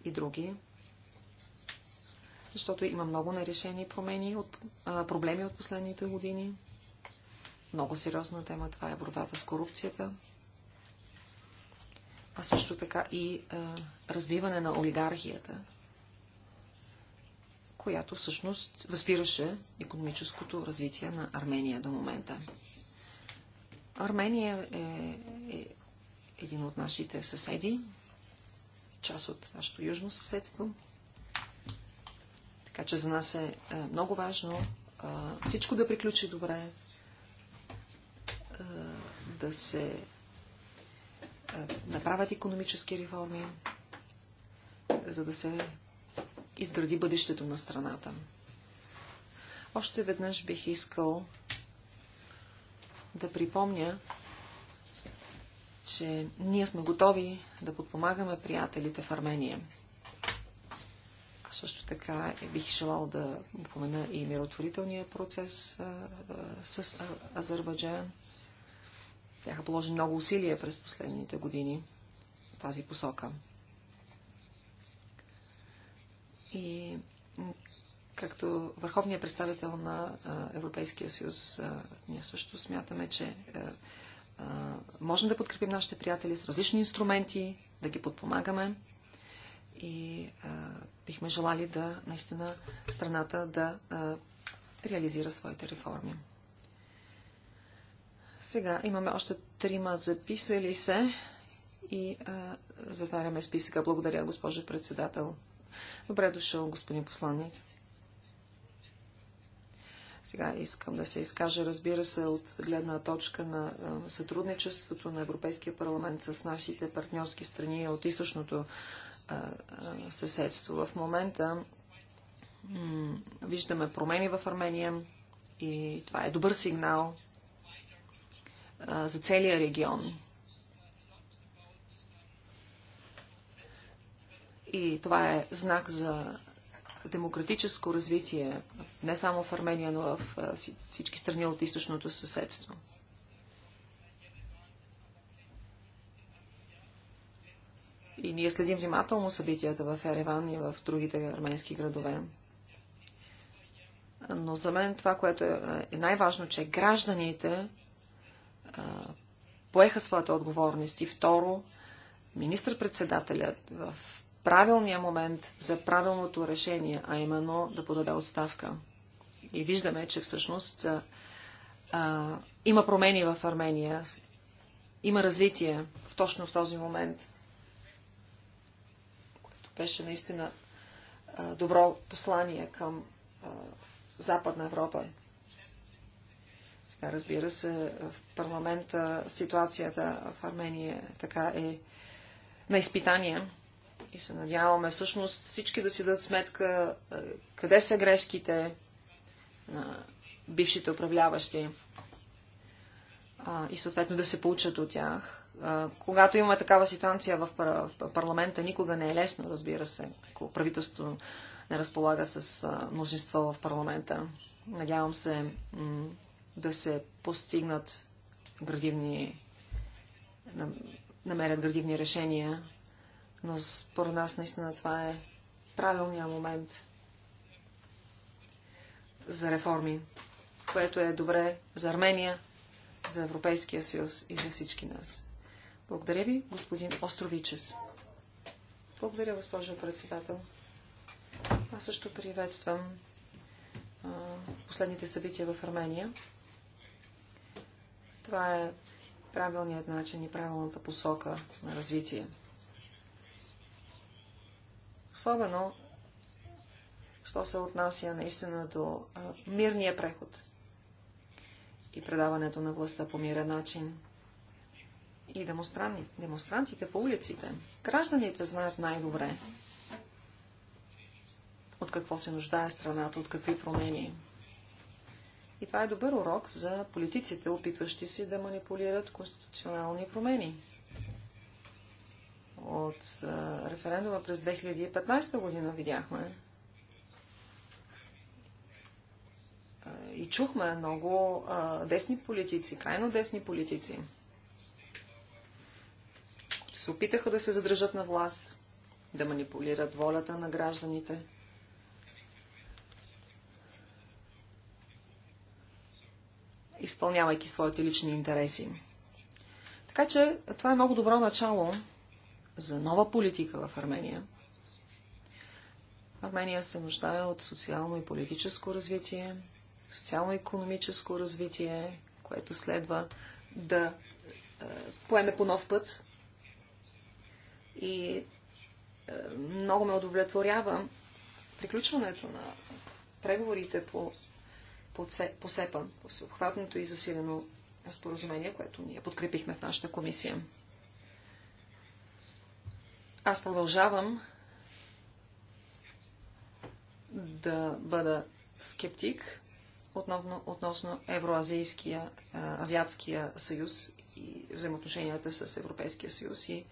и други, защото има много нерешени промени от, а, проблеми от последните години. Много сериозна тема това е борбата с корупцията, а също така и а, разбиване на олигархията, която всъщност възпираше економическото развитие на Армения до момента. Армения е, е един от нашите съседи, част от нашето южно съседство. Така че за нас е, е много важно е, всичко да приключи добре, е, да се е, направят економически реформи, за да се изгради бъдещето на страната. Още веднъж бих искал да припомня, че ние сме готови да подпомагаме приятелите в Армения. също така е, бих желал да упомена и миротворителния процес а, а, с а, Азербайджан. Бяха положени много усилия през последните години в тази посока. И Както върховният представител на Европейския съюз, ние също смятаме, че е, можем да подкрепим нашите приятели с различни инструменти, да ги подпомагаме и бихме желали да наистина страната да реализира своите реформи. Сега имаме още трима записали се и затваряме списъка. Благодаря, госпожо председател. Добре дошъл, господин посланник. Сега искам да се изкажа, разбира се, от гледна точка на сътрудничеството на Европейския парламент с нашите партньорски страни от източното съседство. В момента виждаме промени в Армения и това е добър сигнал за целия регион. И това е знак за демократическо развитие, не само в Армения, но в всички страни от източното съседство. И ние следим внимателно събитията в Ереван и в другите арменски градове. Но за мен това, което е, е най-важно, че гражданите поеха своята отговорност. И второ, министър-председателят в правилния момент за правилното решение, а именно да подаде отставка. И виждаме, че всъщност а, а, има промени в Армения, има развитие в точно в този момент, което беше наистина а, добро послание към а, Западна Европа. Сега, разбира се, в парламента ситуацията в Армения е така е на изпитание и се надяваме всъщност всички да си дадат сметка е, къде са грешките на бившите управляващи и съответно да се получат от тях. Когато има такава ситуация в парламента, никога не е лесно, разбира се, ако правителството не разполага с мнозинство в парламента. Надявам се да се постигнат градивни намерят градивни решения но според нас наистина това е правилният момент за реформи, което е добре за Армения, за Европейския съюз и за всички нас. Благодаря ви, господин Островичес. Благодаря, госпожо председател. Аз също приветствам а, последните събития в Армения. Това е правилният начин и правилната посока на развитие. Особено, що се отнася наистина до а, мирния преход и предаването на властта по мирен начин. И демонстранти, демонстрантите по улиците, гражданите знаят най-добре от какво се нуждае страната, от какви промени. И това е добър урок за политиците, опитващи се да манипулират конституционални промени от референдума през 2015 година видяхме. И чухме много десни политици, крайно десни политици, които се опитаха да се задържат на власт, да манипулират волята на гражданите. изпълнявайки своите лични интереси. Така че това е много добро начало за нова политика в Армения. Армения се нуждае от социално и политическо развитие, социално-економическо развитие, което следва да е, поеме по нов път. И е, много ме удовлетворява приключването на преговорите по, по, по СЕПА, по съобхватното и засилено споразумение, което ние подкрепихме в нашата комисия. Аз продължавам да бъда скептик относно, относно Евроазийския, Азиатския съюз и взаимоотношенията с Европейския съюз. И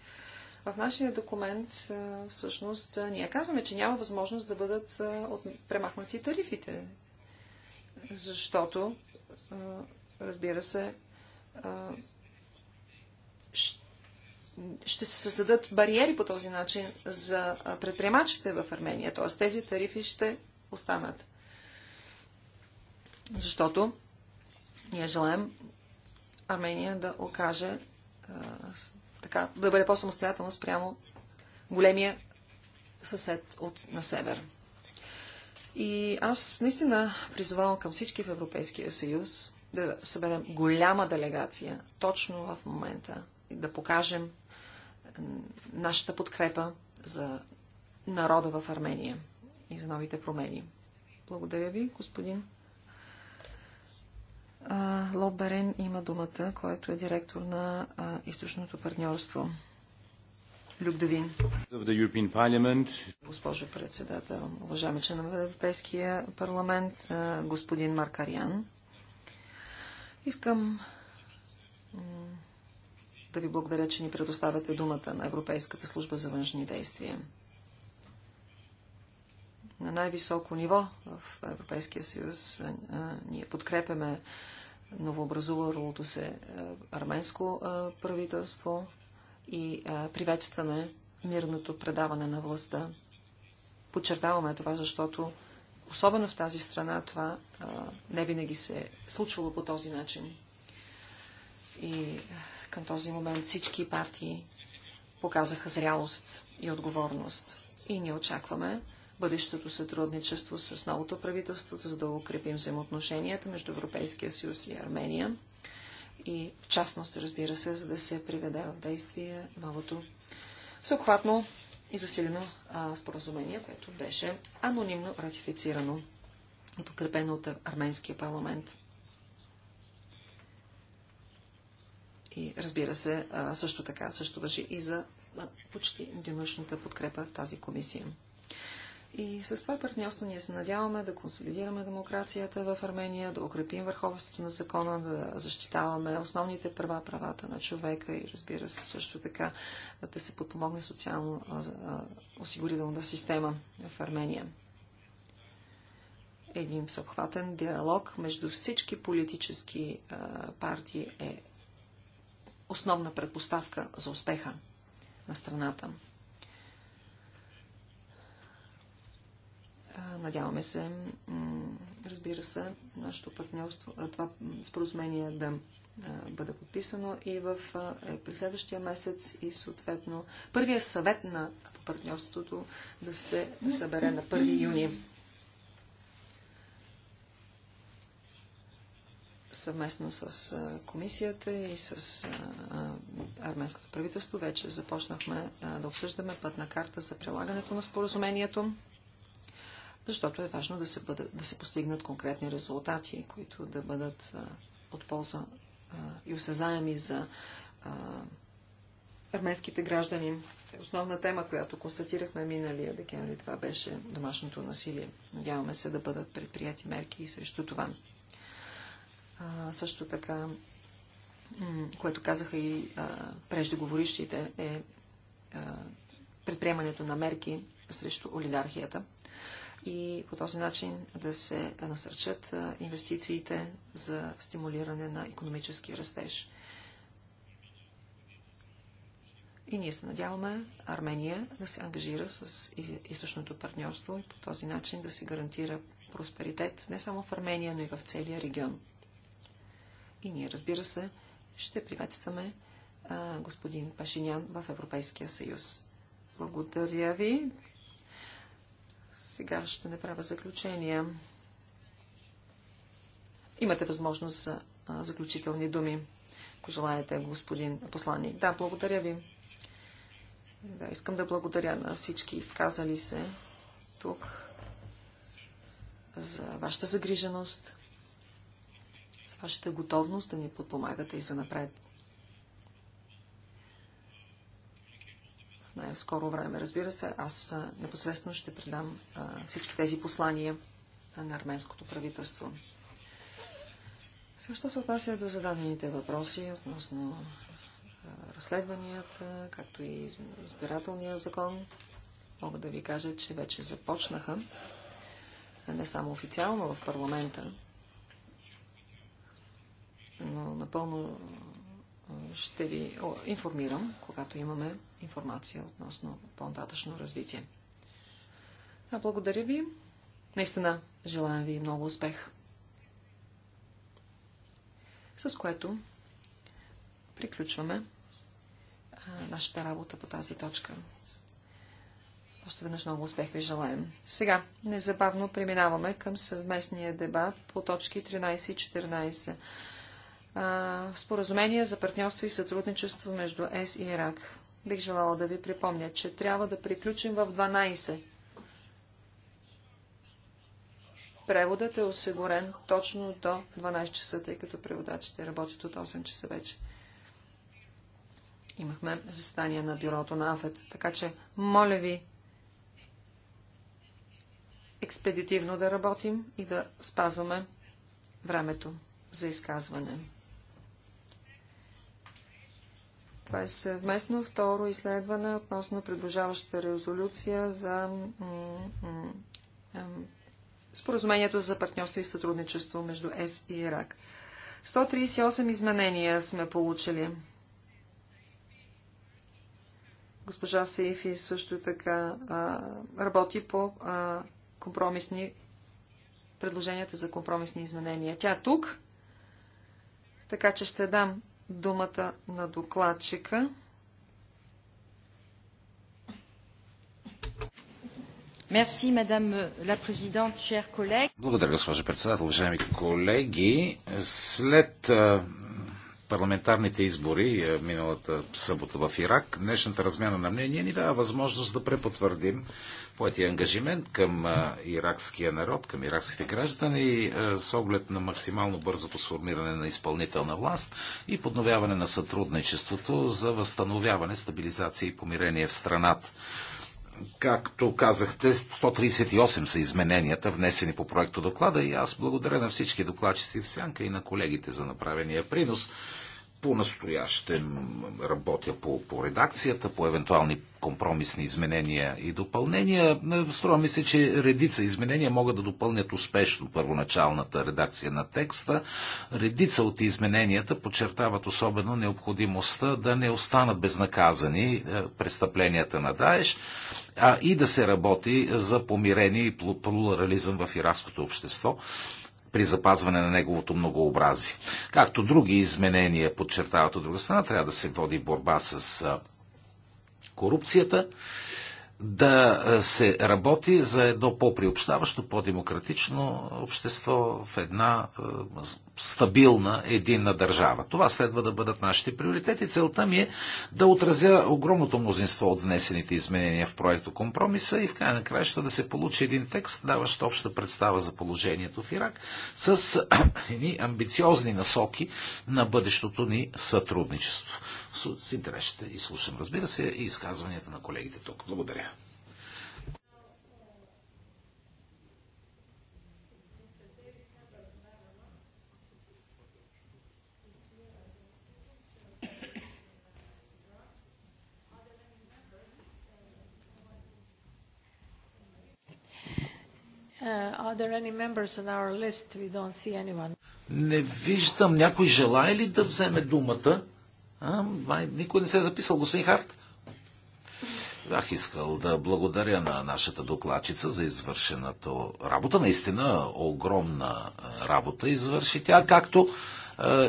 в нашия документ всъщност ние казваме, че няма възможност да бъдат премахнати тарифите, защото, разбира се, ще ще се създадат бариери по този начин за предприемачите в Армения. Т.е. тези тарифи ще останат. Защото ние желаем Армения да окаже така, да бъде по-самостоятелна спрямо големия съсед от, на север. И аз наистина призовавам към всички в Европейския съюз да съберем голяма делегация точно в момента и да покажем нашата подкрепа за народа в Армения и за новите промени. Благодаря ви, господин. Лоб Берен има думата, който е директор на източното партньорство. Люкдовин. Госпожо председател, уважаеми членове на Европейския парламент, господин Маркариан. Искам да ви благодаря, че ни предоставяте думата на Европейската служба за външни действия. На най-високо ниво в Европейския съюз ние подкрепяме новообразувалото се арменско правителство и приветстваме мирното предаване на властта. Подчертаваме това, защото особено в тази страна това не винаги се е случвало по този начин. И към този момент всички партии показаха зрялост и отговорност. И ние очакваме бъдещото сътрудничество с новото правителство, за да укрепим взаимоотношенията между Европейския съюз и Армения. И в частност, разбира се, за да се приведе в действие новото съхватно и засилено а, споразумение, което беше анонимно ратифицирано и подкрепено от Арменския парламент. И разбира се, също така, също въжи и за почти единодушната подкрепа в тази комисия. И с това партньорство ние се надяваме да консолидираме демокрацията в Армения, да укрепим върховството на закона, да защитаваме основните права, правата на човека и разбира се също така да се подпомогне социално осигурителната система в Армения. Един всеобхватен диалог между всички политически партии е основна предпоставка за успеха на страната. Надяваме се, разбира се, нашето партньорство, това споразумение да бъде подписано и в, е, при следващия месец и съответно първия съвет на партньорството да се събере на 1 юни. съвместно с комисията и с арменското правителство вече започнахме да обсъждаме пътна карта за прилагането на споразумението, защото е важно да се, бъде, да се постигнат конкретни резултати, които да бъдат от полза и осезаеми за арменските граждани. Е основна тема, която констатирахме миналия декември, това беше домашното насилие. Надяваме се да бъдат предприяти мерки и срещу това. А, също така, което казаха и а, преждеговорищите, е а, предприемането на мерки срещу олигархията и по този начин да се насърчат инвестициите за стимулиране на економически растеж. И ние се надяваме Армения да се ангажира с източното партньорство и по този начин да се гарантира просперитет не само в Армения, но и в целия регион. И ние, разбира се, ще приветстваме а, господин Пашинян в Европейския съюз. Благодаря ви. Сега ще направя заключения. Имате възможност за заключителни думи, ако желаете, господин посланник. Да, благодаря ви. Да, искам да благодаря на всички изказали се тук за вашата загриженост, вашата готовност да ни подпомагате и за напред. В най-скоро време, разбира се, аз непосредствено ще предам всички тези послания на арменското правителство. Също се отнася до зададените въпроси относно разследванията, както и избирателния закон. Мога да ви кажа, че вече започнаха не само официално в парламента, но напълно ще ви информирам, когато имаме информация относно по-нататъчно развитие. А благодаря ви. Наистина, желая ви много успех. С което приключваме нашата работа по тази точка. Още веднъж много успех ви желаем. Сега, незабавно преминаваме към съвместния дебат по точки 13 и 14 споразумение за партньорство и сътрудничество между ЕС и Ирак. Бих желала да ви припомня, че трябва да приключим в 12. Преводът е осигурен точно до 12 часа, тъй като преводачите работят от 8 часа вече. Имахме заседание на бюрото на АФЕТ, така че, моля ви, експедитивно да работим и да спазваме времето за изказване. Това е съвместно второ изследване относно приближаващата резолюция за споразумението за партньорство и сътрудничество между ЕС и Ирак. 138 изменения сме получили. Госпожа Сейфи също така а, работи по а, компромисни предложенията за компромисни изменения. Тя е тук, така че ще дам думата на докладчика. Благодаря, госпожо председател. Уважаеми колеги, след парламентарните избори е, миналата събота в Ирак, днешната размяна на мнение ни дава възможност да препотвърдим поетия ангажимент към е, иракския народ, към иракските граждани е, с оглед на максимално бързото сформиране на изпълнителна власт и подновяване на сътрудничеството за възстановяване, стабилизация и помирение в страната. Както казахте, 138 са измененията, внесени по проекто доклада и аз благодаря на всички докладчици в Сянка и на колегите за направения принос по-настоящем работя по, по редакцията, по евентуални компромисни изменения и допълнения. Струва ми се, че редица изменения могат да допълнят успешно първоначалната редакция на текста. Редица от измененията подчертават особено необходимостта да не останат безнаказани е, престъпленията на Даеш, а и да се работи за помирение и плурализъм в иракското общество при запазване на неговото многообразие. Както други изменения подчертават от друга страна, трябва да се води борба с корупцията, да се работи за едно по-приобщаващо, по-демократично общество в една стабилна единна държава. Това следва да бъдат нашите приоритети. Целта ми е да отразя огромното мнозинство от внесените изменения в проекто компромиса и в крайна на краища да се получи един текст, даващ обща представа за положението в Ирак, с едни амбициозни насоки на бъдещото ни сътрудничество. С интерес ще изслушам, разбира се, и изказванията на колегите тук. Благодаря. Uh, не виждам. Някой желая ли да вземе думата? А, никой не се е записал, господин Харт. Бях искал да благодаря на нашата докладчица за извършената работа. Наистина огромна работа извърши тя, както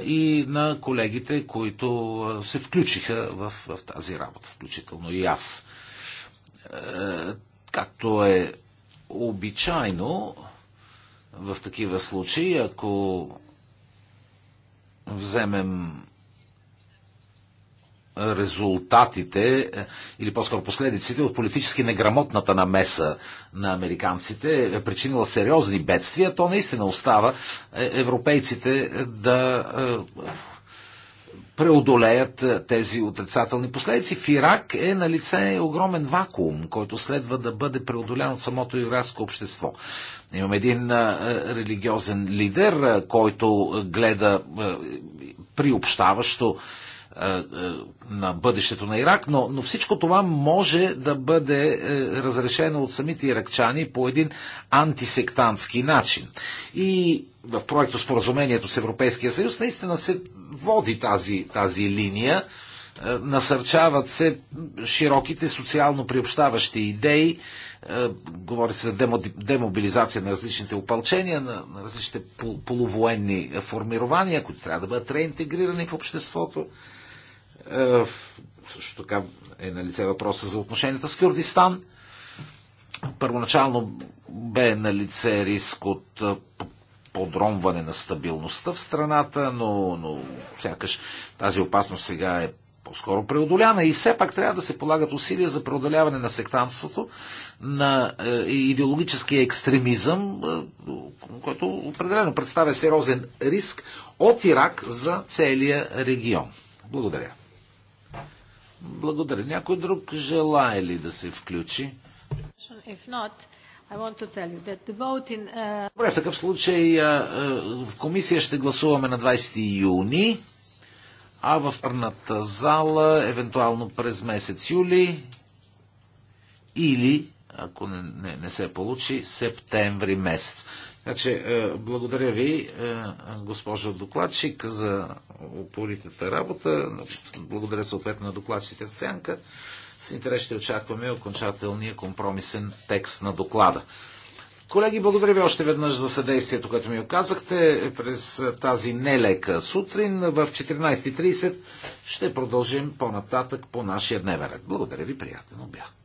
и на колегите, които се включиха в, в тази работа, включително и аз. Както е Обичайно в такива случаи, ако вземем резултатите е, или по-скоро последиците от политически неграмотната намеса на американците е причинила сериозни бедствия, то наистина остава е, европейците да е, преодолеят е, тези отрицателни последици. В Ирак е на лице огромен вакуум, който следва да бъде преодолян от самото иракско общество. Имам един е, религиозен лидер, е, който гледа приобщаващо на бъдещето на Ирак, но, но всичко това може да бъде е, разрешено от самите иракчани по един антисектантски начин. И в проекто споразумението с Европейския съюз наистина се води тази, тази линия. Е, насърчават се широките социално приобщаващи идеи. Е, говори се за демобилизация на различните опълчения, на, на различните полувоенни формирования, които трябва да бъдат реинтегрирани в обществото. Е, също така е на лице въпроса за отношенията с Кюрдистан. Първоначално бе на лице риск от подронване на стабилността в страната, но, но сякаш тази опасност сега е по-скоро преодоляна и все пак трябва да се полагат усилия за преодоляване на сектанството, на е, идеологическия екстремизъм, е, който определено представя сериозен риск от Ирак за целия регион. Благодаря. Благодаря. Някой друг желая ли да се включи? If not, Uh, Добре, в такъв случай в комисия ще гласуваме на 20 юни, а в пърната зала, евентуално през месец юли или, ако не, не, не се получи, септември месец. Така значи, че, благодаря ви, госпожо докладчик, за упоритата работа. Благодаря съответно на докладчите в Сянка. С интерес ще очакваме окончателния компромисен текст на доклада. Колеги, благодаря ви още веднъж за съдействието, което ми оказахте през тази нелека сутрин. В 14.30 ще продължим по-нататък по нашия дневен ред. Благодаря ви, приятен обяд.